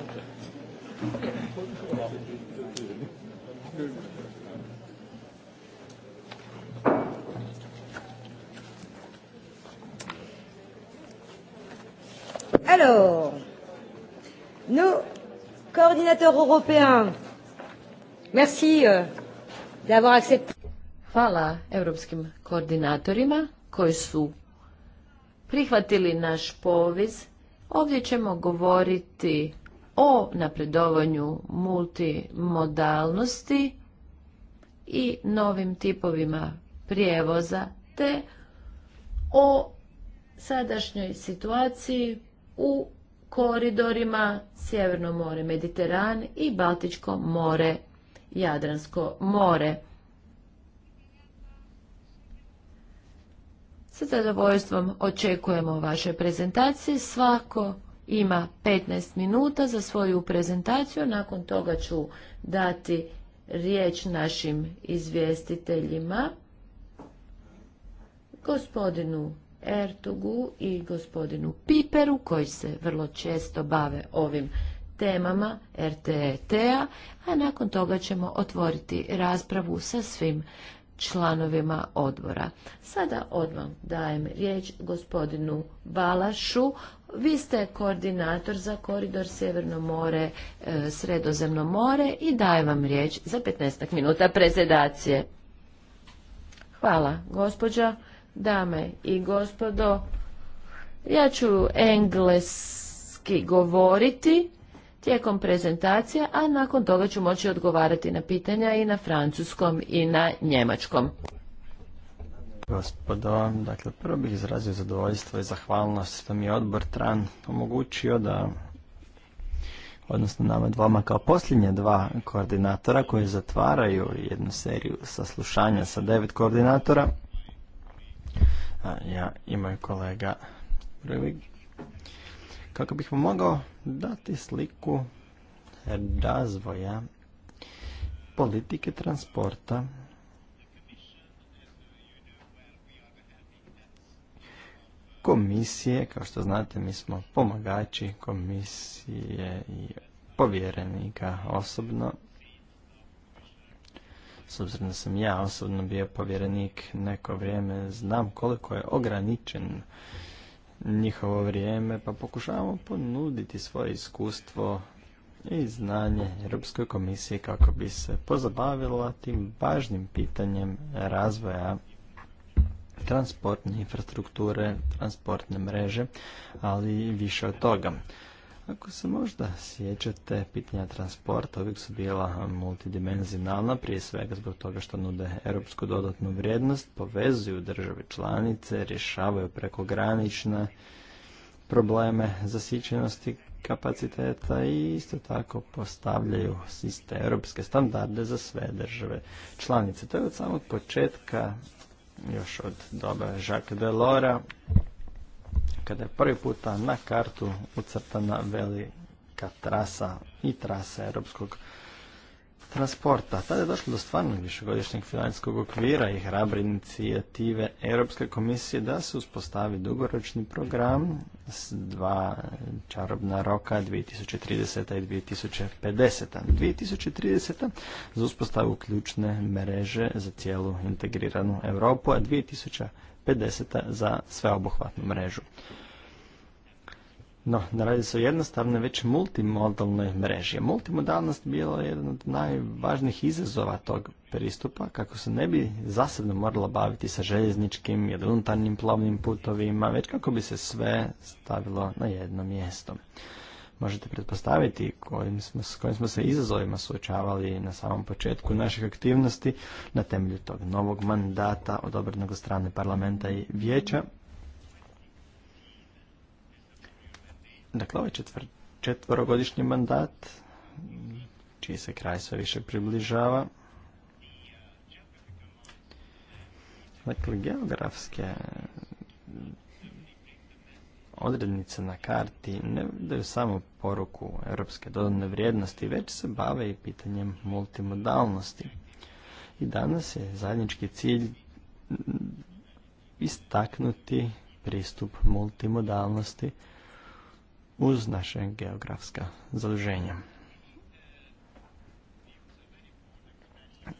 Alors, nos coordinateurs européens, merci euh, d'avoir accepté. Hvala europskim koordinatorima koji su prihvatili naš poviz. Ovdje ćemo govoriti o napredovanju multimodalnosti i novim tipovima prijevoza te o sadašnjoj situaciji u koridorima Sjeverno more Mediteran i Baltičko more Jadransko more. Sa zadovoljstvom očekujemo vaše prezentacije. Svako ima 15 minuta za svoju prezentaciju, nakon toga ću dati riječ našim izvjestiteljima, gospodinu Ertugu i gospodinu Piperu, koji se vrlo često bave ovim temama RTET-a, a nakon toga ćemo otvoriti raspravu sa svim članovima odbora. Sada odmah dajem riječ gospodinu Balašu. Vi ste koordinator za koridor Sjeverno more, e, Sredozemno more i dajem vam riječ za 15 minuta prezentacije. Hvala, gospođa, dame i gospodo. Ja ću engleski govoriti tijekom prezentacije, a nakon toga ću moći odgovarati na pitanja i na francuskom i na njemačkom. Gospodo, dakle prvo bih izrazio zadovoljstvo i zahvalnost što mi je odbor TRAN omogućio da odnosno nama dvoma kao posljednje dva koordinatora koji zatvaraju jednu seriju saslušanja sa devet koordinatora. Ja i moj kolega Brvig kako bih vam mogao dati sliku razvoja politike transporta komisije, kao što znate mi smo pomagači komisije i povjerenika osobno. S obzirom da sam ja osobno bio povjerenik neko vrijeme, znam koliko je ograničen njihovo vrijeme, pa pokušavamo ponuditi svoje iskustvo i znanje Europskoj komisiji kako bi se pozabavila tim važnim pitanjem razvoja transportne infrastrukture, transportne mreže, ali više od toga. Ako se možda sjećate, pitanja transporta uvijek su bila multidimenzionalna, prije svega zbog toga što nude europsku dodatnu vrijednost, povezuju države članice, rješavaju prekogranične probleme zasićenosti kapaciteta i isto tako postavljaju iste europske standarde za sve države članice. To je od samog početka, još od doba Jacques Delora, kada je prvi puta na kartu ucrtana velika trasa i trasa europskog transporta. Tada je došlo do stvarnog višegodišnjeg financijskog okvira i hrabre inicijative Europske komisije da se uspostavi dugoročni program s dva čarobna roka 2030. i 2050. 2030. za uspostavu ključne mreže za cijelu integriranu Europu, a 2050 50 za sveobuhvatnu mrežu. No, ne radi se o jednostavnoj, već multimodalnoj mreži. Multimodalnost bila je od najvažnijih izazova tog pristupa, kako se ne bi zasebno morala baviti sa željezničkim i unutarnjim plovnim putovima, već kako bi se sve stavilo na jedno mjesto. Možete pretpostaviti kojim smo, s kojim smo se izazovima suočavali na samom početku naših aktivnosti na temelju tog novog mandata odobrenog od strane parlamenta i vijeća. Dakle, ovaj četvr, četvorogodišnji mandat, čiji se kraj sve više približava, Dakle, geografske odrednice na karti ne daju samo poruku europske dodane vrijednosti, već se bave i pitanjem multimodalnosti. I danas je zajednički cilj istaknuti pristup multimodalnosti uz naše geografska zaduženja.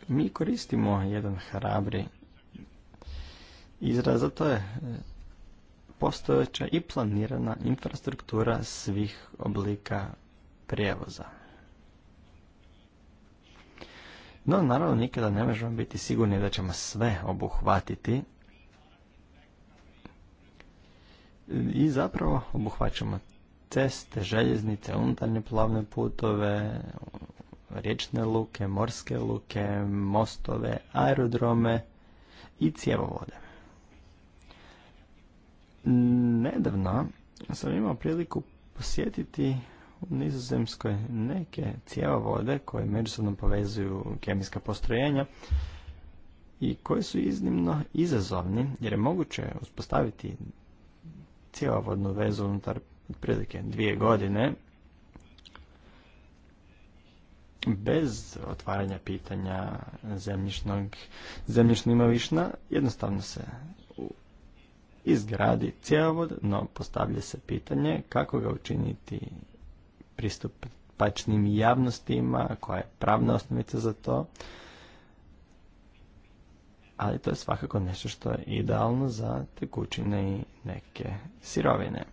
Mi koristimo jedan hrabri izraz, a to je postojeća i planirana infrastruktura svih oblika prijevoza. No, naravno, nikada ne možemo biti sigurni da ćemo sve obuhvatiti i zapravo obuhvaćamo ceste, željeznice, unutarnje plavne putove, riječne luke, morske luke, mostove, aerodrome i cjevovode. Nedavno sam imao priliku posjetiti u Nizozemskoj neke cjevovode koje međusobno povezuju kemijska postrojenja i koje su iznimno izazovni jer je moguće uspostaviti cjevovodnu vezu unutar otprilike dvije godine bez otvaranja pitanja zemljišnog, zemljišnog jednostavno se izgradi cjevovod, no postavlja se pitanje kako ga učiniti pristupačnim javnostima, koja je pravna osnovica za to. Ali to je svakako nešto što je idealno za tekućine i neke sirovine.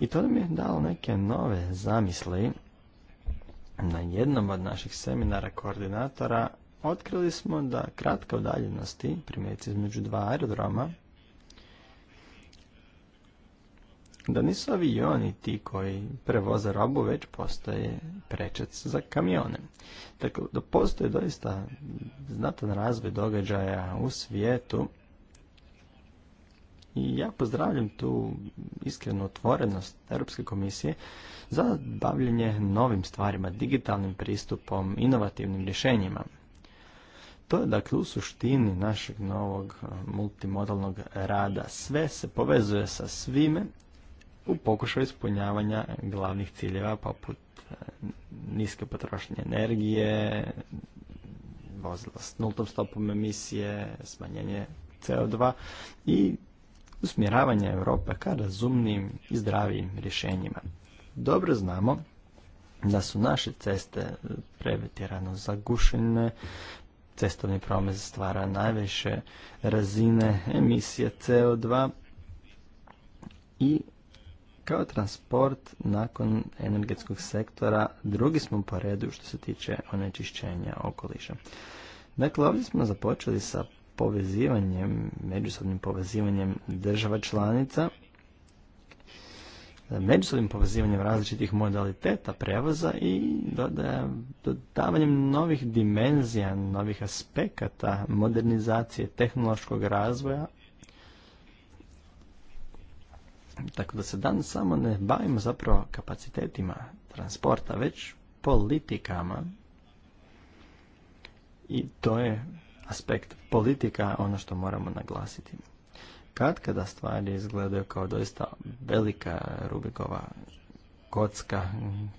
I to nam je dalo neke nove zamisli. Na jednom od naših seminara koordinatora otkrili smo da kratka udaljenosti, primjerice između dva aerodroma, da nisu avioni ti koji prevoze robu, već postoje prečac za kamione. Tako da postoji doista znatan razvoj događaja u svijetu i ja pozdravljam tu iskrenu otvorenost Europske komisije za bavljenje novim stvarima, digitalnim pristupom, inovativnim rješenjima. To je dakle u suštini našeg novog multimodalnog rada. Sve se povezuje sa svime u pokušaju ispunjavanja glavnih ciljeva poput e, niske potrošnje energije, vozila s nultom stopom emisije, smanjenje CO2 i usmjeravanje Europe ka razumnim i zdravijim rješenjima. Dobro znamo da su naše ceste pretjerano zagušene, cestovni promet stvara najviše razine emisije CO2 i kao transport nakon energetskog sektora drugi smo po redu što se tiče onečišćenja okoliša. Dakle, ovdje smo započeli sa povezivanjem, međusobnim povezivanjem država članica, međusobnim povezivanjem različitih modaliteta prevoza i dodavanjem novih dimenzija, novih aspekata modernizacije tehnološkog razvoja tako da se danas samo ne bavimo zapravo kapacitetima transporta, već politikama. I to je aspekt politika, ono što moramo naglasiti. Kad kada stvari izgledaju kao doista velika Rubikova kocka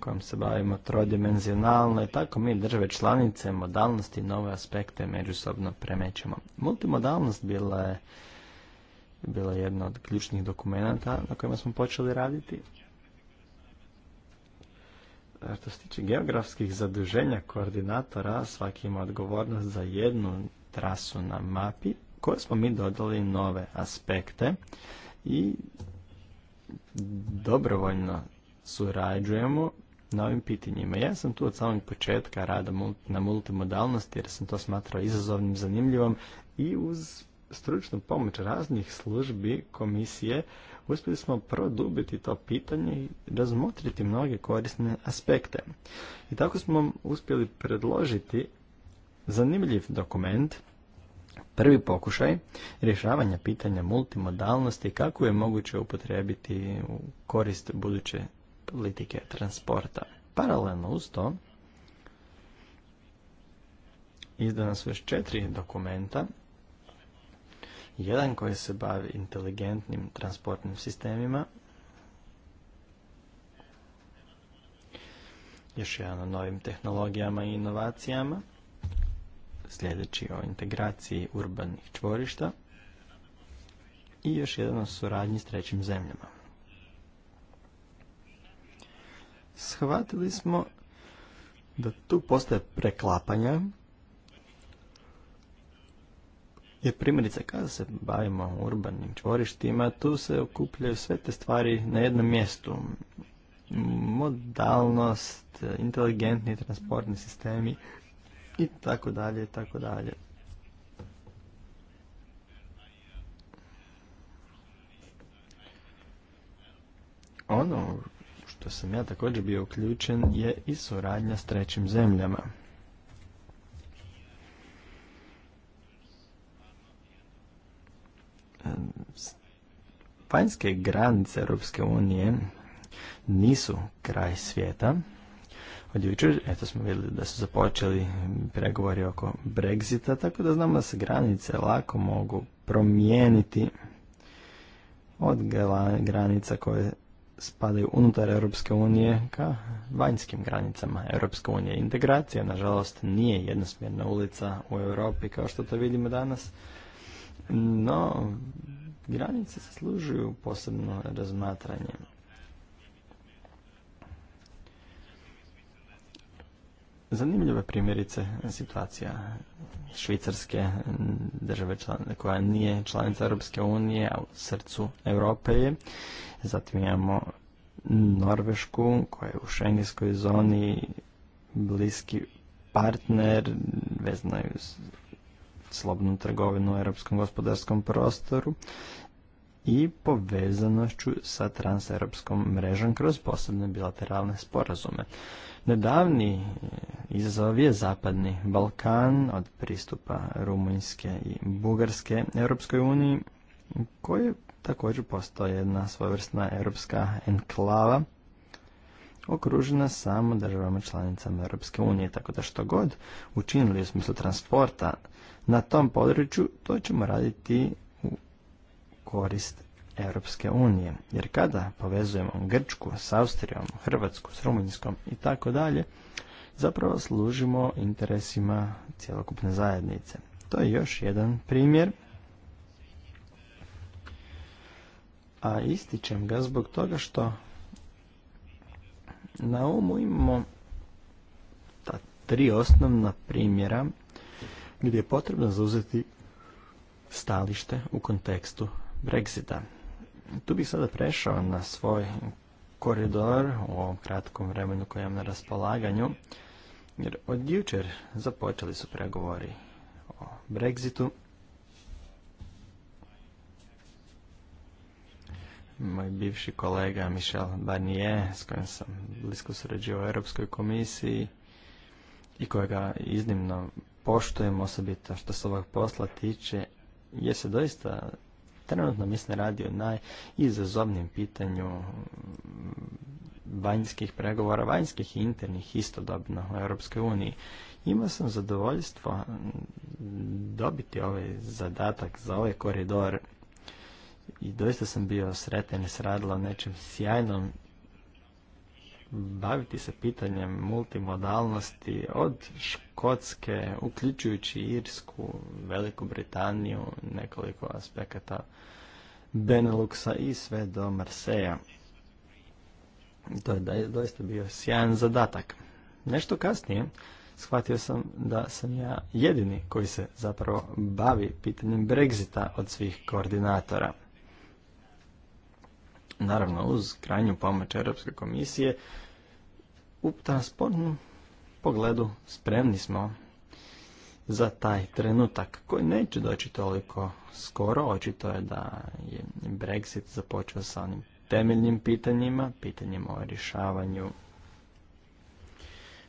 kojom se bavimo trodimenzionalno i tako mi države članice modalnosti nove aspekte međusobno premećemo. Multimodalnost bila je bila je jedna od ključnih dokumenata na kojima smo počeli raditi. što se tiče geografskih zaduženja koordinatora, svaki ima odgovornost za jednu trasu na mapi koje smo mi dodali nove aspekte i dobrovoljno surađujemo na ovim pitanjima. Ja sam tu od samog početka rada na multimodalnosti jer sam to smatrao izazovnim, zanimljivom i uz stručnu pomoć raznih službi komisije uspjeli smo produbiti to pitanje i razmotriti mnoge korisne aspekte. I tako smo uspjeli predložiti zanimljiv dokument, prvi pokušaj rješavanja pitanja multimodalnosti kako je moguće upotrijebiti u korist buduće politike transporta. Paralelno uz to, izdana su još četiri dokumenta jedan koji se bavi inteligentnim transportnim sistemima. Još jedan o novim tehnologijama i inovacijama. Sljedeći o integraciji urbanih čvorišta. I još jedan o suradnji s trećim zemljama. Shvatili smo da tu postoje preklapanja jer primjerice kada se bavimo urbanim čvorištima, tu se okupljaju sve te stvari na jednom mjestu. Modalnost, inteligentni transportni sistemi i tako dalje i tako dalje. Ono što sam ja također bio uključen je i suradnja s trećim zemljama. vanjske granice Europske unije nisu kraj svijeta. Od jučer, eto smo vidjeli da su započeli pregovori oko Brexita, tako da znamo da se granice lako mogu promijeniti od granica koje spadaju unutar Europske unije ka vanjskim granicama Europske unije. Integracija, nažalost, nije jednosmjerna ulica u Europi kao što to vidimo danas. No, granice se služuju posebno razmatranjem. Zanimljiva primjerice situacija švicarske države koja nije članica Europske unije, a u srcu Europe je. Zatim imamo Norvešku koja je u šengenskoj zoni bliski partner vezano slobnu trgovinu u europskom gospodarskom prostoru i povezanošću sa transeuropskom mrežom kroz posebne bilateralne sporazume. Nedavni e, izazov je Zapadni Balkan od pristupa Rumunjske i Bugarske Europskoj uniji, koji također postoje jedna svojevrsna europska enklava okružena samo državama članicama Europske unije, tako da što god učinili u smislu transporta na tom području, to ćemo raditi u korist Europske unije. Jer kada povezujemo Grčku s Austrijom, Hrvatsku s Rumunjskom i tako dalje, zapravo služimo interesima cjelokupne zajednice. To je još jedan primjer. A ističem ga zbog toga što na umu imamo ta tri osnovna primjera gdje je potrebno zauzeti stalište u kontekstu Brexita. Tu bih sada prešao na svoj koridor u ovom kratkom vremenu koje imam na raspolaganju, jer od jučer započeli su pregovori o Brexitu. Moj bivši kolega Michel Barnier, s kojim sam blisko surađivao u Europskoj komisiji i kojega iznimno poštujem osobito što se ovog posla tiče, jer se doista trenutno mislim radi o najizazovnijem pitanju vanjskih pregovora, vanjskih i internih istodobno u Europskoj uniji. Imao sam zadovoljstvo dobiti ovaj zadatak za ovaj koridor i doista sam bio sretan i sradila nečem sjajnom baviti se pitanjem multimodalnosti od Škotske, uključujući Irsku, Veliku Britaniju, nekoliko aspekata Beneluxa i sve do Marseja. To je doista bio sjajan zadatak. Nešto kasnije shvatio sam da sam ja jedini koji se zapravo bavi pitanjem Brexita od svih koordinatora. Naravno, uz krajnju pomoć Europske komisije, u transportnom pogledu spremni smo za taj trenutak koji neće doći toliko skoro. Očito je da je Brexit započeo sa onim temeljnim pitanjima, pitanjem o rješavanju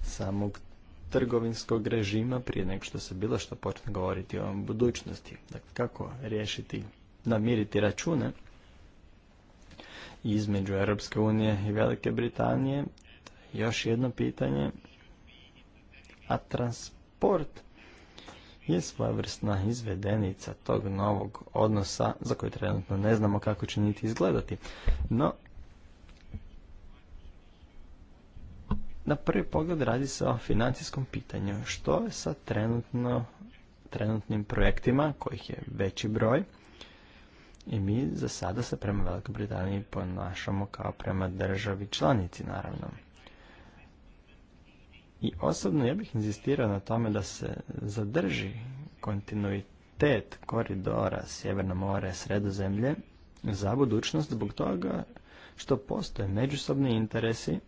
samog trgovinskog režima prije nego što se bilo što počne govoriti o budućnosti. Dakle, kako riješiti, namiriti račune između Europske unije i Velike Britanije još jedno pitanje, a transport je svojevrsna izvedenica tog novog odnosa za koji trenutno ne znamo kako će niti izgledati. No, na prvi pogled radi se o financijskom pitanju. Što je sa trenutno, trenutnim projektima, kojih je veći broj, i mi za sada se prema Velikoj Britaniji ponašamo kao prema državi članici, naravno. I osobno ja bih insistirao na tome da se zadrži kontinuitet koridora Sjeverno more, Sredozemlje za budućnost zbog toga što postoje međusobni interesi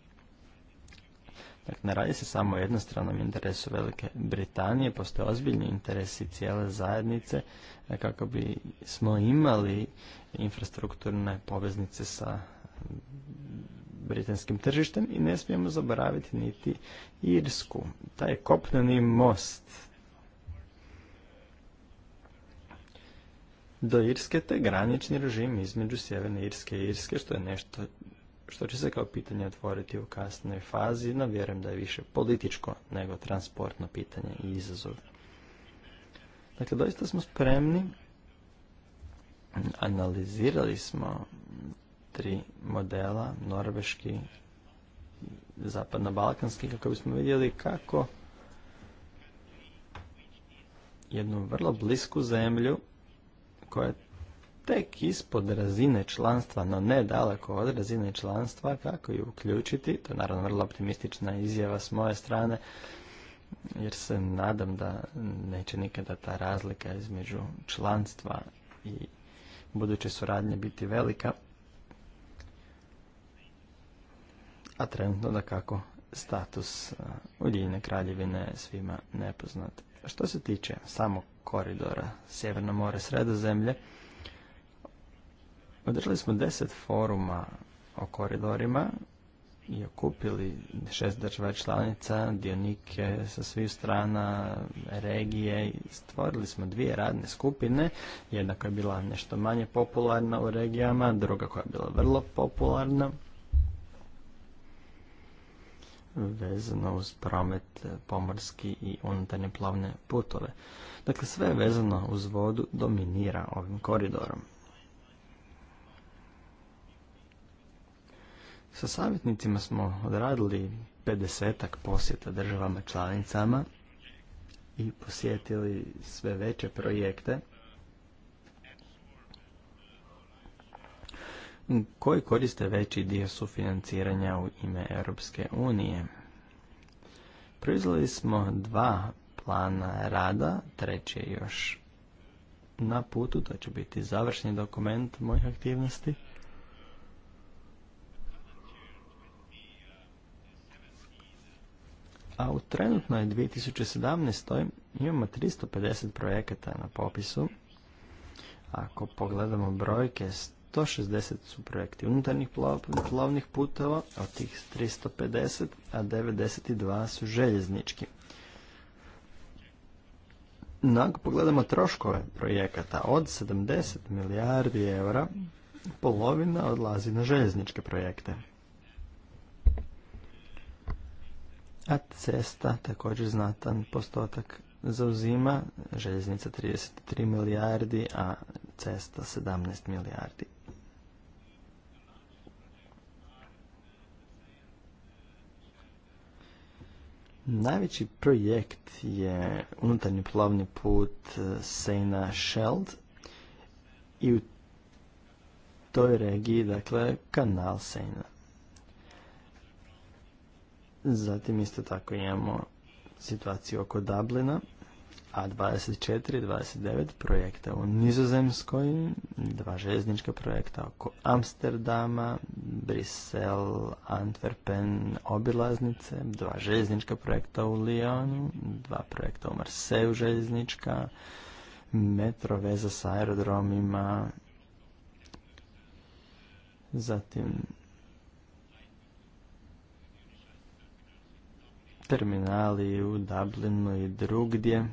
Dakle, ne radi se samo o jednostranom interesu Velike Britanije, postoje ozbiljni interesi cijele zajednice e, kako bi smo imali infrastrukturne poveznice sa britanskim tržištem i ne smijemo zaboraviti niti Irsku. Taj kopneni most do Irske te granični režim između Sjeverne Irske i Irske što je nešto što će se kao pitanje otvoriti u kasnoj fazi, no vjerujem da je više političko nego transportno pitanje i izazov. Dakle, doista smo spremni, analizirali smo tri modela, norveški, zapadno-balkanski, kako bismo vidjeli kako jednu vrlo blisku zemlju koja je tek ispod razine članstva, no ne daleko od razine članstva, kako ju uključiti. To je naravno vrlo optimistična izjava s moje strane, jer se nadam da neće nikada ta razlika između članstva i buduće suradnje biti velika. a trenutno da kako status Ujedinjene kraljevine svima nepoznat. Što se tiče samog koridora Sjeverno more Sredozemlje, održali smo deset foruma o koridorima i okupili šest država članica, dionike sa svih strana, regije i stvorili smo dvije radne skupine. Jedna koja je bila nešto manje popularna u regijama, druga koja je bila vrlo popularna vezano uz promet e, pomorski i unutarnje plavne putove. Dakle, sve vezano uz vodu dominira ovim koridorom. Sa savjetnicima smo odradili 50 posjeta državama članicama i posjetili sve veće projekte koji koriste veći dio sufinanciranja u ime Europske unije. Proizvali smo dva plana rada, treći je još na putu, to će biti završni dokument mojih aktivnosti. A u trenutnoj 2017. imamo 350 projekata na popisu. Ako pogledamo brojke, 160 su projekti unutarnjih plovnih putova, od tih 350, a 92 su željeznički. No, pogledamo troškove projekata, od 70 milijardi eura, polovina odlazi na željezničke projekte. A cesta, također znatan postotak, zauzima željeznica 33 milijardi, a cesta 17 milijardi. Najveći projekt je unutarnji plavni put e, Sejna Sheld i u toj regiji, dakle, kanal Sejna. Zatim isto tako imamo situaciju oko Dublina. A24 29 projekta u Nizozemskoj, dva željeznička projekta oko Amsterdama, Brisel, Antwerpen, obilaznice, dva željeznička projekta u Lyonu, dva projekta u Marseju željeznička, metro veza sa aerodromima, zatim terminali u Dublinu i drugdje.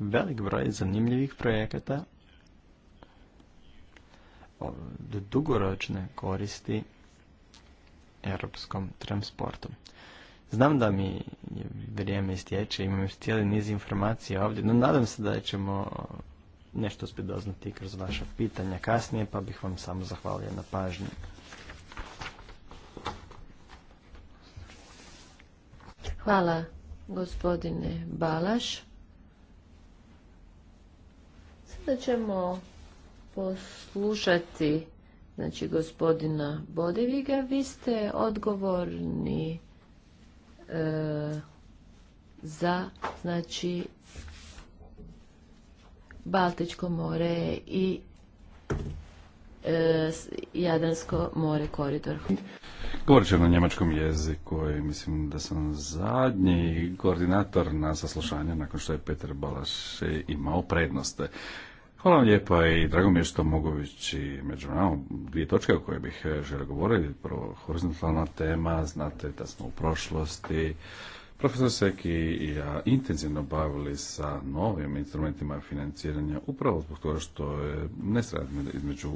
velik broj zanimljivih projekata od dugoročne koristi europskom transportu. Znam da mi vrijeme istječe, imam cijeli niz informacija ovdje, no nadam se da ćemo nešto uspjeti doznati kroz vaša pitanja kasnije, pa bih vam samo zahvalio na pažnju. Hvala gospodine Balaš. Sada ćemo poslušati znači gospodina Bodeviga. Vi ste odgovorni e, za znači Baltičko more i e, Jadransko more koridor. Govorit ću na njemačkom jeziku i mislim da sam zadnji koordinator na saslušanju nakon što je Peter Balaš imao prednost. Hvala vam lijepa i drago mi je što mogu ići među nama dvije točke o koje bih e, želio govoriti. Prvo, horizontalna tema, znate da smo u prošlosti Profesor Seki i ja intenzivno bavili sa novim instrumentima financiranja upravo zbog toga što je nesrazmjer između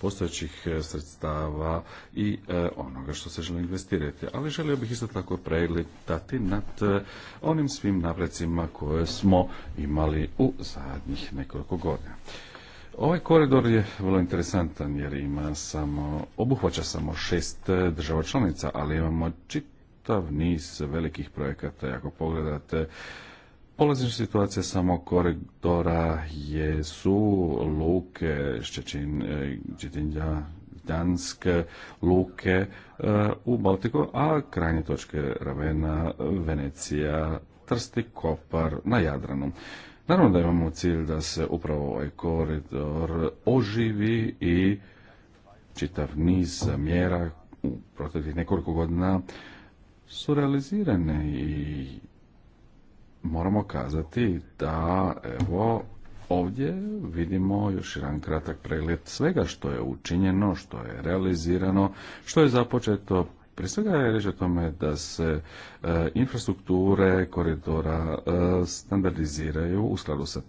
postojećih e, sredstava i e, onoga što se želi investirati. Ali želio bih isto tako pregledati nad e, onim svim naprecima koje smo imali u zadnjih nekoliko godina. Ovaj koridor je vrlo interesantan jer ima samo, obuhvaća samo šest država članica, ali imamo čit čitav niz velikih projekata. Ako pogledate Polazna situacija samo koridora je su luke Ščećin, e, Četinja, Danske, luke e, u Baltiku, a krajnje točke Ravena, Venecija, Trsti, Kopar na Jadranu. Naravno da imamo cilj da se upravo ovaj koridor oživi i čitav niz mjera u proteklih nekoliko godina su realizirane i moramo kazati da evo ovdje vidimo još jedan kratak pregled svega što je učinjeno, što je realizirano, što je započeto prije svega je reći o tome da se e, infrastrukture koridora e, standardiziraju u skladu sa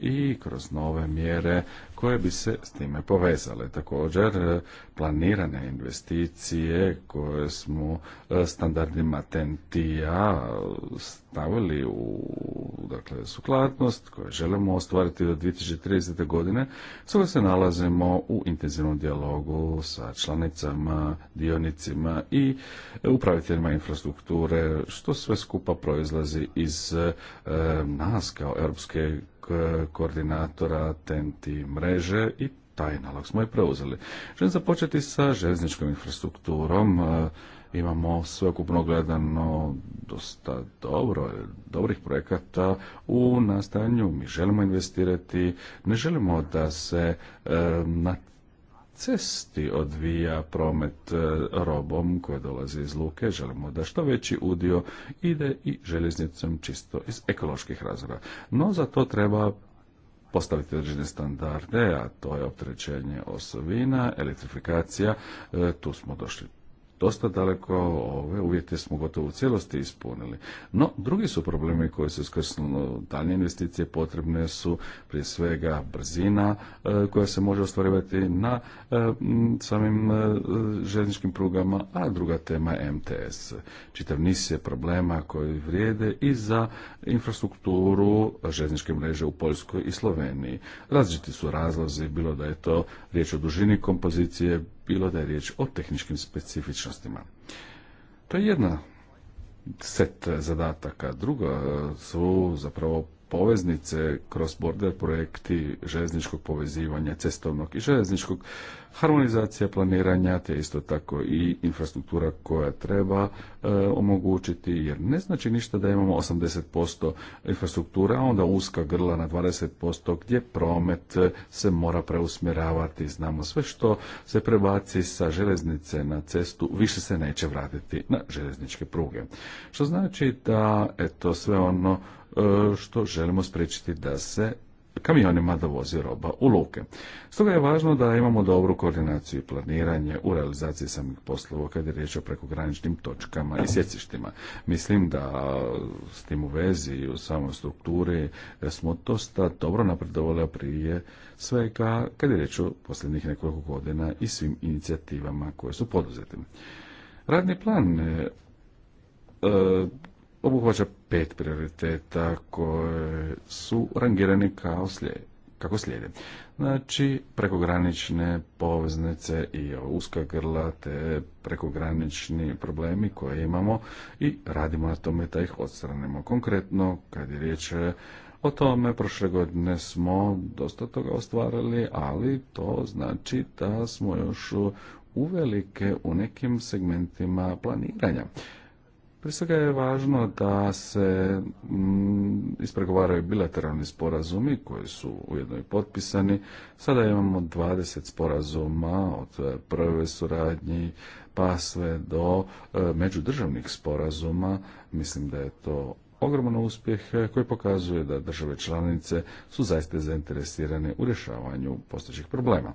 i kroz nove mjere koje bi se s time povezale. Također, e, planirane investicije koje smo e, standardima tnt e, stavili u dakle, sukladnost koje želimo ostvariti do 2030. godine, sada se nalazimo u intenzivnom dijalogu sa članicama, dionicima i upraviteljima infrastrukture, što sve skupa proizlazi iz nas kao Europske E, koordinatora TNT mreže i taj nalog smo i preuzeli. Želim započeti sa željezničkom infrastrukturom. E, imamo sveukupno gledano dosta dobro, dobrih projekata u nastanju. Mi želimo investirati, ne želimo da se e, na cesti odvija promet e, robom koje dolazi iz luke. Želimo da što veći udio ide i željeznicom čisto iz ekoloških razloga. No za to treba postaviti određene standarde, a to je opterećenje osovina, elektrifikacija, e, tu smo došli dosta daleko, ove uvjete smo gotovo u cijelosti ispunili. No, drugi su problemi koji su skrsnuli dalje investicije potrebne su prije svega brzina e, koja se može ostvarivati na e, samim e, željezničkim prugama, a druga tema je MTS. Čitav niz je problema koji vrijede i za infrastrukturu željezničke mreže u Poljskoj i Sloveniji. Različiti su razlozi, bilo da je to riječ o dužini kompozicije, bilo da je riječ o tehničkim specifičnostima. To je jedna set zadataka. Druga e, su zapravo poveznice cross border projekti željezničkog povezivanja cestovnog i željezničkog harmonizacija planiranja te isto tako i infrastruktura koja treba e, omogućiti jer ne znači ništa da imamo 80% infrastruktura a onda uska grla na 20% gdje promet se mora preusmjeravati znamo sve što se prebaci sa željeznice na cestu više se neće vratiti na željezničke pruge što znači da eto sve ono E, što želimo spriječiti da se kamionima dovozi roba u luke. Stoga je važno da imamo dobru koordinaciju i planiranje u realizaciji samih poslova kada je riječ o prekograničnim točkama i sjecištima. Mislim da s tim u vezi i u samoj strukturi smo dosta dobro napredovali prije svega kada je riječ o posljednjih nekoliko godina i svim inicijativama koje su poduzete. Radni plan e, e, obuhvaća pet prioriteta koje su rangirani kao kako slijede. Znači, prekogranične poveznice i uska grla, te prekogranični problemi koje imamo i radimo na tome da ih odstranimo. Konkretno, kad je riječ o tome, prošle godine smo dosta toga ostvarili, ali to znači da smo još uvelike u nekim segmentima planiranja. Prije svega je važno da se mm, ispregovaraju bilateralni sporazumi koji su ujedno i potpisani. Sada imamo 20 sporazuma od e, prve suradnji pa sve do e, međudržavnih sporazuma. Mislim da je to ogroman uspjeh e, koji pokazuje da države članice su zaista zainteresirane u rješavanju postojećih problema.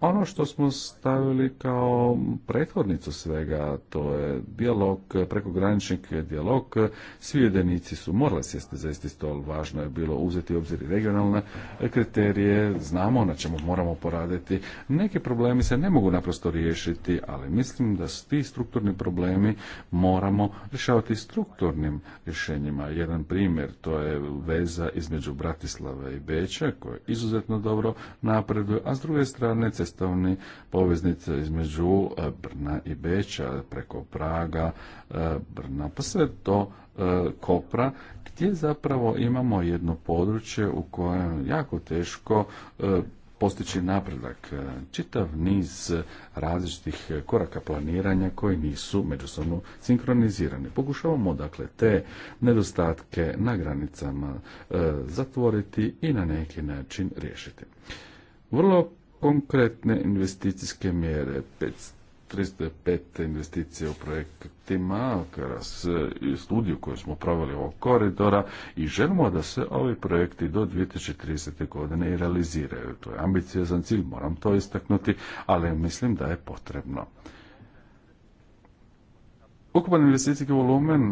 Ono što smo stavili kao prethodnicu svega, to je dijalog, prekogranični dijalog. Svi jedinici su morali sjesti za isti stol, važno je bilo uzeti u obzir regionalne kriterije, znamo na čemu moramo poraditi. Neki problemi se ne mogu naprosto riješiti, ali mislim da su ti strukturni problemi moramo rješavati strukturnim rješenjima. Jedan primjer, to je veza između Bratislava i Beća, koja izuzetno dobro napreduje, a s druge strane cestovni poveznice između e, Brna i Beća, preko Praga, e, Brna, pa sve to e, Kopra, gdje zapravo imamo jedno područje u kojem jako teško postići napredak, čitav niz različitih koraka planiranja koji nisu međusobno sinkronizirani. Pokušavamo dakle te nedostatke na granicama zatvoriti i na neki način riješiti. Vrlo konkretne investicijske mjere. 305 investicije u projektima, i studiju koju smo proveli ovog koridora i želimo da se ovi projekti do 2030. godine i realiziraju. To je ambiciozan cilj, moram to istaknuti, ali mislim da je potrebno. Ukupan investicijski volumen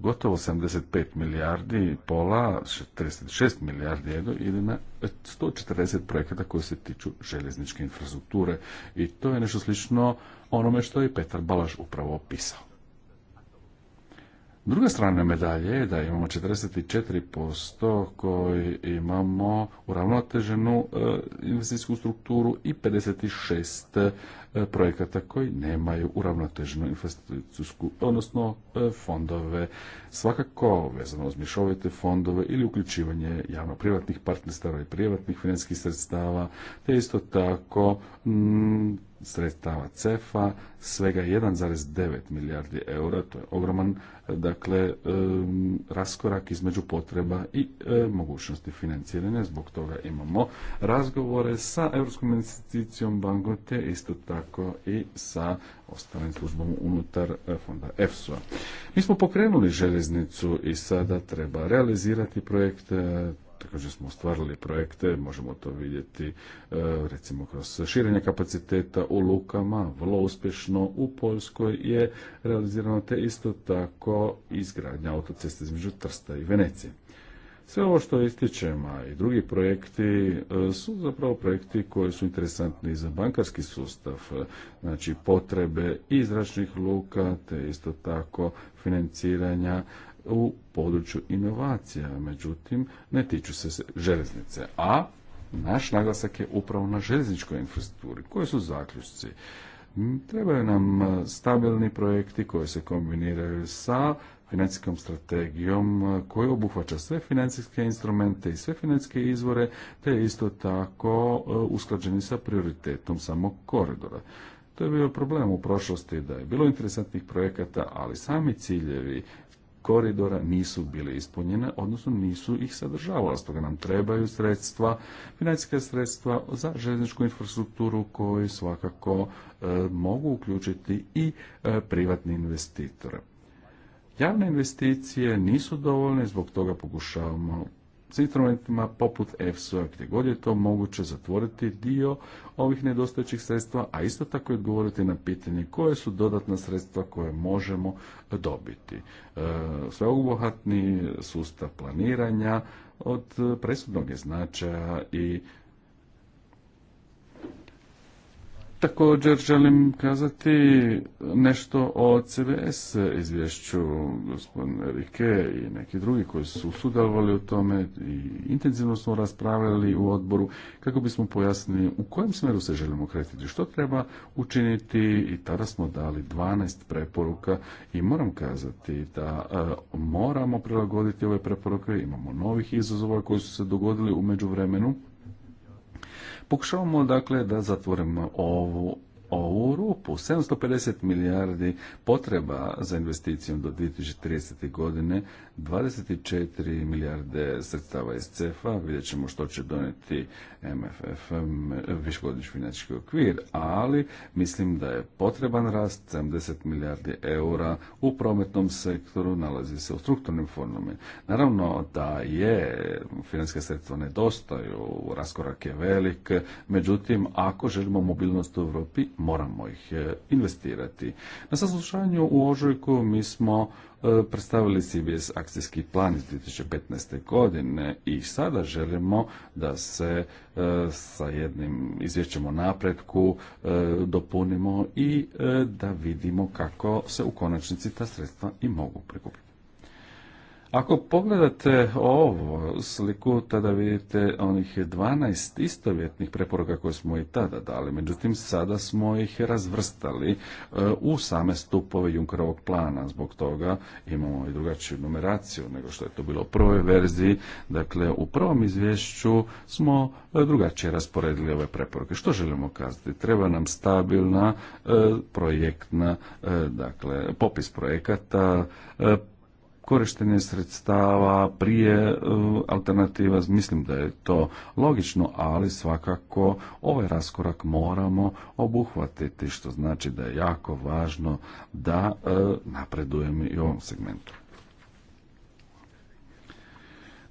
gotovo 75 milijardi i pola, 36 milijardi jedno, ide na 140 projekata koji se tiču željezničke infrastrukture i to je nešto slično onome što je Petar Balaš upravo opisao. Druga strana medalje je da imamo 44% koji imamo uravnoteženu e, investicijsku strukturu i 56 e, projekata koji nemaju uravnoteženu investicijsku, odnosno e, fondove. Svakako vezano uz mišovite fondove ili uključivanje javno-privatnih partnerstava i privatnih financijskih sredstava, te isto tako sredstava CEFA svega 1,9 milijardi eura, to je ogroman dakle raskorak između potreba i e, mogućnosti financiranja. Zbog toga imamo razgovore sa Europskom investicijom Bangote, isto tako i sa ostalim službom unutar e, fonda EFSO. Mi smo pokrenuli željeznicu i sada treba realizirati projekt e, također smo ostvarili projekte, možemo to vidjeti e, recimo kroz širenje kapaciteta u lukama, vrlo uspješno u Poljskoj je realizirano te isto tako izgradnja autoceste između Trsta i Venecije. Sve ovo što ističemo a i drugi projekti, e, su zapravo projekti koji su interesantni za bankarski sustav, e, znači potrebe izračnih luka, te isto tako financiranja u području inovacija, međutim ne tiču se željeznice, a naš naglasak je upravo na željezničkoj infrastrukturi. Koji su zaključci? Mm, trebaju nam e, stabilni projekti koji se kombiniraju sa financijskom strategijom e, koja obuhvaća sve financijske instrumente i sve financijske izvore, te isto tako e, usklađeni sa prioritetom samog koridora. To je bio problem u prošlosti da je bilo interesantnih projekata, ali sami ciljevi koridora nisu bile ispunjene, odnosno nisu ih sadržavala. Stoga nam trebaju sredstva, financijska sredstva za željezničku infrastrukturu koju svakako e, mogu uključiti i e, privatni investitore. Javne investicije nisu dovoljne, zbog toga pokušavamo s instrumentima poput EFSO-a gdje god je to moguće zatvoriti dio ovih nedostajućih sredstva, a isto tako i odgovoriti na pitanje koje su dodatna sredstva koje možemo dobiti. E, sveobuhvatni sustav planiranja od presudnog je značaja i Također želim kazati nešto o CVS, izvješću gospodin Rike i neki drugi koji su sudjelovali u tome i intenzivno smo raspravljali u odboru kako bismo pojasnili u kojem smjeru se želimo kretiti, što treba učiniti i tada smo dali 12 preporuka i moram kazati da e, moramo prilagoditi ove preporuke, imamo novih izazova koji su se dogodili u međuvremenu Pokušavamo dakle da zatvorimo ovu ovu rupu. 750 milijardi potreba za investicijom do 2030. godine, 24 milijarde sredstava iz CEFA, vidjet ćemo što će doneti MFF, višegodišnji finančki okvir, ali mislim da je potreban rast 70 milijardi eura u prometnom sektoru, nalazi se u strukturnim formama. Naravno da je financijska sredstva nedostaju, raskorak je velik, međutim, ako želimo mobilnost u Europi, moramo ih e, investirati. Na saslušanju u Ožujku mi smo e, predstavili CBS akcijski plan iz 2015. godine i sada želimo da se e, sa jednim izvješćem o napretku dopunimo i da vidimo kako se u konačnici ta sredstva i mogu prikupiti. Ako pogledate ovo sliku, tada vidite onih 12 istovjetnih preporuka koje smo i tada dali, međutim sada smo ih razvrstali e, u same stupove Junkerovog plana. Zbog toga imamo i drugačiju numeraciju nego što je to bilo u prvoj verziji. Dakle, u prvom izvješću smo e, drugačije rasporedili ove preporuke. Što želimo kazati? Treba nam stabilna e, projektna, dakle, popis projekata, korištenje sredstava prije e, alternativa, mislim da je to logično, ali svakako ovaj raskorak moramo obuhvatiti, što znači da je jako važno da e, napredujemo i u ovom segmentu.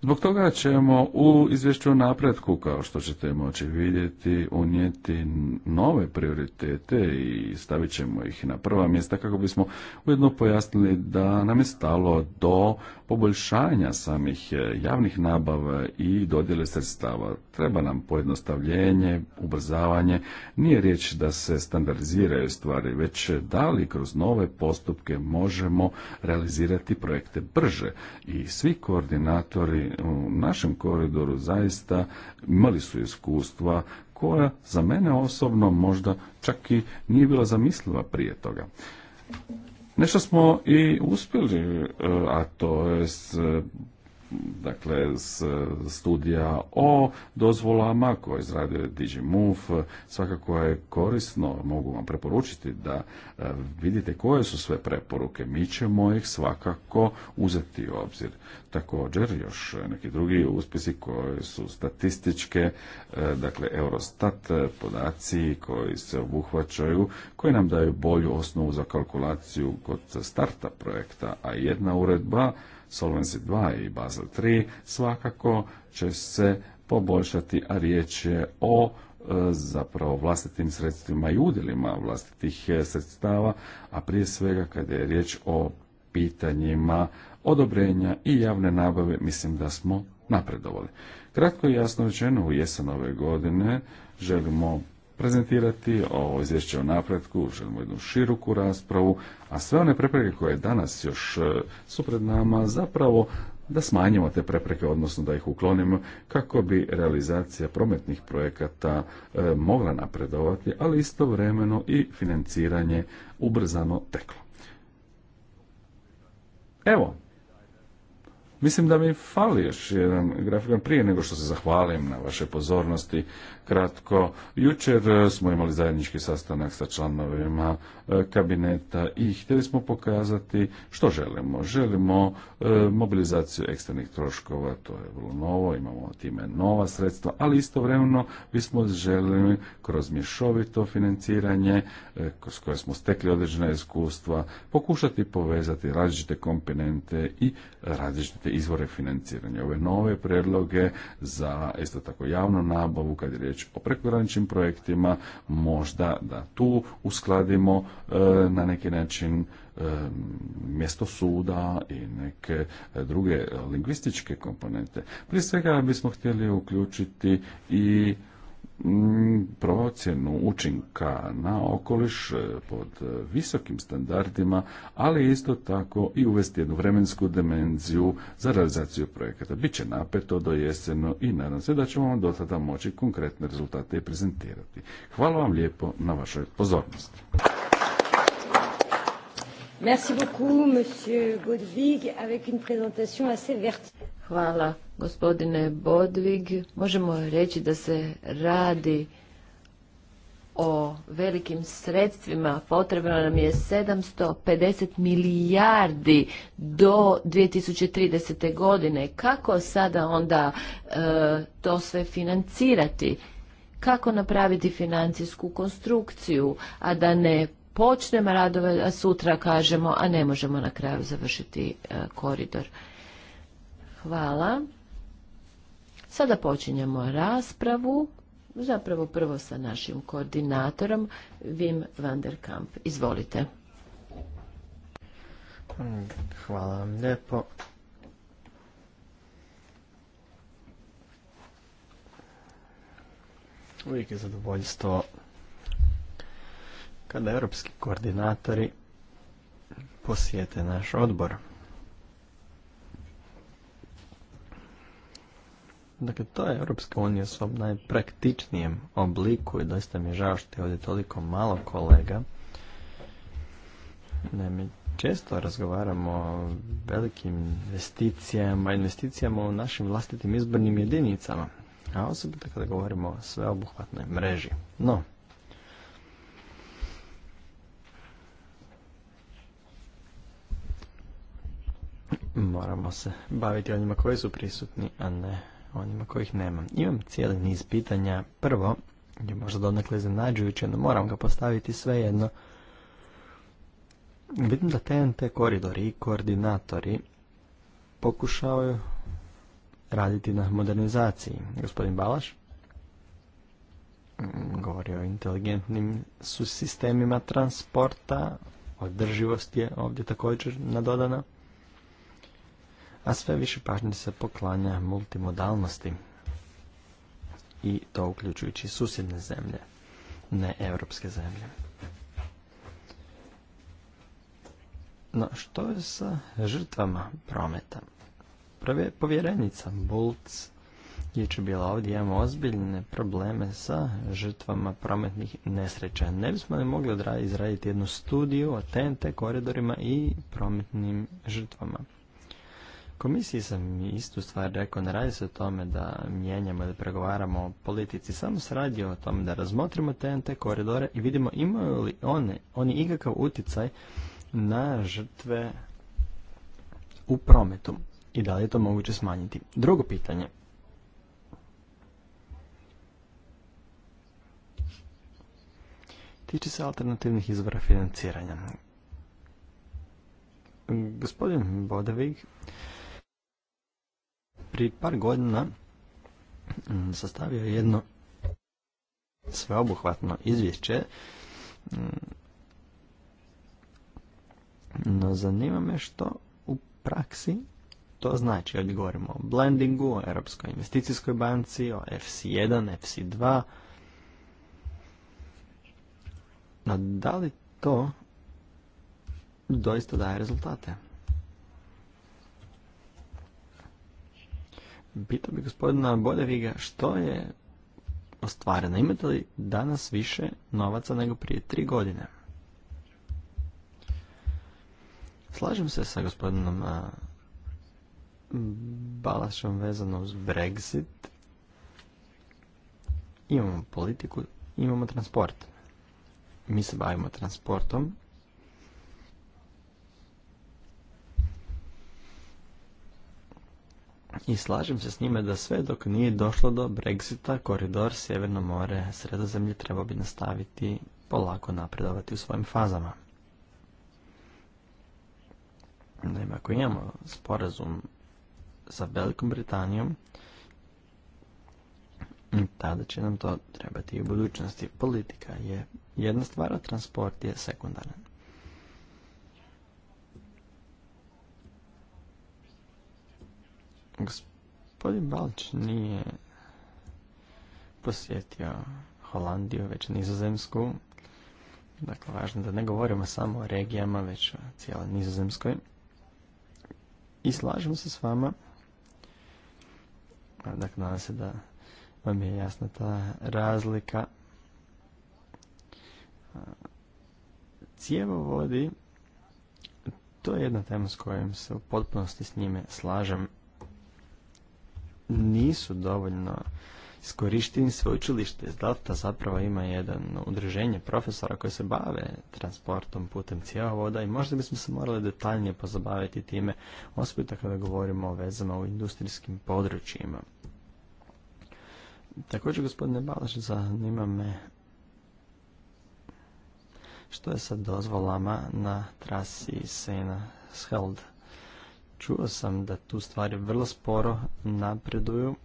Zbog toga ćemo u izvješću o napretku, kao što ćete moći vidjeti, unijeti nove prioritete i stavit ćemo ih na prva mjesta kako bismo ujedno pojasnili da nam je stalo do poboljšanja samih e, javnih nabava i dodjele sredstava. Treba nam pojednostavljenje, ubrzavanje. Nije riječ da se standardiziraju stvari, već da li kroz nove postupke možemo realizirati projekte brže. I svi koordinatori u našem koridoru zaista imali su iskustva koja za mene osobno možda čak i nije bila zamisliva prije toga. Nešto smo i uspjeli, e, a to je dakle s studija o dozvolama koje je izradio DigiMove, svakako je korisno, mogu vam preporučiti da e, vidite koje su sve preporuke, mi ćemo ih svakako uzeti u obzir. Također još neki drugi uspisi koji su statističke, e, dakle Eurostat e, podaci koji se obuhvaćaju, koji nam daju bolju osnovu za kalkulaciju kod starta projekta, a jedna uredba Solvency 2 i Basel 3 svakako će se poboljšati, a riječ je o e, zapravo vlastitim sredstvima i udjelima vlastitih e, sredstava, a prije svega kada je riječ o pitanjima odobrenja i javne nabave, mislim da smo napredovali. Kratko i jasno rečeno, u jesen ove godine želimo prezentirati ovo izvješće o napretku, želimo jednu široku raspravu, a sve one prepreke koje danas još e, su pred nama zapravo da smanjimo te prepreke, odnosno da ih uklonimo kako bi realizacija prometnih projekata e, mogla napredovati, ali istovremeno i financiranje ubrzano teklo. Evo, Mislim da mi fali još jedan grafikan prije nego što se zahvalim na vašoj pozornosti kratko. Jučer e, smo imali zajednički sastanak sa članovima e, kabineta i htjeli smo pokazati što želimo. Želimo e, mobilizaciju eksternih troškova, to je vrlo novo, imamo time nova sredstva, ali istovremeno bismo željeli kroz mješovito financiranje s koje smo stekli određena iskustva pokušati povezati različite komponente i različite izvore financiranja. Ove nove predloge za isto tako javnu nabavu kad je riječ o prekograničnim projektima, možda da tu uskladimo e, na neki način e, mjesto suda i neke e, druge lingvističke komponente. Prije svega bismo htjeli uključiti i Mm, procjenu učinka na okoliš e, pod visokim standardima, ali isto tako i uvesti jednu vremensku dimenziju za realizaciju projekata. Biće napeto do jeseno i nadam se da ćemo vam do tada moći konkretne rezultate i prezentirati. Hvala vam lijepo na vašoj pozornosti. Merci beaucoup, monsieur Hvala, gospodine Bodvig. Možemo reći da se radi o velikim sredstvima. Potrebno nam je 750 milijardi do 2030. godine. Kako sada onda e, to sve financirati? Kako napraviti financijsku konstrukciju, a da ne počnemo radove, a sutra kažemo, a ne možemo na kraju završiti e, koridor. Hvala. Sada počinjemo raspravu, zapravo prvo sa našim koordinatorom, Wim van der Kamp. Izvolite. Hvala vam lijepo. Uvijek je zadovoljstvo kada europski koordinatori posjete naš odbor. Dakle, to je Europska unija u svom najpraktičnijem obliku i doista mi je žao što je ovdje toliko malo kolega. Ne, mi često razgovaramo o velikim investicijama, investicijama u našim vlastitim izbornim jedinicama, a osobito kada govorimo o sveobuhvatnoj mreži. No, se baviti onima koji su prisutni, a ne onima kojih nema. Imam cijeli niz pitanja. Prvo, je možda donekle iznenađujuće, no moram ga postaviti svejedno. Vidim da TNT koridori i koordinatori pokušavaju raditi na modernizaciji. Gospodin Balaš govori o inteligentnim sistemima transporta, održivost je ovdje također nadodana a sve više pažnje se poklanja multimodalnosti i to uključujući susjedne zemlje, ne europske zemlje. No što je sa žrtvama prometa? Prve povjerenica Bulc je će bila ovdje, imamo ozbiljne probleme sa žrtvama prometnih nesreća. Ne bismo li mogli izraditi jednu studiju o TNT koridorima i prometnim žrtvama. Komisiji sam istu stvar rekao, ne radi se o tome da mijenjamo ili pregovaramo o politici, samo se radi o tome da razmotrimo TNT koridore i vidimo imaju li one, oni ikakav utjecaj na žrtve u prometu i da li je to moguće smanjiti. Drugo pitanje. Tiče se alternativnih izvora financiranja. Gospodin Bodevig Pri par godina mm, sastavio jedno sveobuhvatno izvješće mm, no zanima me što u praksi to znači. Ovdje govorimo o blendingu, o Europskoj investicijskoj banci, o FC1, FC2. No da li to doista daje rezultate? pitao bi gospodina Bodeviga što je ostvareno. Imate li danas više novaca nego prije tri godine? Slažem se sa gospodinom Balašom vezano uz Brexit. Imamo politiku, imamo transport. Mi se bavimo transportom, I slažem se s njime da sve dok nije došlo do Brexita, koridor Sjeverno more, Sredozemlje treba bi nastaviti polako napredovati u svojim fazama. Naime, ako imamo sporazum sa Velikom Britanijom, tada će nam to trebati i u budućnosti. Politika je jedna stvar, a transport je sekundaran. Gospodin Balč nije posjetio Holandiju, već nizozemsku. Dakle, važno da ne govorimo samo o regijama, već o cijeloj nizozemskoj. I slažem se s vama. Dakle, nadam se da vam je jasna ta razlika. Cijevo vodi, to je jedna tema s kojom se u potpunosti s njime slažem nisu dovoljno iskorišteni sveučilište. Zlata zapravo ima jedan udruženje profesora koji se bave transportom putem voda i možda bismo se morali detaljnije pozabaviti time, osobito kada govorimo o vezama u industrijskim područjima. Također, gospodine Balaš, zanima me što je sa dozvolama na trasi Sena Scheld. Čuo sam da tu stvari vrlo sporo napreduju,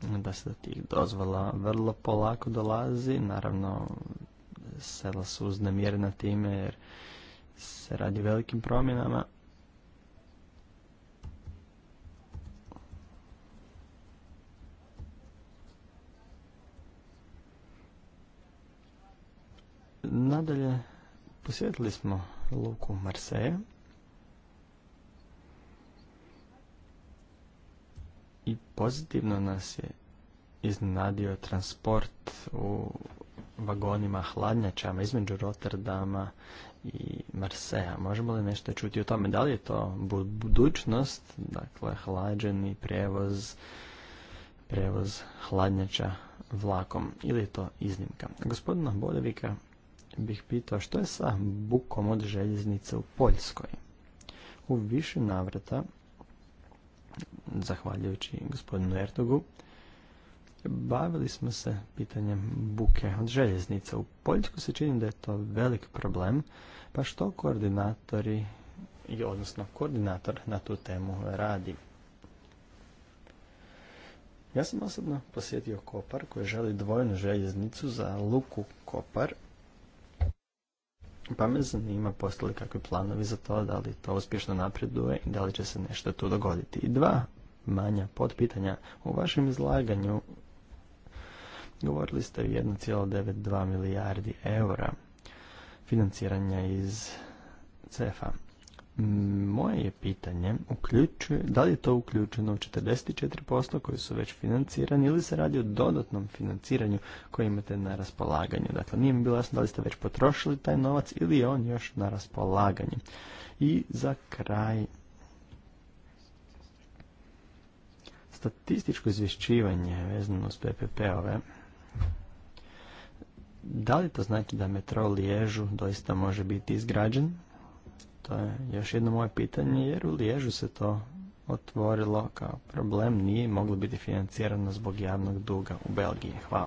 da se do tih dozvola vrlo polako dolazi. Naravno, sela su namjerna time jer se radi velikim promjenama. Nadalje, posjetili smo luku Marseja. i pozitivno nas je iznenadio transport u vagonima hladnjačama između Rotterdama i Marseja. Možemo li nešto čuti o tome? Da li je to budućnost, dakle hlađeni prevoz, prevoz hladnjača vlakom ili je to iznimka? Gospodina Bodevika bih pitao što je sa bukom od željeznice u Poljskoj? U više navrata zahvaljujući gospodinu Ertogu, bavili smo se pitanjem buke od željeznica. U Poljsku se čini da je to velik problem, pa što koordinatori, odnosno koordinator na tu temu radi? Ja sam osobno posjetio Kopar koji želi dvojnu željeznicu za luku Kopar pa me zanima postali kakvi planovi za to, da li to uspješno napreduje i da li će se nešto tu dogoditi. I dva manja potpitanja. U vašem izlaganju govorili ste o 1,92 milijardi eura financiranja iz CEFA. Moje je pitanje, uključuje, da li je to uključeno u 44% koji su već financirani ili se radi o dodatnom financiranju koje imate na raspolaganju? Dakle, nije mi bilo jasno da li ste već potrošili taj novac ili je on još na raspolaganju. I za kraj, statističko izvješćivanje vezano s PPP-ove, da li to znači da metro Liježu doista može biti izgrađen? To je još jedno moje pitanje, jer u Liježu se to otvorilo kao problem, nije moglo biti financirano zbog javnog duga u Belgiji. Hvala.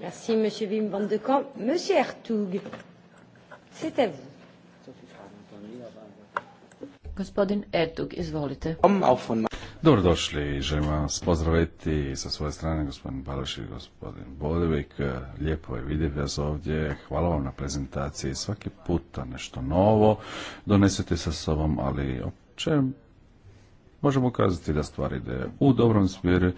Merci, monsieur Wim van de Kamp. Monsieur Ertug, c'est à vous. Gospodin Ertug, izvolite. Dobrodošli i želim vas pozdraviti sa svoje strane gospodin Baroš i gospodin Bodevik. Lijepo je vidjeti vas ovdje. Hvala vam na prezentaciji. Svaki puta nešto novo donesete sa sobom, ali opće možemo kazati da stvar ide u dobrom smjeru.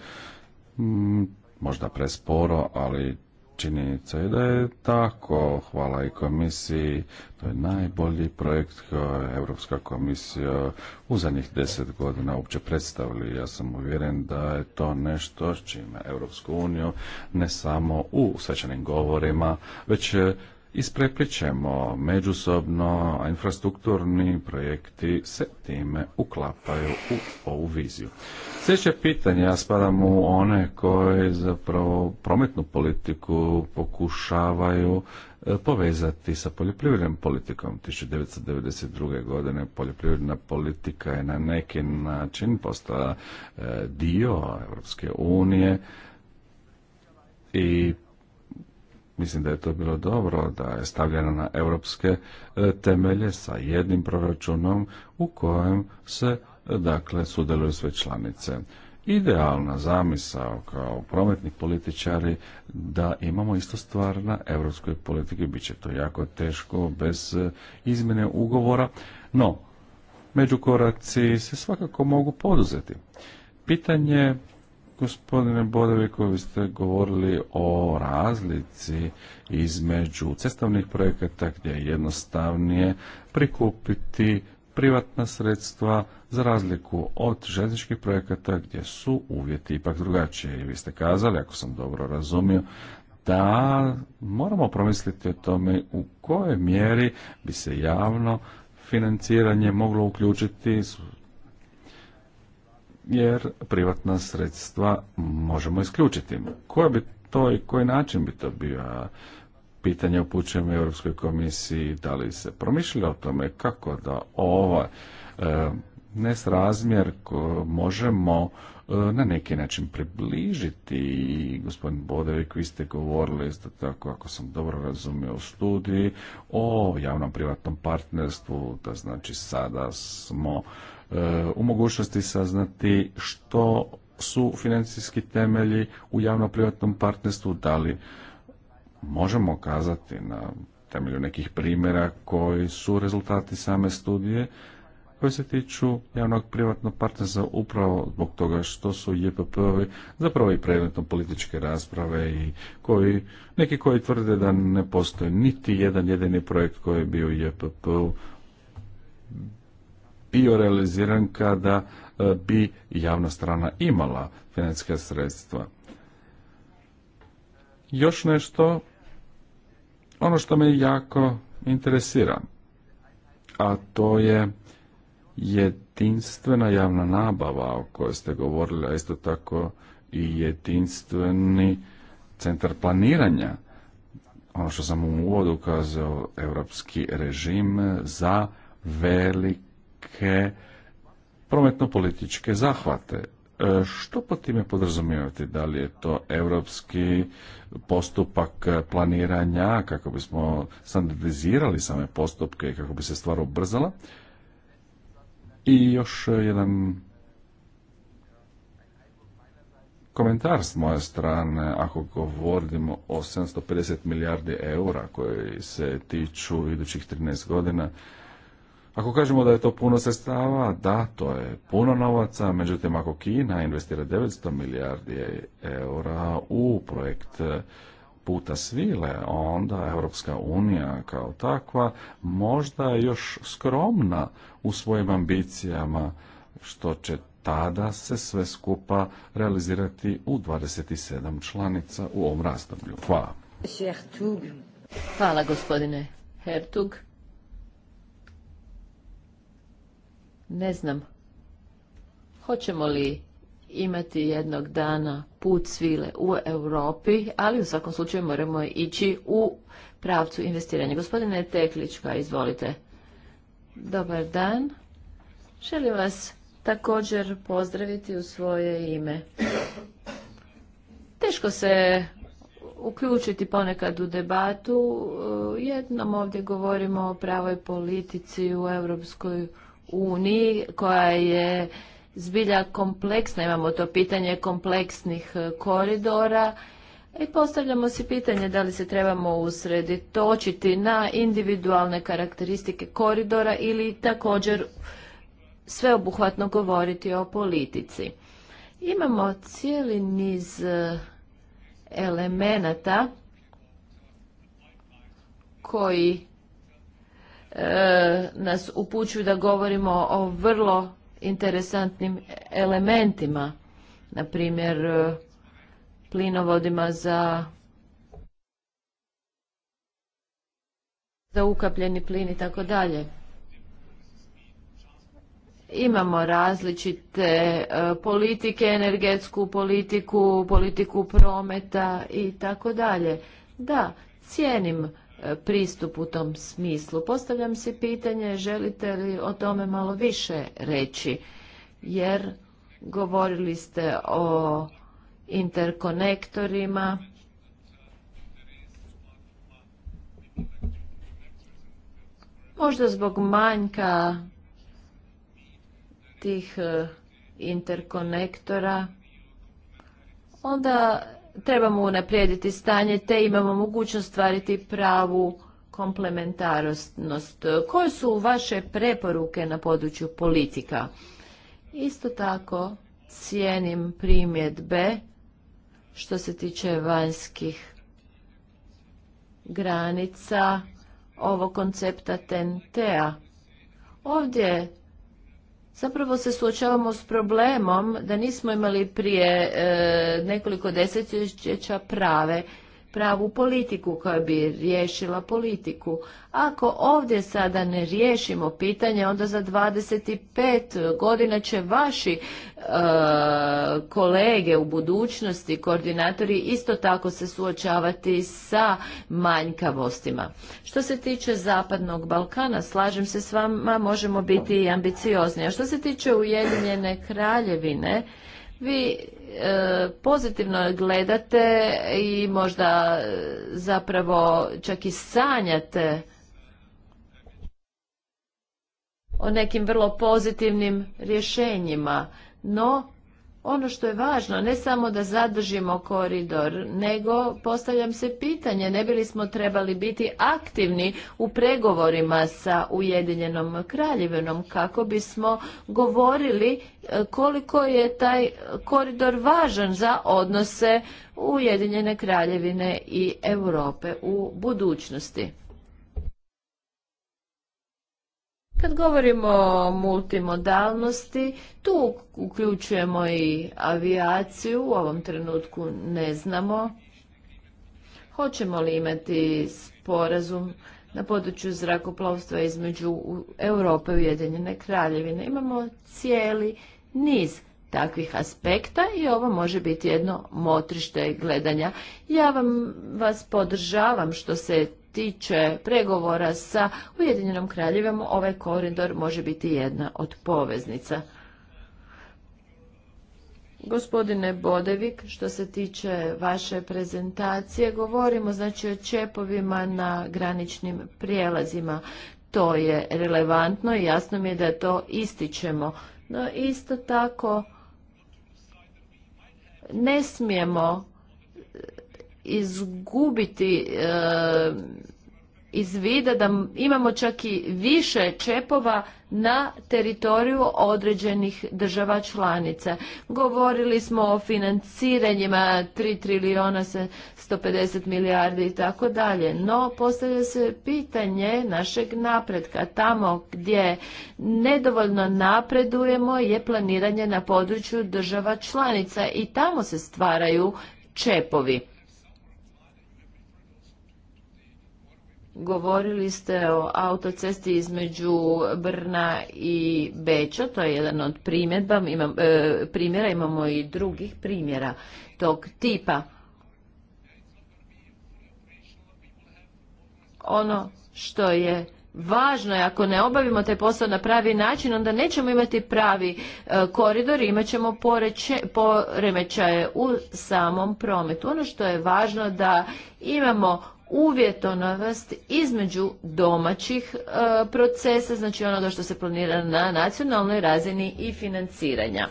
Mm, možda presporo, ali Činjenica je da je tako. Hvala i komisiji. To je najbolji projekt koji je Europska komisija u zadnjih deset godina uopće predstavili. Ja sam uvjeren da je to nešto čime Europsku uniju ne samo u svečanim govorima, već isprepličemo međusobno, a infrastrukturni projekti se time uklapaju u ovu viziju. Sljedeće pitanje, ja spadam u one koje zapravo prometnu politiku pokušavaju e, povezati sa poljoprivrednom politikom. 1992. godine poljoprivredna politika je na neki način postala e, dio Europske unije i Mislim da je to bilo dobro da je stavljeno na europske e, temelje sa jednim proračunom u kojem se e, dakle sudjeluju sve članice. Idealna zamisao kao prometni političari da imamo isto stvar na europskoj politiki, bit će to jako teško bez e, izmjene ugovora, no međukoraci se svakako mogu poduzeti. Pitanje Gospodine koji vi ste govorili o razlici između cestovnih projekata gdje je jednostavnije prikupiti privatna sredstva za razliku od željezničkih projekata gdje su uvjeti ipak drugačije. I vi ste kazali, ako sam dobro razumio, da moramo promisliti o tome u kojoj mjeri bi se javno financiranje moglo uključiti jer privatna sredstva možemo isključiti. Koja bi to i koji način bi to bio? Pitanje upućujem Europskoj komisiji da li se promišlja o tome kako da ovaj e, nesrazmjer možemo e, na neki način približiti i gospodin Bodevik, vi ste govorili isto tako, ako sam dobro razumio u studiji, o javnom privatnom partnerstvu, da znači sada smo E, u mogućnosti saznati što su financijski temelji u javno-privatnom partnerstvu, da li možemo kazati na temelju nekih primjera koji su rezultati same studije koji se tiču javnog privatnog partnerstva upravo zbog toga što su JPP-ovi zapravo i predmetom političke rasprave i koji, neki koji tvrde da ne postoji niti jedan jedini projekt koji je bio JPP-u bio realiziran kada e, bi javna strana imala financijska sredstva. Još nešto, ono što me jako interesira, a to je jedinstvena javna nabava o kojoj ste govorili, a isto tako i jedinstveni centar planiranja. Ono što sam u uvodu ukazao, europski režim za velik prometno-političke zahvate. E, što po time podrazumijevati? Da li je to europski postupak planiranja kako bismo standardizirali same postupke i kako bi se stvar ubrzala? I još jedan komentar s moje strane, ako govorimo o 750 milijardi eura koji se tiču idućih 13 godina, ako kažemo da je to puno sredstava, da, to je puno novaca, međutim ako Kina investira 900 milijardi eura u projekt puta svile, onda Europska unija kao takva možda još skromna u svojim ambicijama, što će tada se sve skupa realizirati u 27 članica u ovom razdoblju. Hvala. Hvala gospodine Hertug. Ne znam, hoćemo li imati jednog dana put svile u Europi, ali u svakom slučaju moramo ići u pravcu investiranja. Gospodine Teklička, pa izvolite. Dobar dan. Želim vas također pozdraviti u svoje ime. Teško se uključiti ponekad u debatu. Jednom ovdje govorimo o pravoj politici u Europskoj uniji koja je zbilja kompleksna, imamo to pitanje kompleksnih e, koridora i postavljamo si pitanje da li se trebamo usreditočiti na individualne karakteristike koridora ili također sveobuhvatno govoriti o politici. Imamo cijeli niz e, elemenata koji E, nas upućuju da govorimo o vrlo interesantnim elementima, na primjer e, plinovodima za za ukapljeni plin i tako dalje. Imamo različite e, politike, energetsku politiku, politiku prometa i tako dalje. Da, cijenim pristup u tom smislu. Postavljam si pitanje, želite li o tome malo više reći, jer govorili ste o interkonektorima, možda zbog manjka tih eh, interkonektora, onda trebamo unaprijediti stanje te imamo mogućnost stvariti pravu komplementarnost. Koje su vaše preporuke na području politika? Isto tako cijenim primjedbe što se tiče vanjskih granica ovog koncepta TNT-a. Ovdje Zapravo se suočavamo s problemom da nismo imali prije e, nekoliko desetljeća prave pravu politiku koja bi riješila politiku. Ako ovdje sada ne riješimo pitanje, onda za 25 godina će vaši e, kolege u budućnosti, koordinatori, isto tako se suočavati sa manjkavostima. Što se tiče Zapadnog Balkana, slažem se s vama, možemo biti ambiciozni. A što se tiče Ujedinjene kraljevine, vi pozitivno gledate i možda e, zapravo čak i sanjate o nekim vrlo pozitivnim rješenjima, no ono što je važno, ne samo da zadržimo koridor, nego postavljam se pitanje, ne bili smo trebali biti aktivni u pregovorima sa Ujedinjenom kraljevinom kako bismo govorili e, koliko je taj koridor važan za odnose Ujedinjene kraljevine i Europe u budućnosti. Kad govorimo o multimodalnosti, tu uključujemo i avijaciju, u ovom trenutku ne znamo. Hoćemo li imati sporazum na području zrakoplovstva između Europe i Ujedinjene kraljevine? Imamo cijeli niz takvih aspekta i ovo može biti jedno motrište gledanja. Ja vam vas podržavam što se tiče pregovora sa Ujedinjenom kraljevom, ovaj koridor može biti jedna od poveznica. Gospodine Bodevik, što se tiče vaše prezentacije, govorimo znači o čepovima na graničnim prijelazima. To je relevantno i jasno mi je da to ističemo. No isto tako ne smijemo izgubiti e, iz vida da imamo čak i više čepova na teritoriju određenih država članica. Govorili smo o financiranjima 3 trilijona, 150 milijardi i tako dalje. No, postavlja se pitanje našeg napretka. Tamo gdje nedovoljno napredujemo je planiranje na području država članica i tamo se stvaraju čepovi. Govorili ste o autocesti između Brna i Beča, to je jedan od primjedba, e, primjera, imamo i drugih primjera tog tipa. Ono što je važno je ako ne obavimo taj posao na pravi način, onda nećemo imati pravi e, koridor, imat ćemo poremećaje u samom prometu. Ono što je važno da imamo uvjetovanost između domaćih e, procesa, znači onoga što se planira na nacionalnoj razini i financiranja.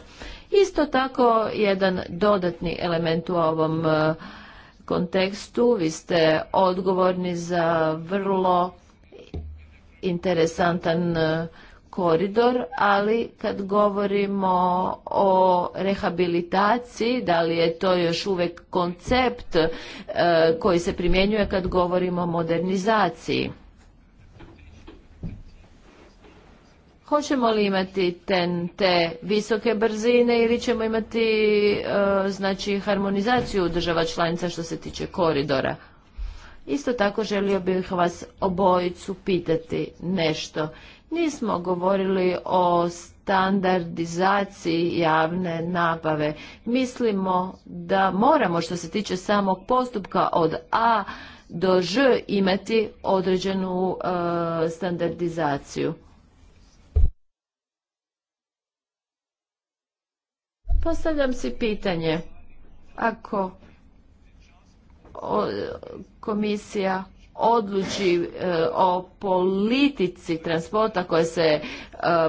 Isto tako jedan dodatni element u ovom e, kontekstu, vi ste odgovorni za vrlo interesantan e, koridor, ali kad govorimo o rehabilitaciji, da li je to još uvijek koncept e, koji se primjenjuje kad govorimo o modernizaciji? Hoćemo li imati ten, te visoke brzine ili ćemo imati e, znači harmonizaciju država članica što se tiče koridora? Isto tako želio bih vas obojicu pitati nešto nismo govorili o standardizaciji javne nabave. Mislimo da moramo što se tiče samog postupka od A do Ž imati određenu e, standardizaciju. Postavljam si pitanje, ako komisija odluči e, o politici transporta koja se e,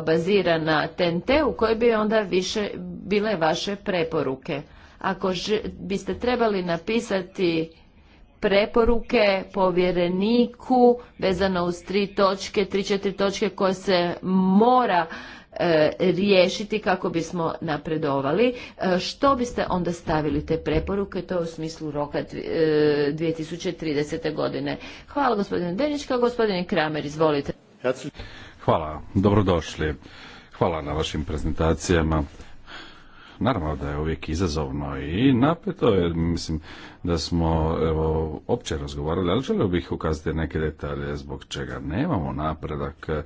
bazira na TNT u kojoj bi onda više bile vaše preporuke. Ako biste trebali napisati preporuke povjereniku vezano uz tri točke, tri četiri točke koje se mora E, riješiti kako bismo napredovali. E, što biste onda stavili te preporuke, to je u smislu roka 2030. E, godine. Hvala gospodine Denička, gospodine Kramer, izvolite. Hvala, dobrodošli. Hvala na vašim prezentacijama. Naravno da je uvijek izazovno i napeto, jer mislim da smo evo, opće razgovarali, ali želio bih ukazati neke detalje zbog čega nemamo napredak, e,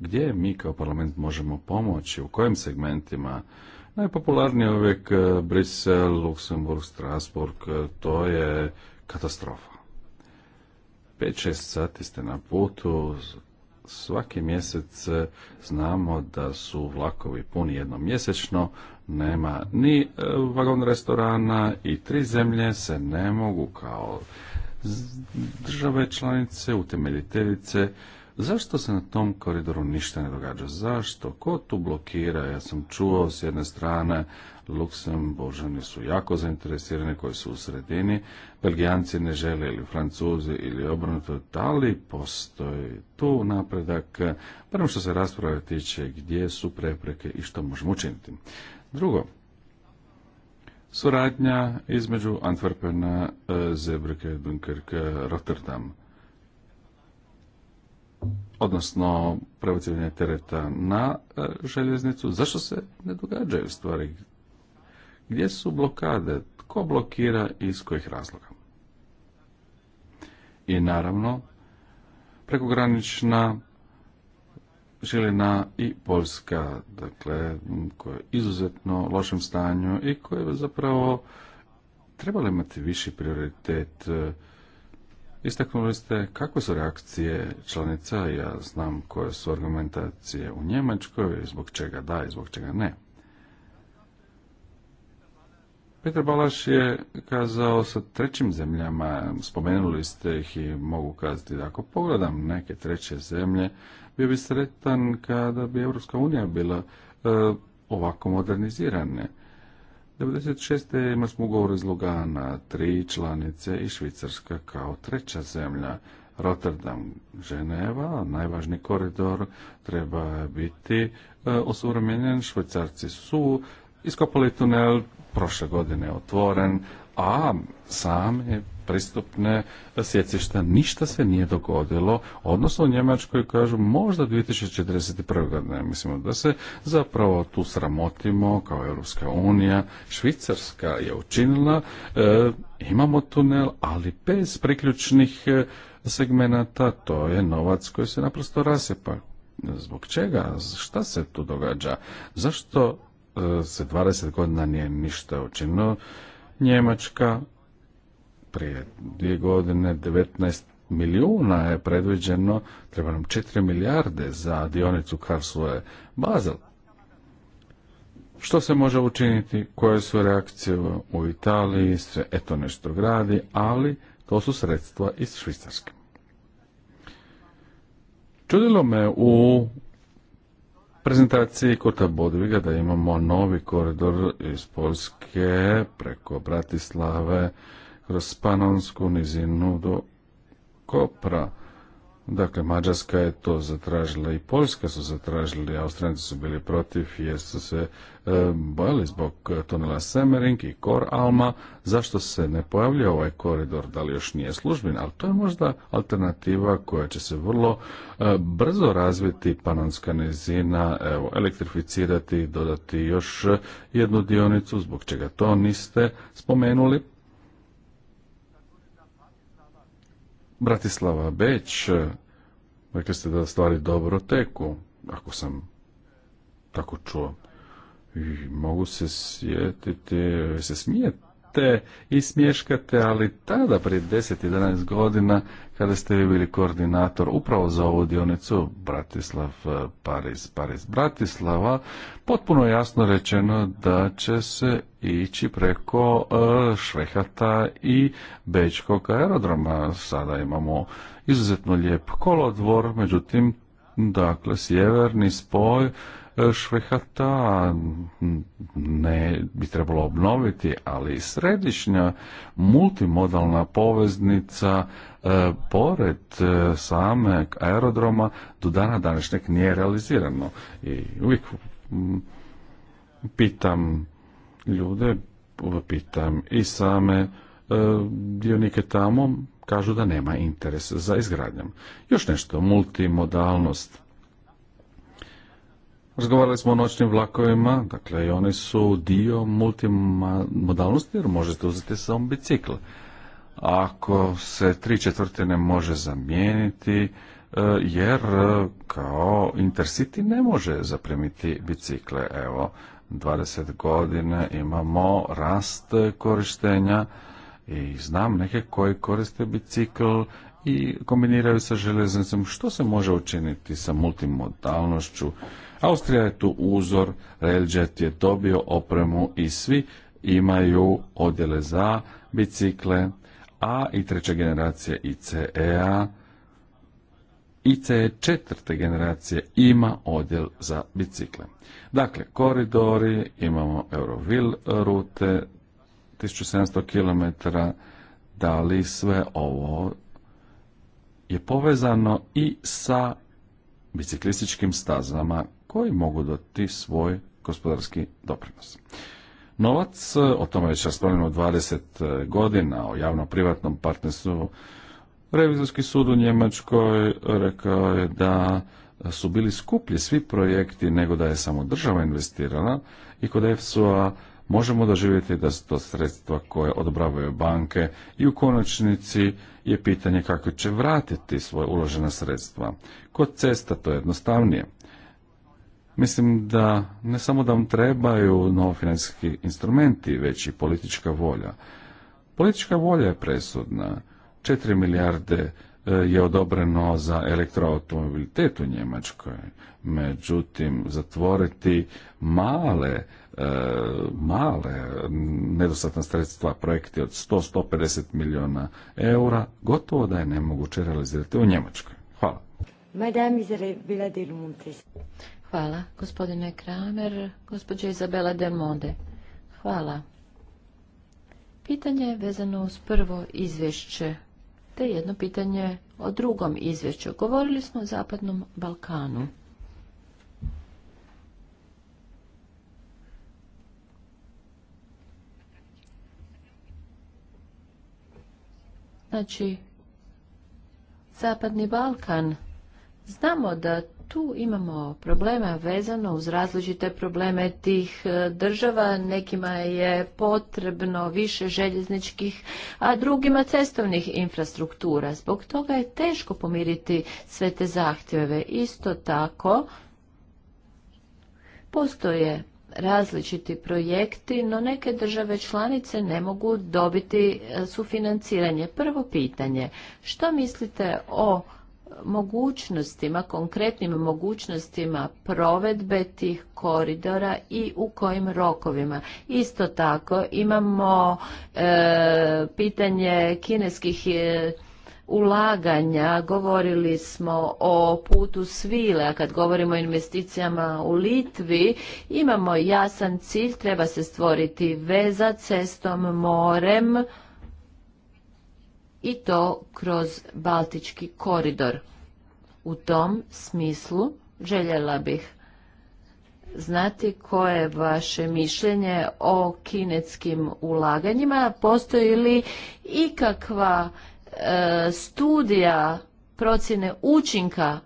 gdje mi kao parlament možemo pomoći, u kojim segmentima. Najpopularniji je uvijek e, Brisel, Luksemburg, Strasburg, e, to je katastrofa. 5-6 sati ste na putu, svaki mjesec znamo da su vlakovi puni jednom mjesečno, nema ni e, vagon restorana i tri zemlje se ne mogu kao države članice, utemeljiteljice, Zašto se na tom koridoru ništa ne događa? Zašto? Ko tu blokira? Ja sam čuo s jedne strane Luksemburžani su jako zainteresirani koji su u sredini, Belgijanci ne žele ili Francuzi ili obrnuto. Da li postoji tu napredak? Prvo što se rasprave tiče gdje su prepreke i što možemo učiniti. Drugo, suradnja između Antwerpena, e, Zebrke, Dunkerke, Rotterdam. Odnosno, prebacivanje tereta na e, željeznicu. Zašto se ne događaju stvari? Gdje su blokade? Tko blokira i iz kojih razloga? I naravno, prekogranična Žilina i Poljska, dakle, koja je izuzetno lošem stanju i koja je zapravo trebala imati viši prioritet. Istaknuli ste kakve su reakcije članica, ja znam koje su argumentacije u Njemačkoj, zbog čega da i zbog čega ne. Petar Balaš je kazao sa trećim zemljama, spomenuli ste ih i mogu kazati da ako pogledam neke treće zemlje, bio bi sretan kada bi Europska unija bila eh, ovako modernizirane. 1996. imali smo ugovor iz Lugana, tri članice i Švicarska kao treća zemlja. Rotterdam, Ženeva, najvažniji koridor treba biti eh, osuvremenjen. Švicarci su iskopali tunel, prošle godine otvoren, a same pristupne sjecišta ništa se nije dogodilo, odnosno u Njemačkoj kažu možda 2041. godine. Mislimo da se zapravo tu sramotimo kao Europska unija. Švicarska je učinila, e, imamo tunel, ali bez priključnih e, segmenata to je novac koji se naprosto rasepa. Zbog čega? Šta se tu događa? Zašto e, se 20 godina nije ništa učinilo? Njemačka prije dvije godine 19 milijuna je predviđeno, treba nam 4 milijarde za dionicu Karlsruhe Basel. Što se može učiniti, koje su reakcije u Italiji, sve eto nešto gradi, ali to su sredstva iz Švicarske. Čudilo me u prezentaciji Kota Bodviga da imamo novi koridor iz Poljske preko Bratislave, kroz Panonsku nizinu do Kopra. Dakle, Mađarska je to zatražila i Poljska su zatražili, Austrijanci su bili protiv jer su se e, bojali zbog tunela Semering i Kor Alma. Zašto se ne pojavlja ovaj koridor, da li još nije služben, ali to je možda alternativa koja će se vrlo e, brzo razviti, panonska nizina, evo, elektrificirati, dodati još jednu dionicu, zbog čega to niste spomenuli. Bratislava Beč, e, rekli ste da stvari dobro teku, ako sam tako čuo. I mogu se sjetiti, se smijete i smješkate, ali tada, prije 10-11 godina, kada ste vi bili koordinator upravo za ovu dionicu Bratislav, paris eh, paris Bratislava, potpuno jasno rečeno da će se ići preko eh, Švehata i Bečkog aerodroma. Sada imamo izuzetno lijep kolodvor, međutim, dakle, sjeverni spoj Švehata ne bi trebalo obnoviti, ali središnja multimodalna poveznica e, pored e, same aerodroma do dana današnjeg nije realizirano. I uvijek pitam ljude, pitam i same e, dionike tamo, kažu da nema interes za izgradnjom. Još nešto, multimodalnost. Razgovarali smo o noćnim vlakovima, dakle i oni su dio multimodalnosti jer možete uzeti samo bicikl. Ako se tri četvrtine može zamijeniti, e, jer e, kao Intercity ne može zapremiti bicikle. Evo, 20 godina imamo rast korištenja i znam neke koji koriste bicikl i kombiniraju sa železnicom. Što se može učiniti sa multimodalnošću? Austrija je tu uzor, Railjet je dobio opremu i svi imaju odjele za bicikle, a i treća generacija e ICE-a, ICE četvrte generacije ima odjel za bicikle. Dakle, koridori, imamo Euroville rute, 1700 km, da li sve ovo je povezano i sa biciklističkim stazama koji mogu dati svoj gospodarski doprinos. Novac, o tome već raspravljamo 20 e, godina, o javno-privatnom partnerstvu, Revizorski sud u Njemačkoj rekao je da su bili skuplji svi projekti nego da je samo država investirala i kod efsu možemo doživjeti da su to sredstva koje odobravaju banke i u konačnici je pitanje kako će vratiti svoje uložena sredstva. Kod cesta to je jednostavnije. Mislim da ne samo da vam trebaju novo financijski instrumenti, već i politička volja. Politička volja je presudna. Četiri milijarde e, je odobreno za elektroautomobilitet u Njemačkoj. Međutim, zatvoriti male, e, male nedostatna sredstva, projekti od 100-150 milijuna eura, gotovo da je nemoguće realizirati u Njemačkoj. Hvala. Madame Hvala, gospodine Kramer. Gospođa Izabela Monde. Hvala. Pitanje je vezano uz prvo izvješće, te jedno pitanje o drugom izvješću. Govorili smo o Zapadnom Balkanu. Znači, Zapadni Balkan. Znamo da tu imamo problema vezano uz različite probleme tih e, država. Nekima je potrebno više željezničkih, a drugima cestovnih infrastruktura. Zbog toga je teško pomiriti sve te zahtjeve. Isto tako postoje različiti projekti, no neke države članice ne mogu dobiti e, sufinanciranje. Prvo pitanje, što mislite o mogućnostima, konkretnim mogućnostima provedbe tih koridora i u kojim rokovima. Isto tako imamo e, pitanje kineskih e, ulaganja, govorili smo o putu svile, a kad govorimo o investicijama u Litvi, imamo jasan cilj, treba se stvoriti veza cestom, morem, i to kroz Baltički koridor. U tom smislu željela bih znati koje je vaše mišljenje o kineskim ulaganjima. Postoji li ikakva e, studija procjene učinka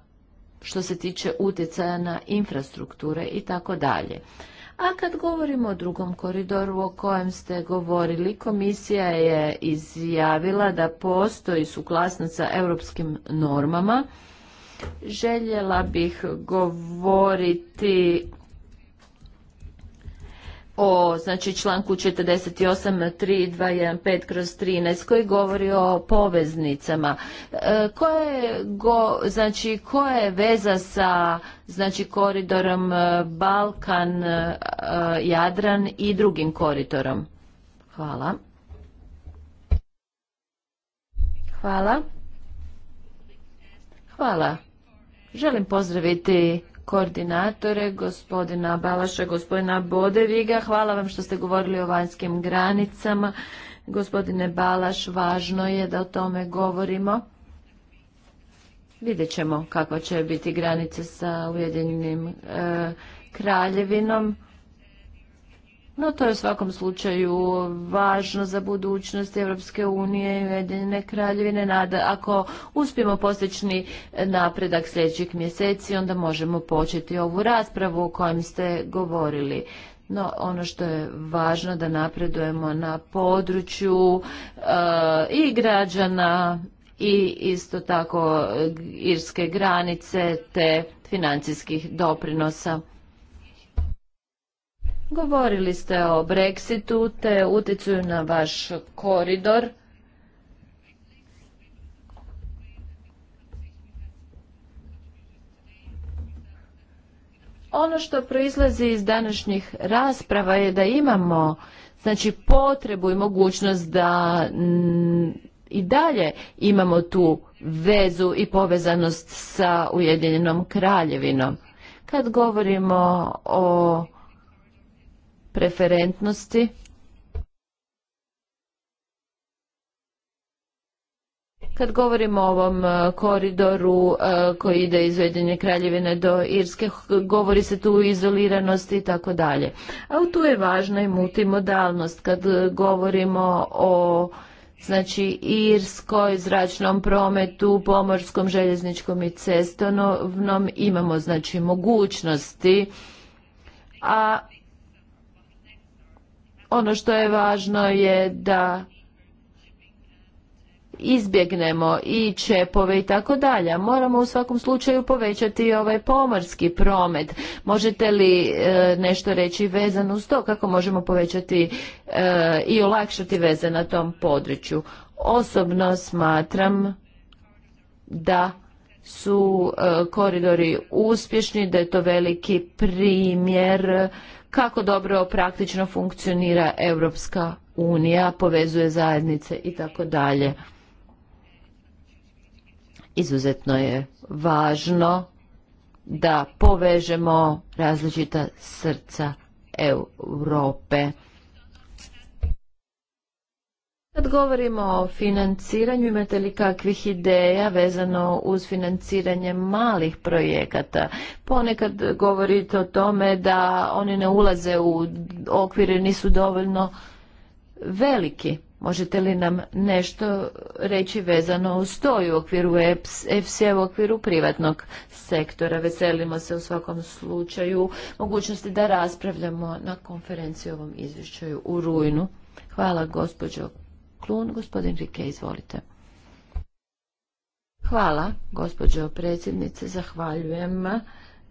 što se tiče utjecaja na infrastrukture i tako dalje. A kad govorimo o drugom koridoru o kojem ste govorili, komisija je izjavila da postoji suglasnost sa europskim normama. Željela bih govoriti o znači članku 48.3.2.1.5 kroz 13 koji govori o poveznicama. Koje koja je, go, znači, koja je veza sa znači, koridorom e, Balkan, e, Jadran i drugim koridorom? Hvala. Hvala. Hvala. Želim pozdraviti koordinatore, gospodina Balaša, gospodina Bodeviga. Hvala vam što ste govorili o vanjskim granicama. Gospodine Balaš, važno je da o tome govorimo. Vidjet ćemo kako će biti granice sa Ujedinjenim e, kraljevinom. No to je u svakom slučaju važno za budućnost Europske unije i Ujedinjene kraljevine. Nada, ako uspijemo postići napredak sljedećih mjeseci, onda možemo početi ovu raspravu o kojem ste govorili. No, ono što je važno da napredujemo na području eh, i građana i isto tako eh, irske granice te financijskih doprinosa. Govorili ste o Brexitu te utjecuju na vaš koridor. Ono što proizlazi iz današnjih rasprava je da imamo znači potrebu i mogućnost da i dalje imamo tu vezu i povezanost sa Ujedinjenom kraljevinom. Kad govorimo o preferentnosti Kad govorimo o ovom e, koridoru e, koji ide iz Ujedinjene kraljevine do Irske, govori se tu o izoliranosti i tako dalje. A tu je važna i multimodalnost kad e, govorimo o znači Irskoj, zračnom prometu, pomorskom, željezničkom i cestovnom, imamo znači mogućnosti, a ono što je važno je da izbjegnemo i čepove i tako dalje. Moramo u svakom slučaju povećati ovaj pomorski promet. Možete li e, nešto reći vezano uz to kako možemo povećati e, i olakšati veze na tom području? Osobno smatram da su e, koridori uspješni, da je to veliki primjer kako dobro praktično funkcionira Europska unija, povezuje zajednice i tako dalje. Izuzetno je važno da povežemo različita srca Europe kad govorimo o financiranju, imate li kakvih ideja vezano uz financiranje malih projekata? Ponekad govorite o tome da oni ne ulaze u okvire, nisu dovoljno veliki. Možete li nam nešto reći vezano uz to i u okviru EFSE, u okviru privatnog sektora? Veselimo se u svakom slučaju mogućnosti da raspravljamo na konferenciji ovom izvješću u rujnu. Hvala gospođo Klun. Gospodin Rike, izvolite. Hvala, gospođo predsjednice. Zahvaljujem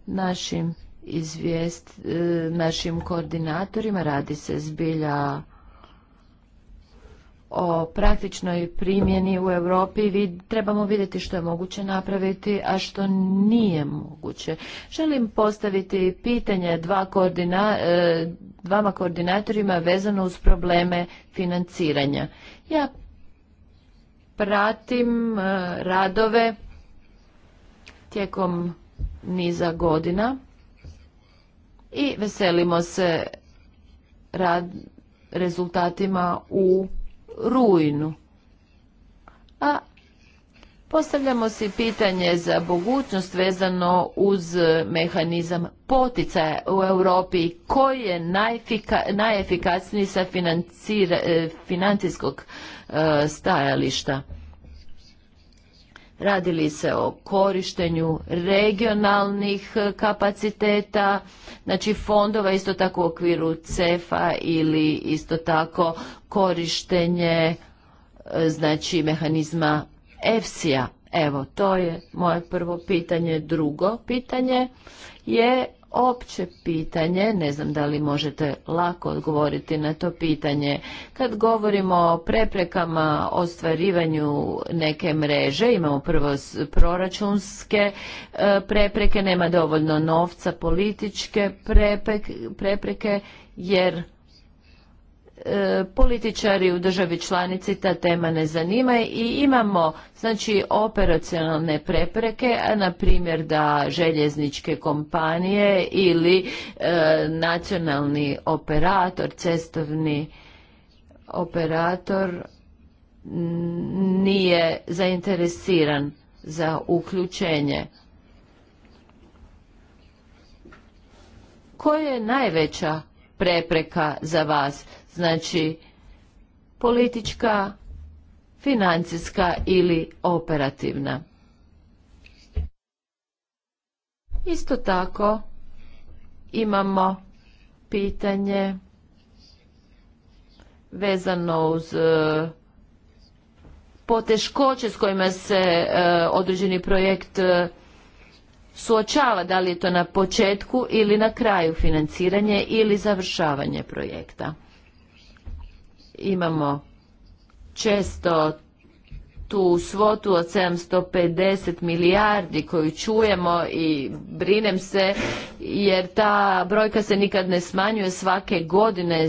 našim izvijest, e, našim koordinatorima. Radi se zbilja o praktičnoj primjeni u Europi trebamo vidjeti što je moguće napraviti, a što nije moguće. Želim postaviti pitanje dva e, dvama koordinatorima vezano uz probleme financiranja. Ja pratim e, radove tijekom niza godina i veselimo se rezultatima u rujnu. A Postavljamo si pitanje za mogućnost vezano uz mehanizam poticaja u Europi koji je najfika, najefikasniji sa e, financijskog e, stajališta stajališta. Radili se o korištenju regionalnih e, kapaciteta, znači fondova isto tako u okviru CEFA ili isto tako korištenje znači mehanizma EFSI-a? Evo, to je moje prvo pitanje. Drugo pitanje je opće pitanje, ne znam da li možete lako odgovoriti na to pitanje. Kad govorimo o preprekama ostvarivanju neke mreže, imamo prvo proračunske e, prepreke, nema dovoljno novca, političke prepreke jer E, političari u državi članici ta tema ne zanima i imamo znači operacionalne prepreke, a na primjer da željezničke kompanije ili e, nacionalni operator, cestovni operator nije zainteresiran za uključenje. Koja je najveća prepreka za vas. Znači, politička, financijska ili operativna. Isto tako imamo pitanje vezano uz e, poteškoće s kojima se e, određeni projekt e, suočava, da li je to na početku ili na kraju financiranje ili završavanje projekta. Imamo često tu svotu od 750 milijardi koju čujemo i brinem se jer ta brojka se nikad ne smanjuje svake godine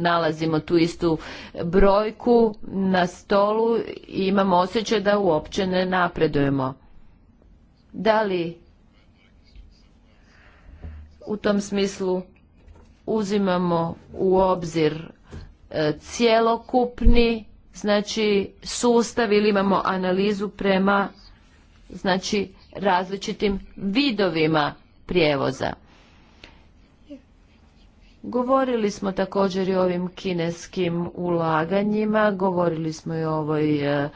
nalazimo tu istu brojku na stolu i imamo osjećaj da uopće ne napredujemo da li u tom smislu uzimamo u obzir e, cjelokupni znači sustav ili imamo analizu prema znači različitim vidovima prijevoza. Govorili smo također i o ovim kineskim ulaganjima, govorili smo i o ovoj e,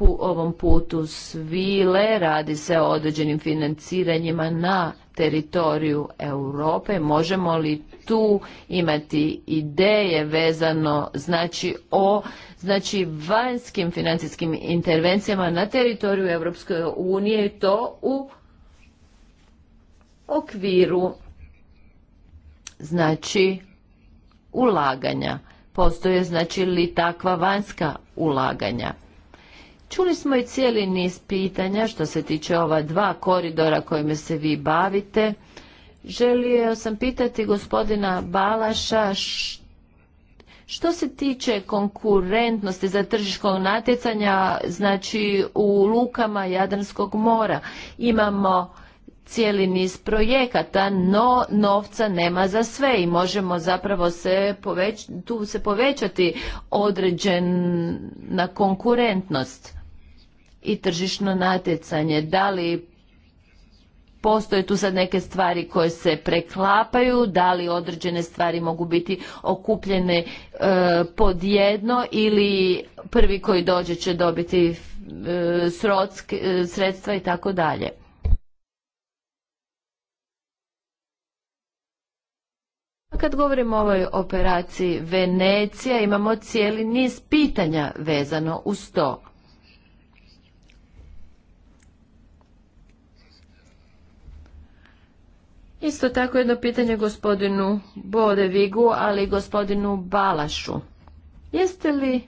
pu, ovom putu svile, radi se o određenim financiranjima na teritoriju Europe. Možemo li tu imati ideje vezano znači o znači vanjskim financijskim intervencijama na teritoriju Europske unije to u okviru znači ulaganja. Postoje znači li takva vanjska ulaganja. Čuli smo i cijeli niz pitanja što se tiče ova dva koridora kojima se vi bavite. Želio sam pitati gospodina Balaša što se tiče konkurentnosti za tržiškog natjecanja, znači u lukama Jadranskog mora imamo cijeli niz projekata, no novca nema za sve i možemo zapravo se poveć, tu se povećati određena konkurentnost i tržišno natjecanje. Da li postoje tu sad neke stvari koje se preklapaju, da li određene stvari mogu biti okupljene e, pod jedno ili prvi koji dođe će dobiti e, e, sredstva i tako dalje. Kad govorimo o ovoj operaciji Venecija, imamo cijeli niz pitanja vezano uz to. Isto tako jedno pitanje gospodinu Bodevigu, ali i gospodinu Balašu. Jeste li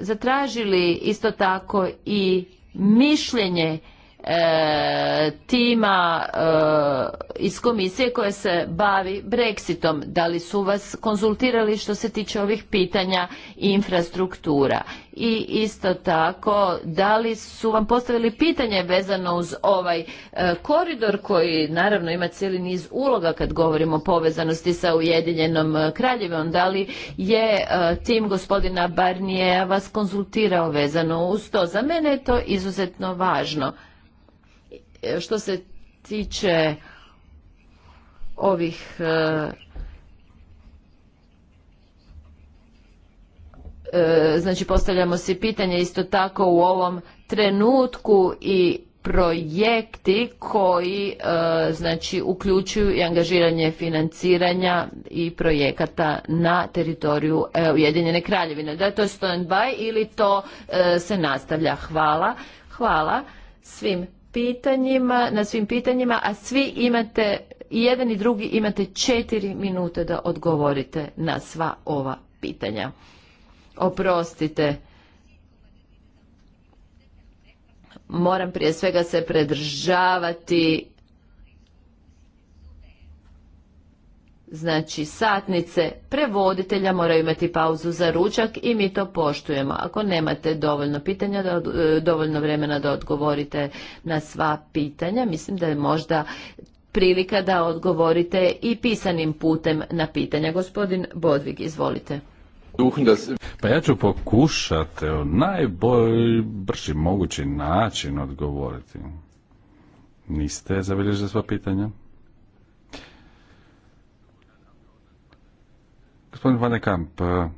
zatražili isto tako i mišljenje E, tima e, iz komisije koje se bavi Brexitom. Da li su vas konzultirali što se tiče ovih pitanja infrastruktura? I isto tako, da li su vam postavili pitanje vezano uz ovaj e, koridor koji naravno ima cijeli niz uloga kad govorimo o povezanosti sa Ujedinjenom kraljevom? Da li je tim gospodina Barnije vas konzultirao vezano uz to? Za mene je to izuzetno važno. Što se tiče ovih e, e, znači postavljamo si pitanje isto tako u ovom trenutku i projekti koji e, znači uključuju i angažiranje financiranja i projekata na teritoriju Ujedinjene kraljevine. Da je to stand by ili to se nastavlja. Hvala. Hvala svim pitanjima, na svim pitanjima, a svi imate, i jedan i drugi imate četiri minute da odgovorite na sva ova pitanja. Oprostite, moram prije svega se predržavati znači satnice prevoditelja moraju imati pauzu za ručak i mi to poštujemo. Ako nemate dovoljno pitanja, e, dovoljno vremena da odgovorite na sva pitanja, mislim da je možda prilika da odgovorite i pisanim putem na pitanja. Gospodin Bodvig, izvolite. Pa ja ću pokušati najbrži mogući način odgovoriti. Niste zabilježili sva pitanja? Gospodin Van Kamp, eh,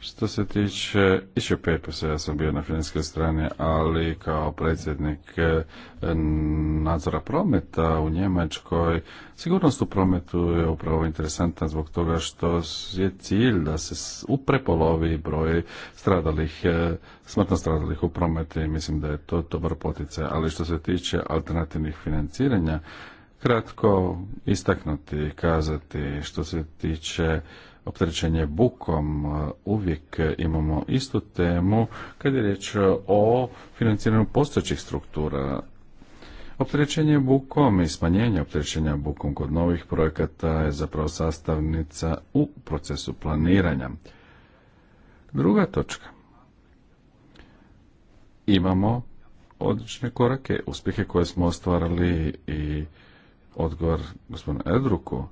što se tiče issue papers, ja sam bio na finanske strane, ali kao predsjednik eh, nadzora prometa u Njemačkoj, sigurnost u prometu je upravo interesantna zbog toga što je cilj da se prepolovi broj stradalih, eh, smrtno stradalih u prometu i mislim da je to dobar poticaj. Ali što se tiče alternativnih financiranja, kratko istaknuti, kazati što se tiče opterećenje bukom eh, uvijek imamo istu temu kad je riječ eh, o financiranju postojećih struktura Opterećenje bukom i smanjenje opterećenja bukom kod novih projekata je zapravo sastavnica u procesu planiranja. Druga točka. Imamo odlične korake, uspjehe koje smo ostvarili i odgovor gospodinu Edruku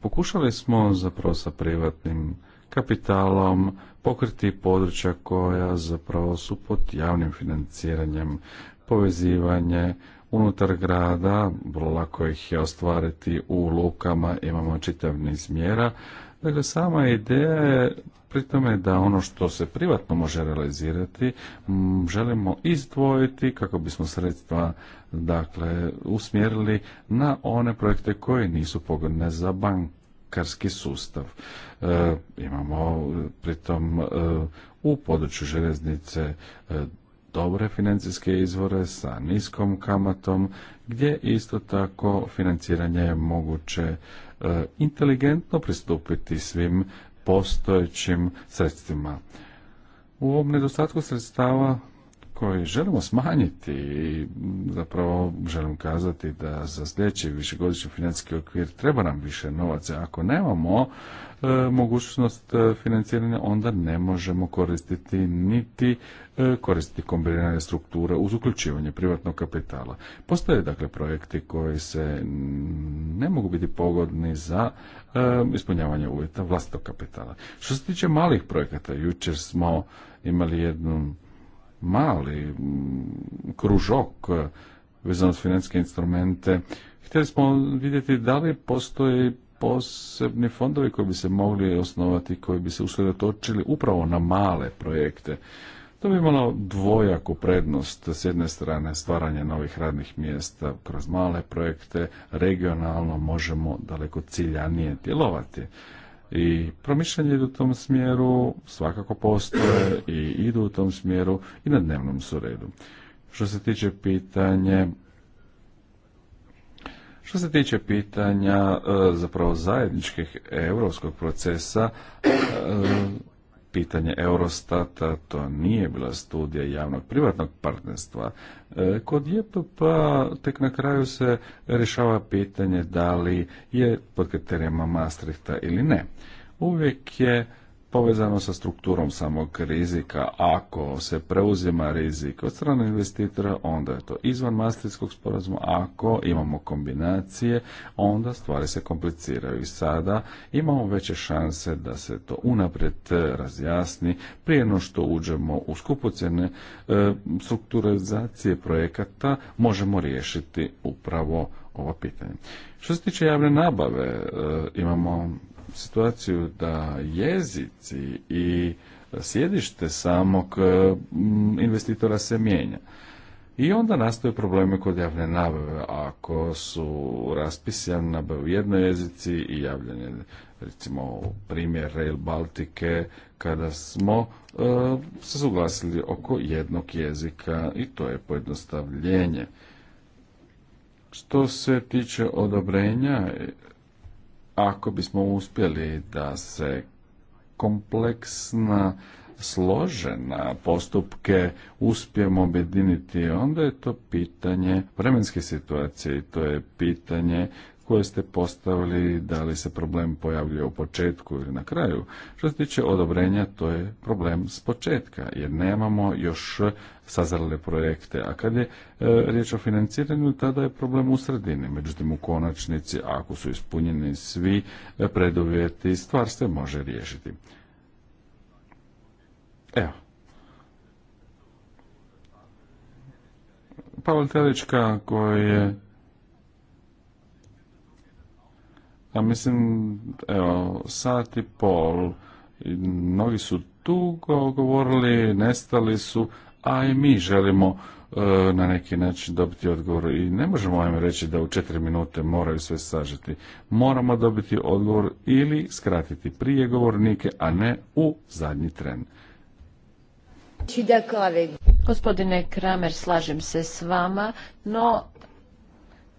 Pokušali smo zapravo sa privatnim kapitalom pokriti područja koja zapravo su pod javnim financiranjem, povezivanje unutar grada, vrlo lako ih je ostvariti u lukama, imamo čitav niz mjera, Dakle, sama ideja je pri tome da ono što se privatno može realizirati želimo izdvojiti kako bismo sredstva dakle usmjerili na one projekte koje nisu pogodne za bankarski sustav. E, imamo pritom e, u području željeznice e, dobre financijske izvore sa niskom kamatom, gdje isto tako financiranje je moguće e, inteligentno pristupiti svim postojećim sredstvima. U ovom nedostatku sredstava koji želimo smanjiti i zapravo želim kazati da za sljedeći višegodišnji financijski okvir treba nam više novaca. Ako nemamo e, mogućnost e, financiranja, onda ne možemo koristiti niti e, koristiti kombinirane strukture uz uključivanje privatnog kapitala. Postoje dakle projekti koji se ne mogu biti pogodni za e, ispunjavanje uvjeta vlastitog kapitala. Što se tiče malih projekata, jučer smo imali jednu mali mm, kružok e, vezano s financijske instrumente. Htjeli smo vidjeti da li postoji posebni fondovi koji bi se mogli osnovati, koji bi se usredotočili upravo na male projekte. To bi imalo dvojaku prednost. S jedne strane stvaranje novih radnih mjesta kroz male projekte, regionalno možemo daleko ciljanije djelovati i promišljanje u tom smjeru, svakako postoje i idu u tom smjeru i na dnevnom su redu. Što se tiče pitanje što se tiče pitanja e, zapravo zajedničkih europskog procesa, e, pitanje Eurostata, to nije bila studija javnog privatnog partnerstva. E, kod JPP tek na kraju se rješava pitanje da li je pod kriterijama Maastrichta ili ne. Uvijek je povezano sa strukturom samog rizika. Ako se preuzima rizik od strane investitora, onda je to izvan masterskog sporazuma. Ako imamo kombinacije, onda stvari se kompliciraju. I sada imamo veće šanse da se to unaprijed razjasni prije no što uđemo u skupocjene e, strukturizacije projekata, možemo riješiti upravo ova pitanja. Što se tiče javne nabave, e, imamo situaciju da jezici i sjedište samog e, investitora se mijenja. I onda nastaju problemi kod javne nabave. Ako su raspisi nabave u jednoj jezici i javljanje, recimo primjer Rail Baltike, kada smo e, se suglasili oko jednog jezika i to je pojednostavljenje. Što se tiče odobrenja ako bismo uspjeli da se kompleksna složena postupke uspijemo objediniti, onda je to pitanje vremenske situacije i to je pitanje koje ste postavili, da li se problem pojavljuje u početku ili na kraju. Što se tiče odobrenja, to je problem s početka, jer nemamo još sazrele projekte, a kad je e, riječ o financiranju, tada je problem u sredini. Međutim, u konačnici, ako su ispunjeni svi e, preduvjeti, stvar se može riješiti. Evo. Pavel Telička, koji je Ja mislim, evo, sat i pol, mnogi su tu govorili, nestali su, a i mi želimo e, na neki način dobiti odgovor i ne možemo im reći da u četiri minute moraju sve sažeti. Moramo dobiti odgovor ili skratiti prije govornike, a ne u zadnji tren. Gospodine Kramer, slažem se s vama, no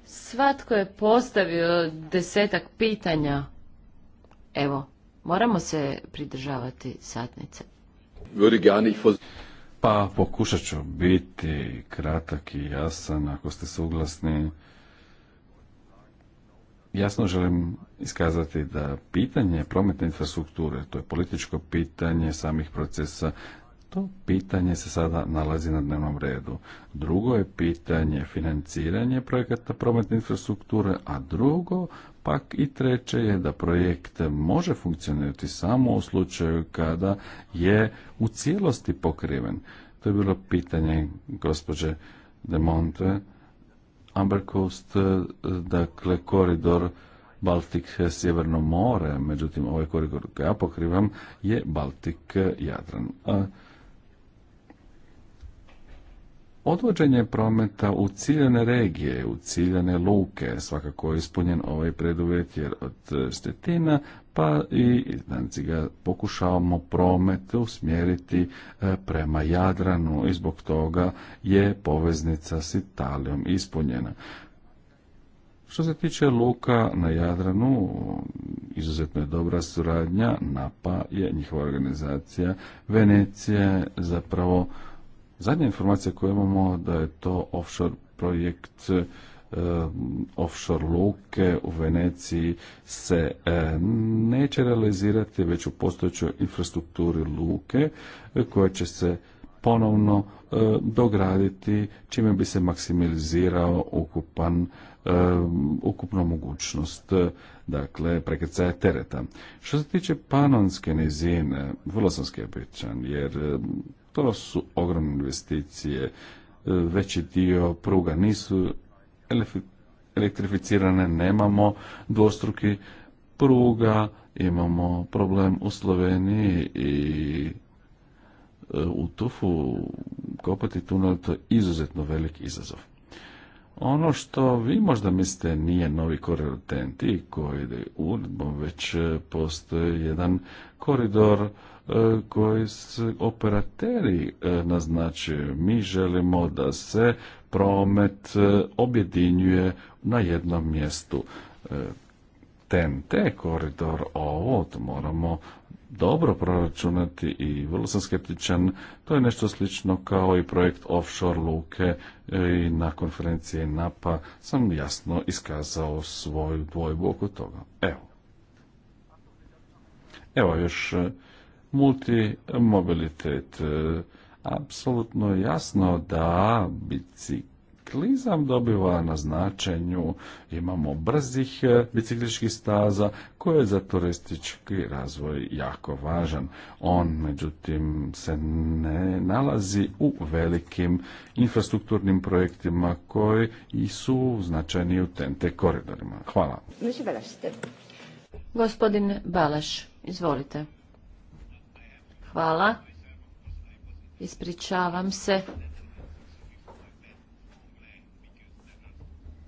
Svatko je postavio desetak pitanja. Evo, moramo se pridržavati satnice. Pa pokušat ću biti kratak i jasan ako ste suglasni. Jasno želim iskazati da pitanje prometne infrastrukture, to je političko pitanje samih procesa to pitanje se sada nalazi na dnevnom redu. Drugo je pitanje financiranje projekata prometne infrastrukture, a drugo pak i treće je da projekt može funkcionirati samo u slučaju kada je u cijelosti pokriven. To je bilo pitanje gospođe de Monte, Amber Coast, dakle koridor Baltik Sjeverno more, međutim ovaj koridor koji ja pokrivam je Baltik Jadran. Odvođenje prometa u ciljane regije, u ciljane luke, svakako je ispunjen ovaj preduvjet jer od Stetina e, pa i ga pokušavamo promet usmjeriti e, prema Jadranu i zbog toga je poveznica s Italijom ispunjena. Što se tiče luka na Jadranu, izuzetno je dobra suradnja, NAPA je njihova organizacija, Venecija zapravo Zadnja informacija koju imamo da je to offshore projekt e, offshore luke u Veneciji se e, neće realizirati već u postojećoj infrastrukturi luke e, koja će se ponovno dograditi čime bi se maksimizirao ukupan ukupna mogućnost dakle prekrcaja tereta. Što se tiče panonske nizine, vrlo sam skeptičan jer to su ogromne investicije. E, veći dio pruga nisu elektrificirane, nemamo dvostruki pruga, imamo problem u Sloveniji i e, u Tufu kopati tunel, to je izuzetno velik izazov. Ono što vi možda mislite nije novi koridor TNT koji ide uredbom, već e, postoji jedan koridor E, koji se operateri e, naznačuju. Mi želimo da se promet e, objedinjuje na jednom mjestu. TNT koridor, ovo to moramo dobro proračunati i vrlo sam skeptičan. To je nešto slično kao i projekt offshore luke i na konferenciji NAPA sam jasno iskazao svoju dvojbu oko toga. Evo. Evo još multimobilitet. E, apsolutno je jasno da biciklizam dobiva na značenju, imamo brzih e, bicikličkih staza koje je za turistički razvoj jako važan. On međutim se ne nalazi u velikim infrastrukturnim projektima koji su značajni u TNT koridorima. Hvala. Gospodin Balaš, izvolite. Hvala. Ispričavam se.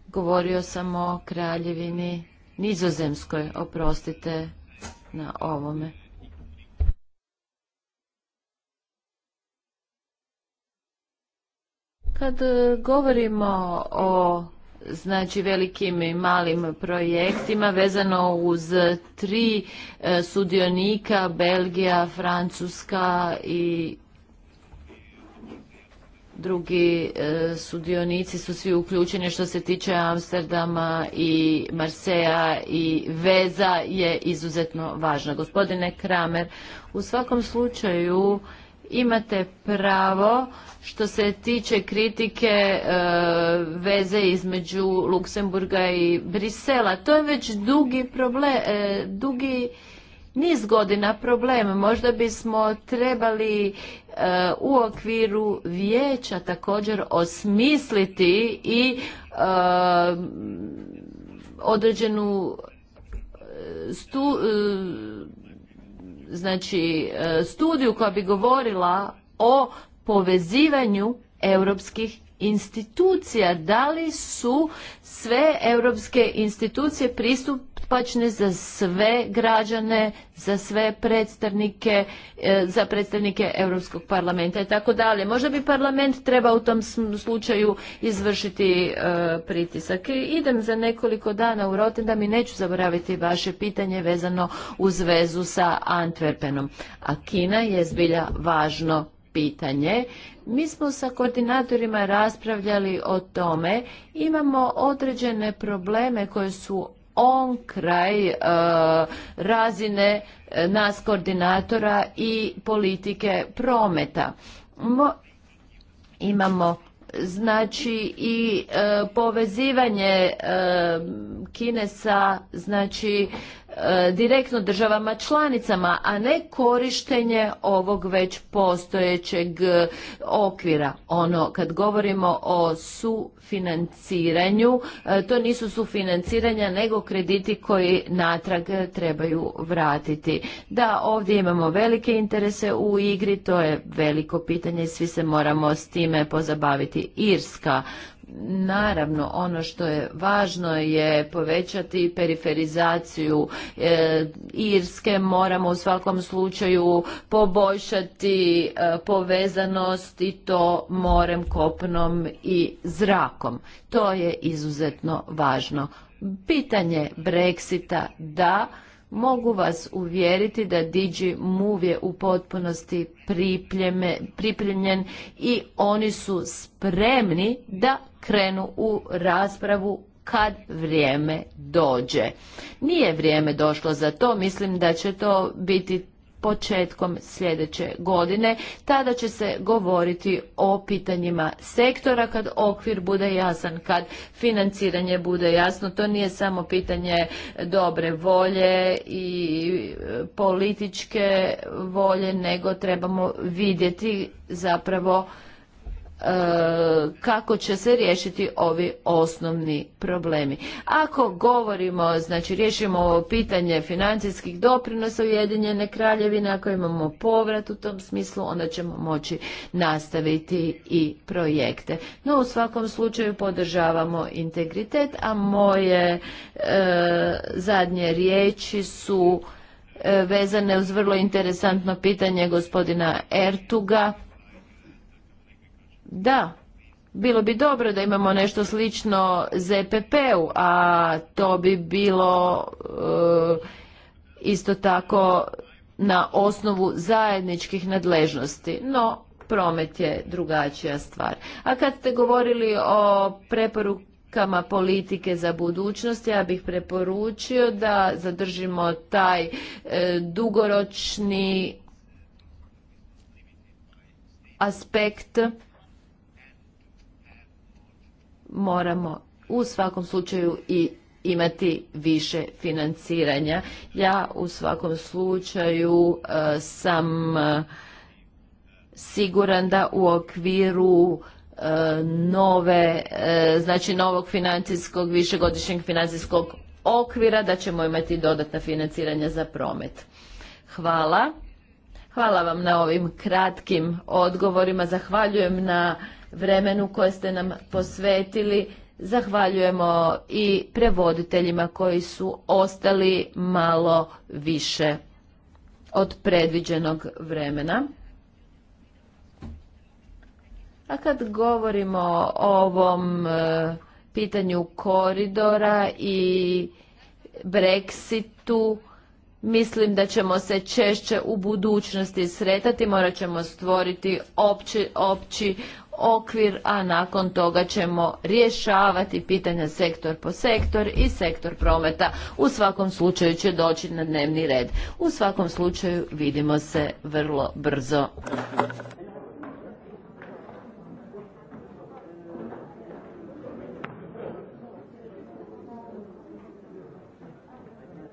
Govorio sam o kraljevini nizozemskoj, oprostite na ovome. Kad e, govorimo o znači velikim i malim projektima vezano uz tri e, sudionika Belgija, Francuska i drugi e, sudionici su svi uključeni što se tiče Amsterdama i Marseja i veza je izuzetno važna. Gospodine Kramer, u svakom slučaju imate pravo što se tiče kritike e, veze između Luksemburga i Brisela. To je već dugi problem, e, dugi niz godina problem. Možda bismo trebali e, u okviru vijeća također osmisliti i određenu znači e, studiju koja bi govorila o povezivanju europskih institucija da li su sve europske institucije pristup pristupačne za sve građane, za sve predstavnike, e, za predstavnike Europskog parlamenta i tako dalje. Možda bi parlament treba u tom slučaju izvršiti e, pritisak. idem za nekoliko dana u Rotendam i neću zaboraviti vaše pitanje vezano uz vezu sa Antwerpenom. A Kina je zbilja važno pitanje. Mi smo sa koordinatorima raspravljali o tome, imamo određene probleme koje su on kraj e, razine e, nas koordinatora i politike prometa. imamo znači i e, povezivanje Kinesa sa znači E, direktno državama članicama, a ne korištenje ovog već postojećeg e, okvira. Ono, kad govorimo o sufinanciranju, e, to nisu sufinanciranja, nego krediti koji natrag trebaju vratiti. Da, ovdje imamo velike interese u igri, to je veliko pitanje, svi se moramo s time pozabaviti. Irska Naravno, ono što je važno je povećati periferizaciju e, Irske, moramo u svakom slučaju poboljšati e, povezanost i to morem, kopnom i zrakom. To je izuzetno važno. Pitanje Brexita da Mogu vas uvjeriti da Digi Move je u potpunosti pripremljen i oni su spremni da krenu u raspravu kad vrijeme dođe. Nije vrijeme došlo za to, mislim da će to biti početkom sljedeće godine. Tada će se govoriti o pitanjima sektora kad okvir bude jasan, kad financiranje bude jasno. To nije samo pitanje dobre volje i e, političke volje, nego trebamo vidjeti zapravo E, kako će se riješiti ovi osnovni problemi. Ako govorimo, znači riješimo ovo pitanje financijskih doprinosa Ujedinjene kraljevine, ako imamo povrat u tom smislu, onda ćemo moći nastaviti i projekte. No u svakom slučaju podržavamo integritet, a moje e, zadnje riječi su e, vezane uz vrlo interesantno pitanje gospodina Ertuga da, bilo bi dobro da imamo nešto slično ZPP-u, a to bi bilo e, isto tako na osnovu zajedničkih nadležnosti. No, promet je drugačija stvar. A kad ste govorili o preporukama politike za budućnost, ja bih preporučio da zadržimo taj e, dugoročni aspekt moramo u svakom slučaju i imati više financiranja. Ja u svakom slučaju e, sam e, siguran da u okviru e, nove, znači novog financijskog, višegodišnjeg financijskog okvira da ćemo imati dodatna financiranja za promet. Hvala. Hvala vam na ovim kratkim odgovorima. Zahvaljujem na vremenu koje ste nam posvetili. Zahvaljujemo i prevoditeljima koji su ostali malo više od predviđenog vremena. A kad govorimo o ovom e, pitanju koridora i Brexitu, mislim da ćemo se češće u budućnosti sretati, morat ćemo stvoriti opći, opći okvir, a nakon toga ćemo rješavati pitanja sektor po sektor i sektor prometa. U svakom slučaju će doći na dnevni red. U svakom slučaju vidimo se vrlo brzo.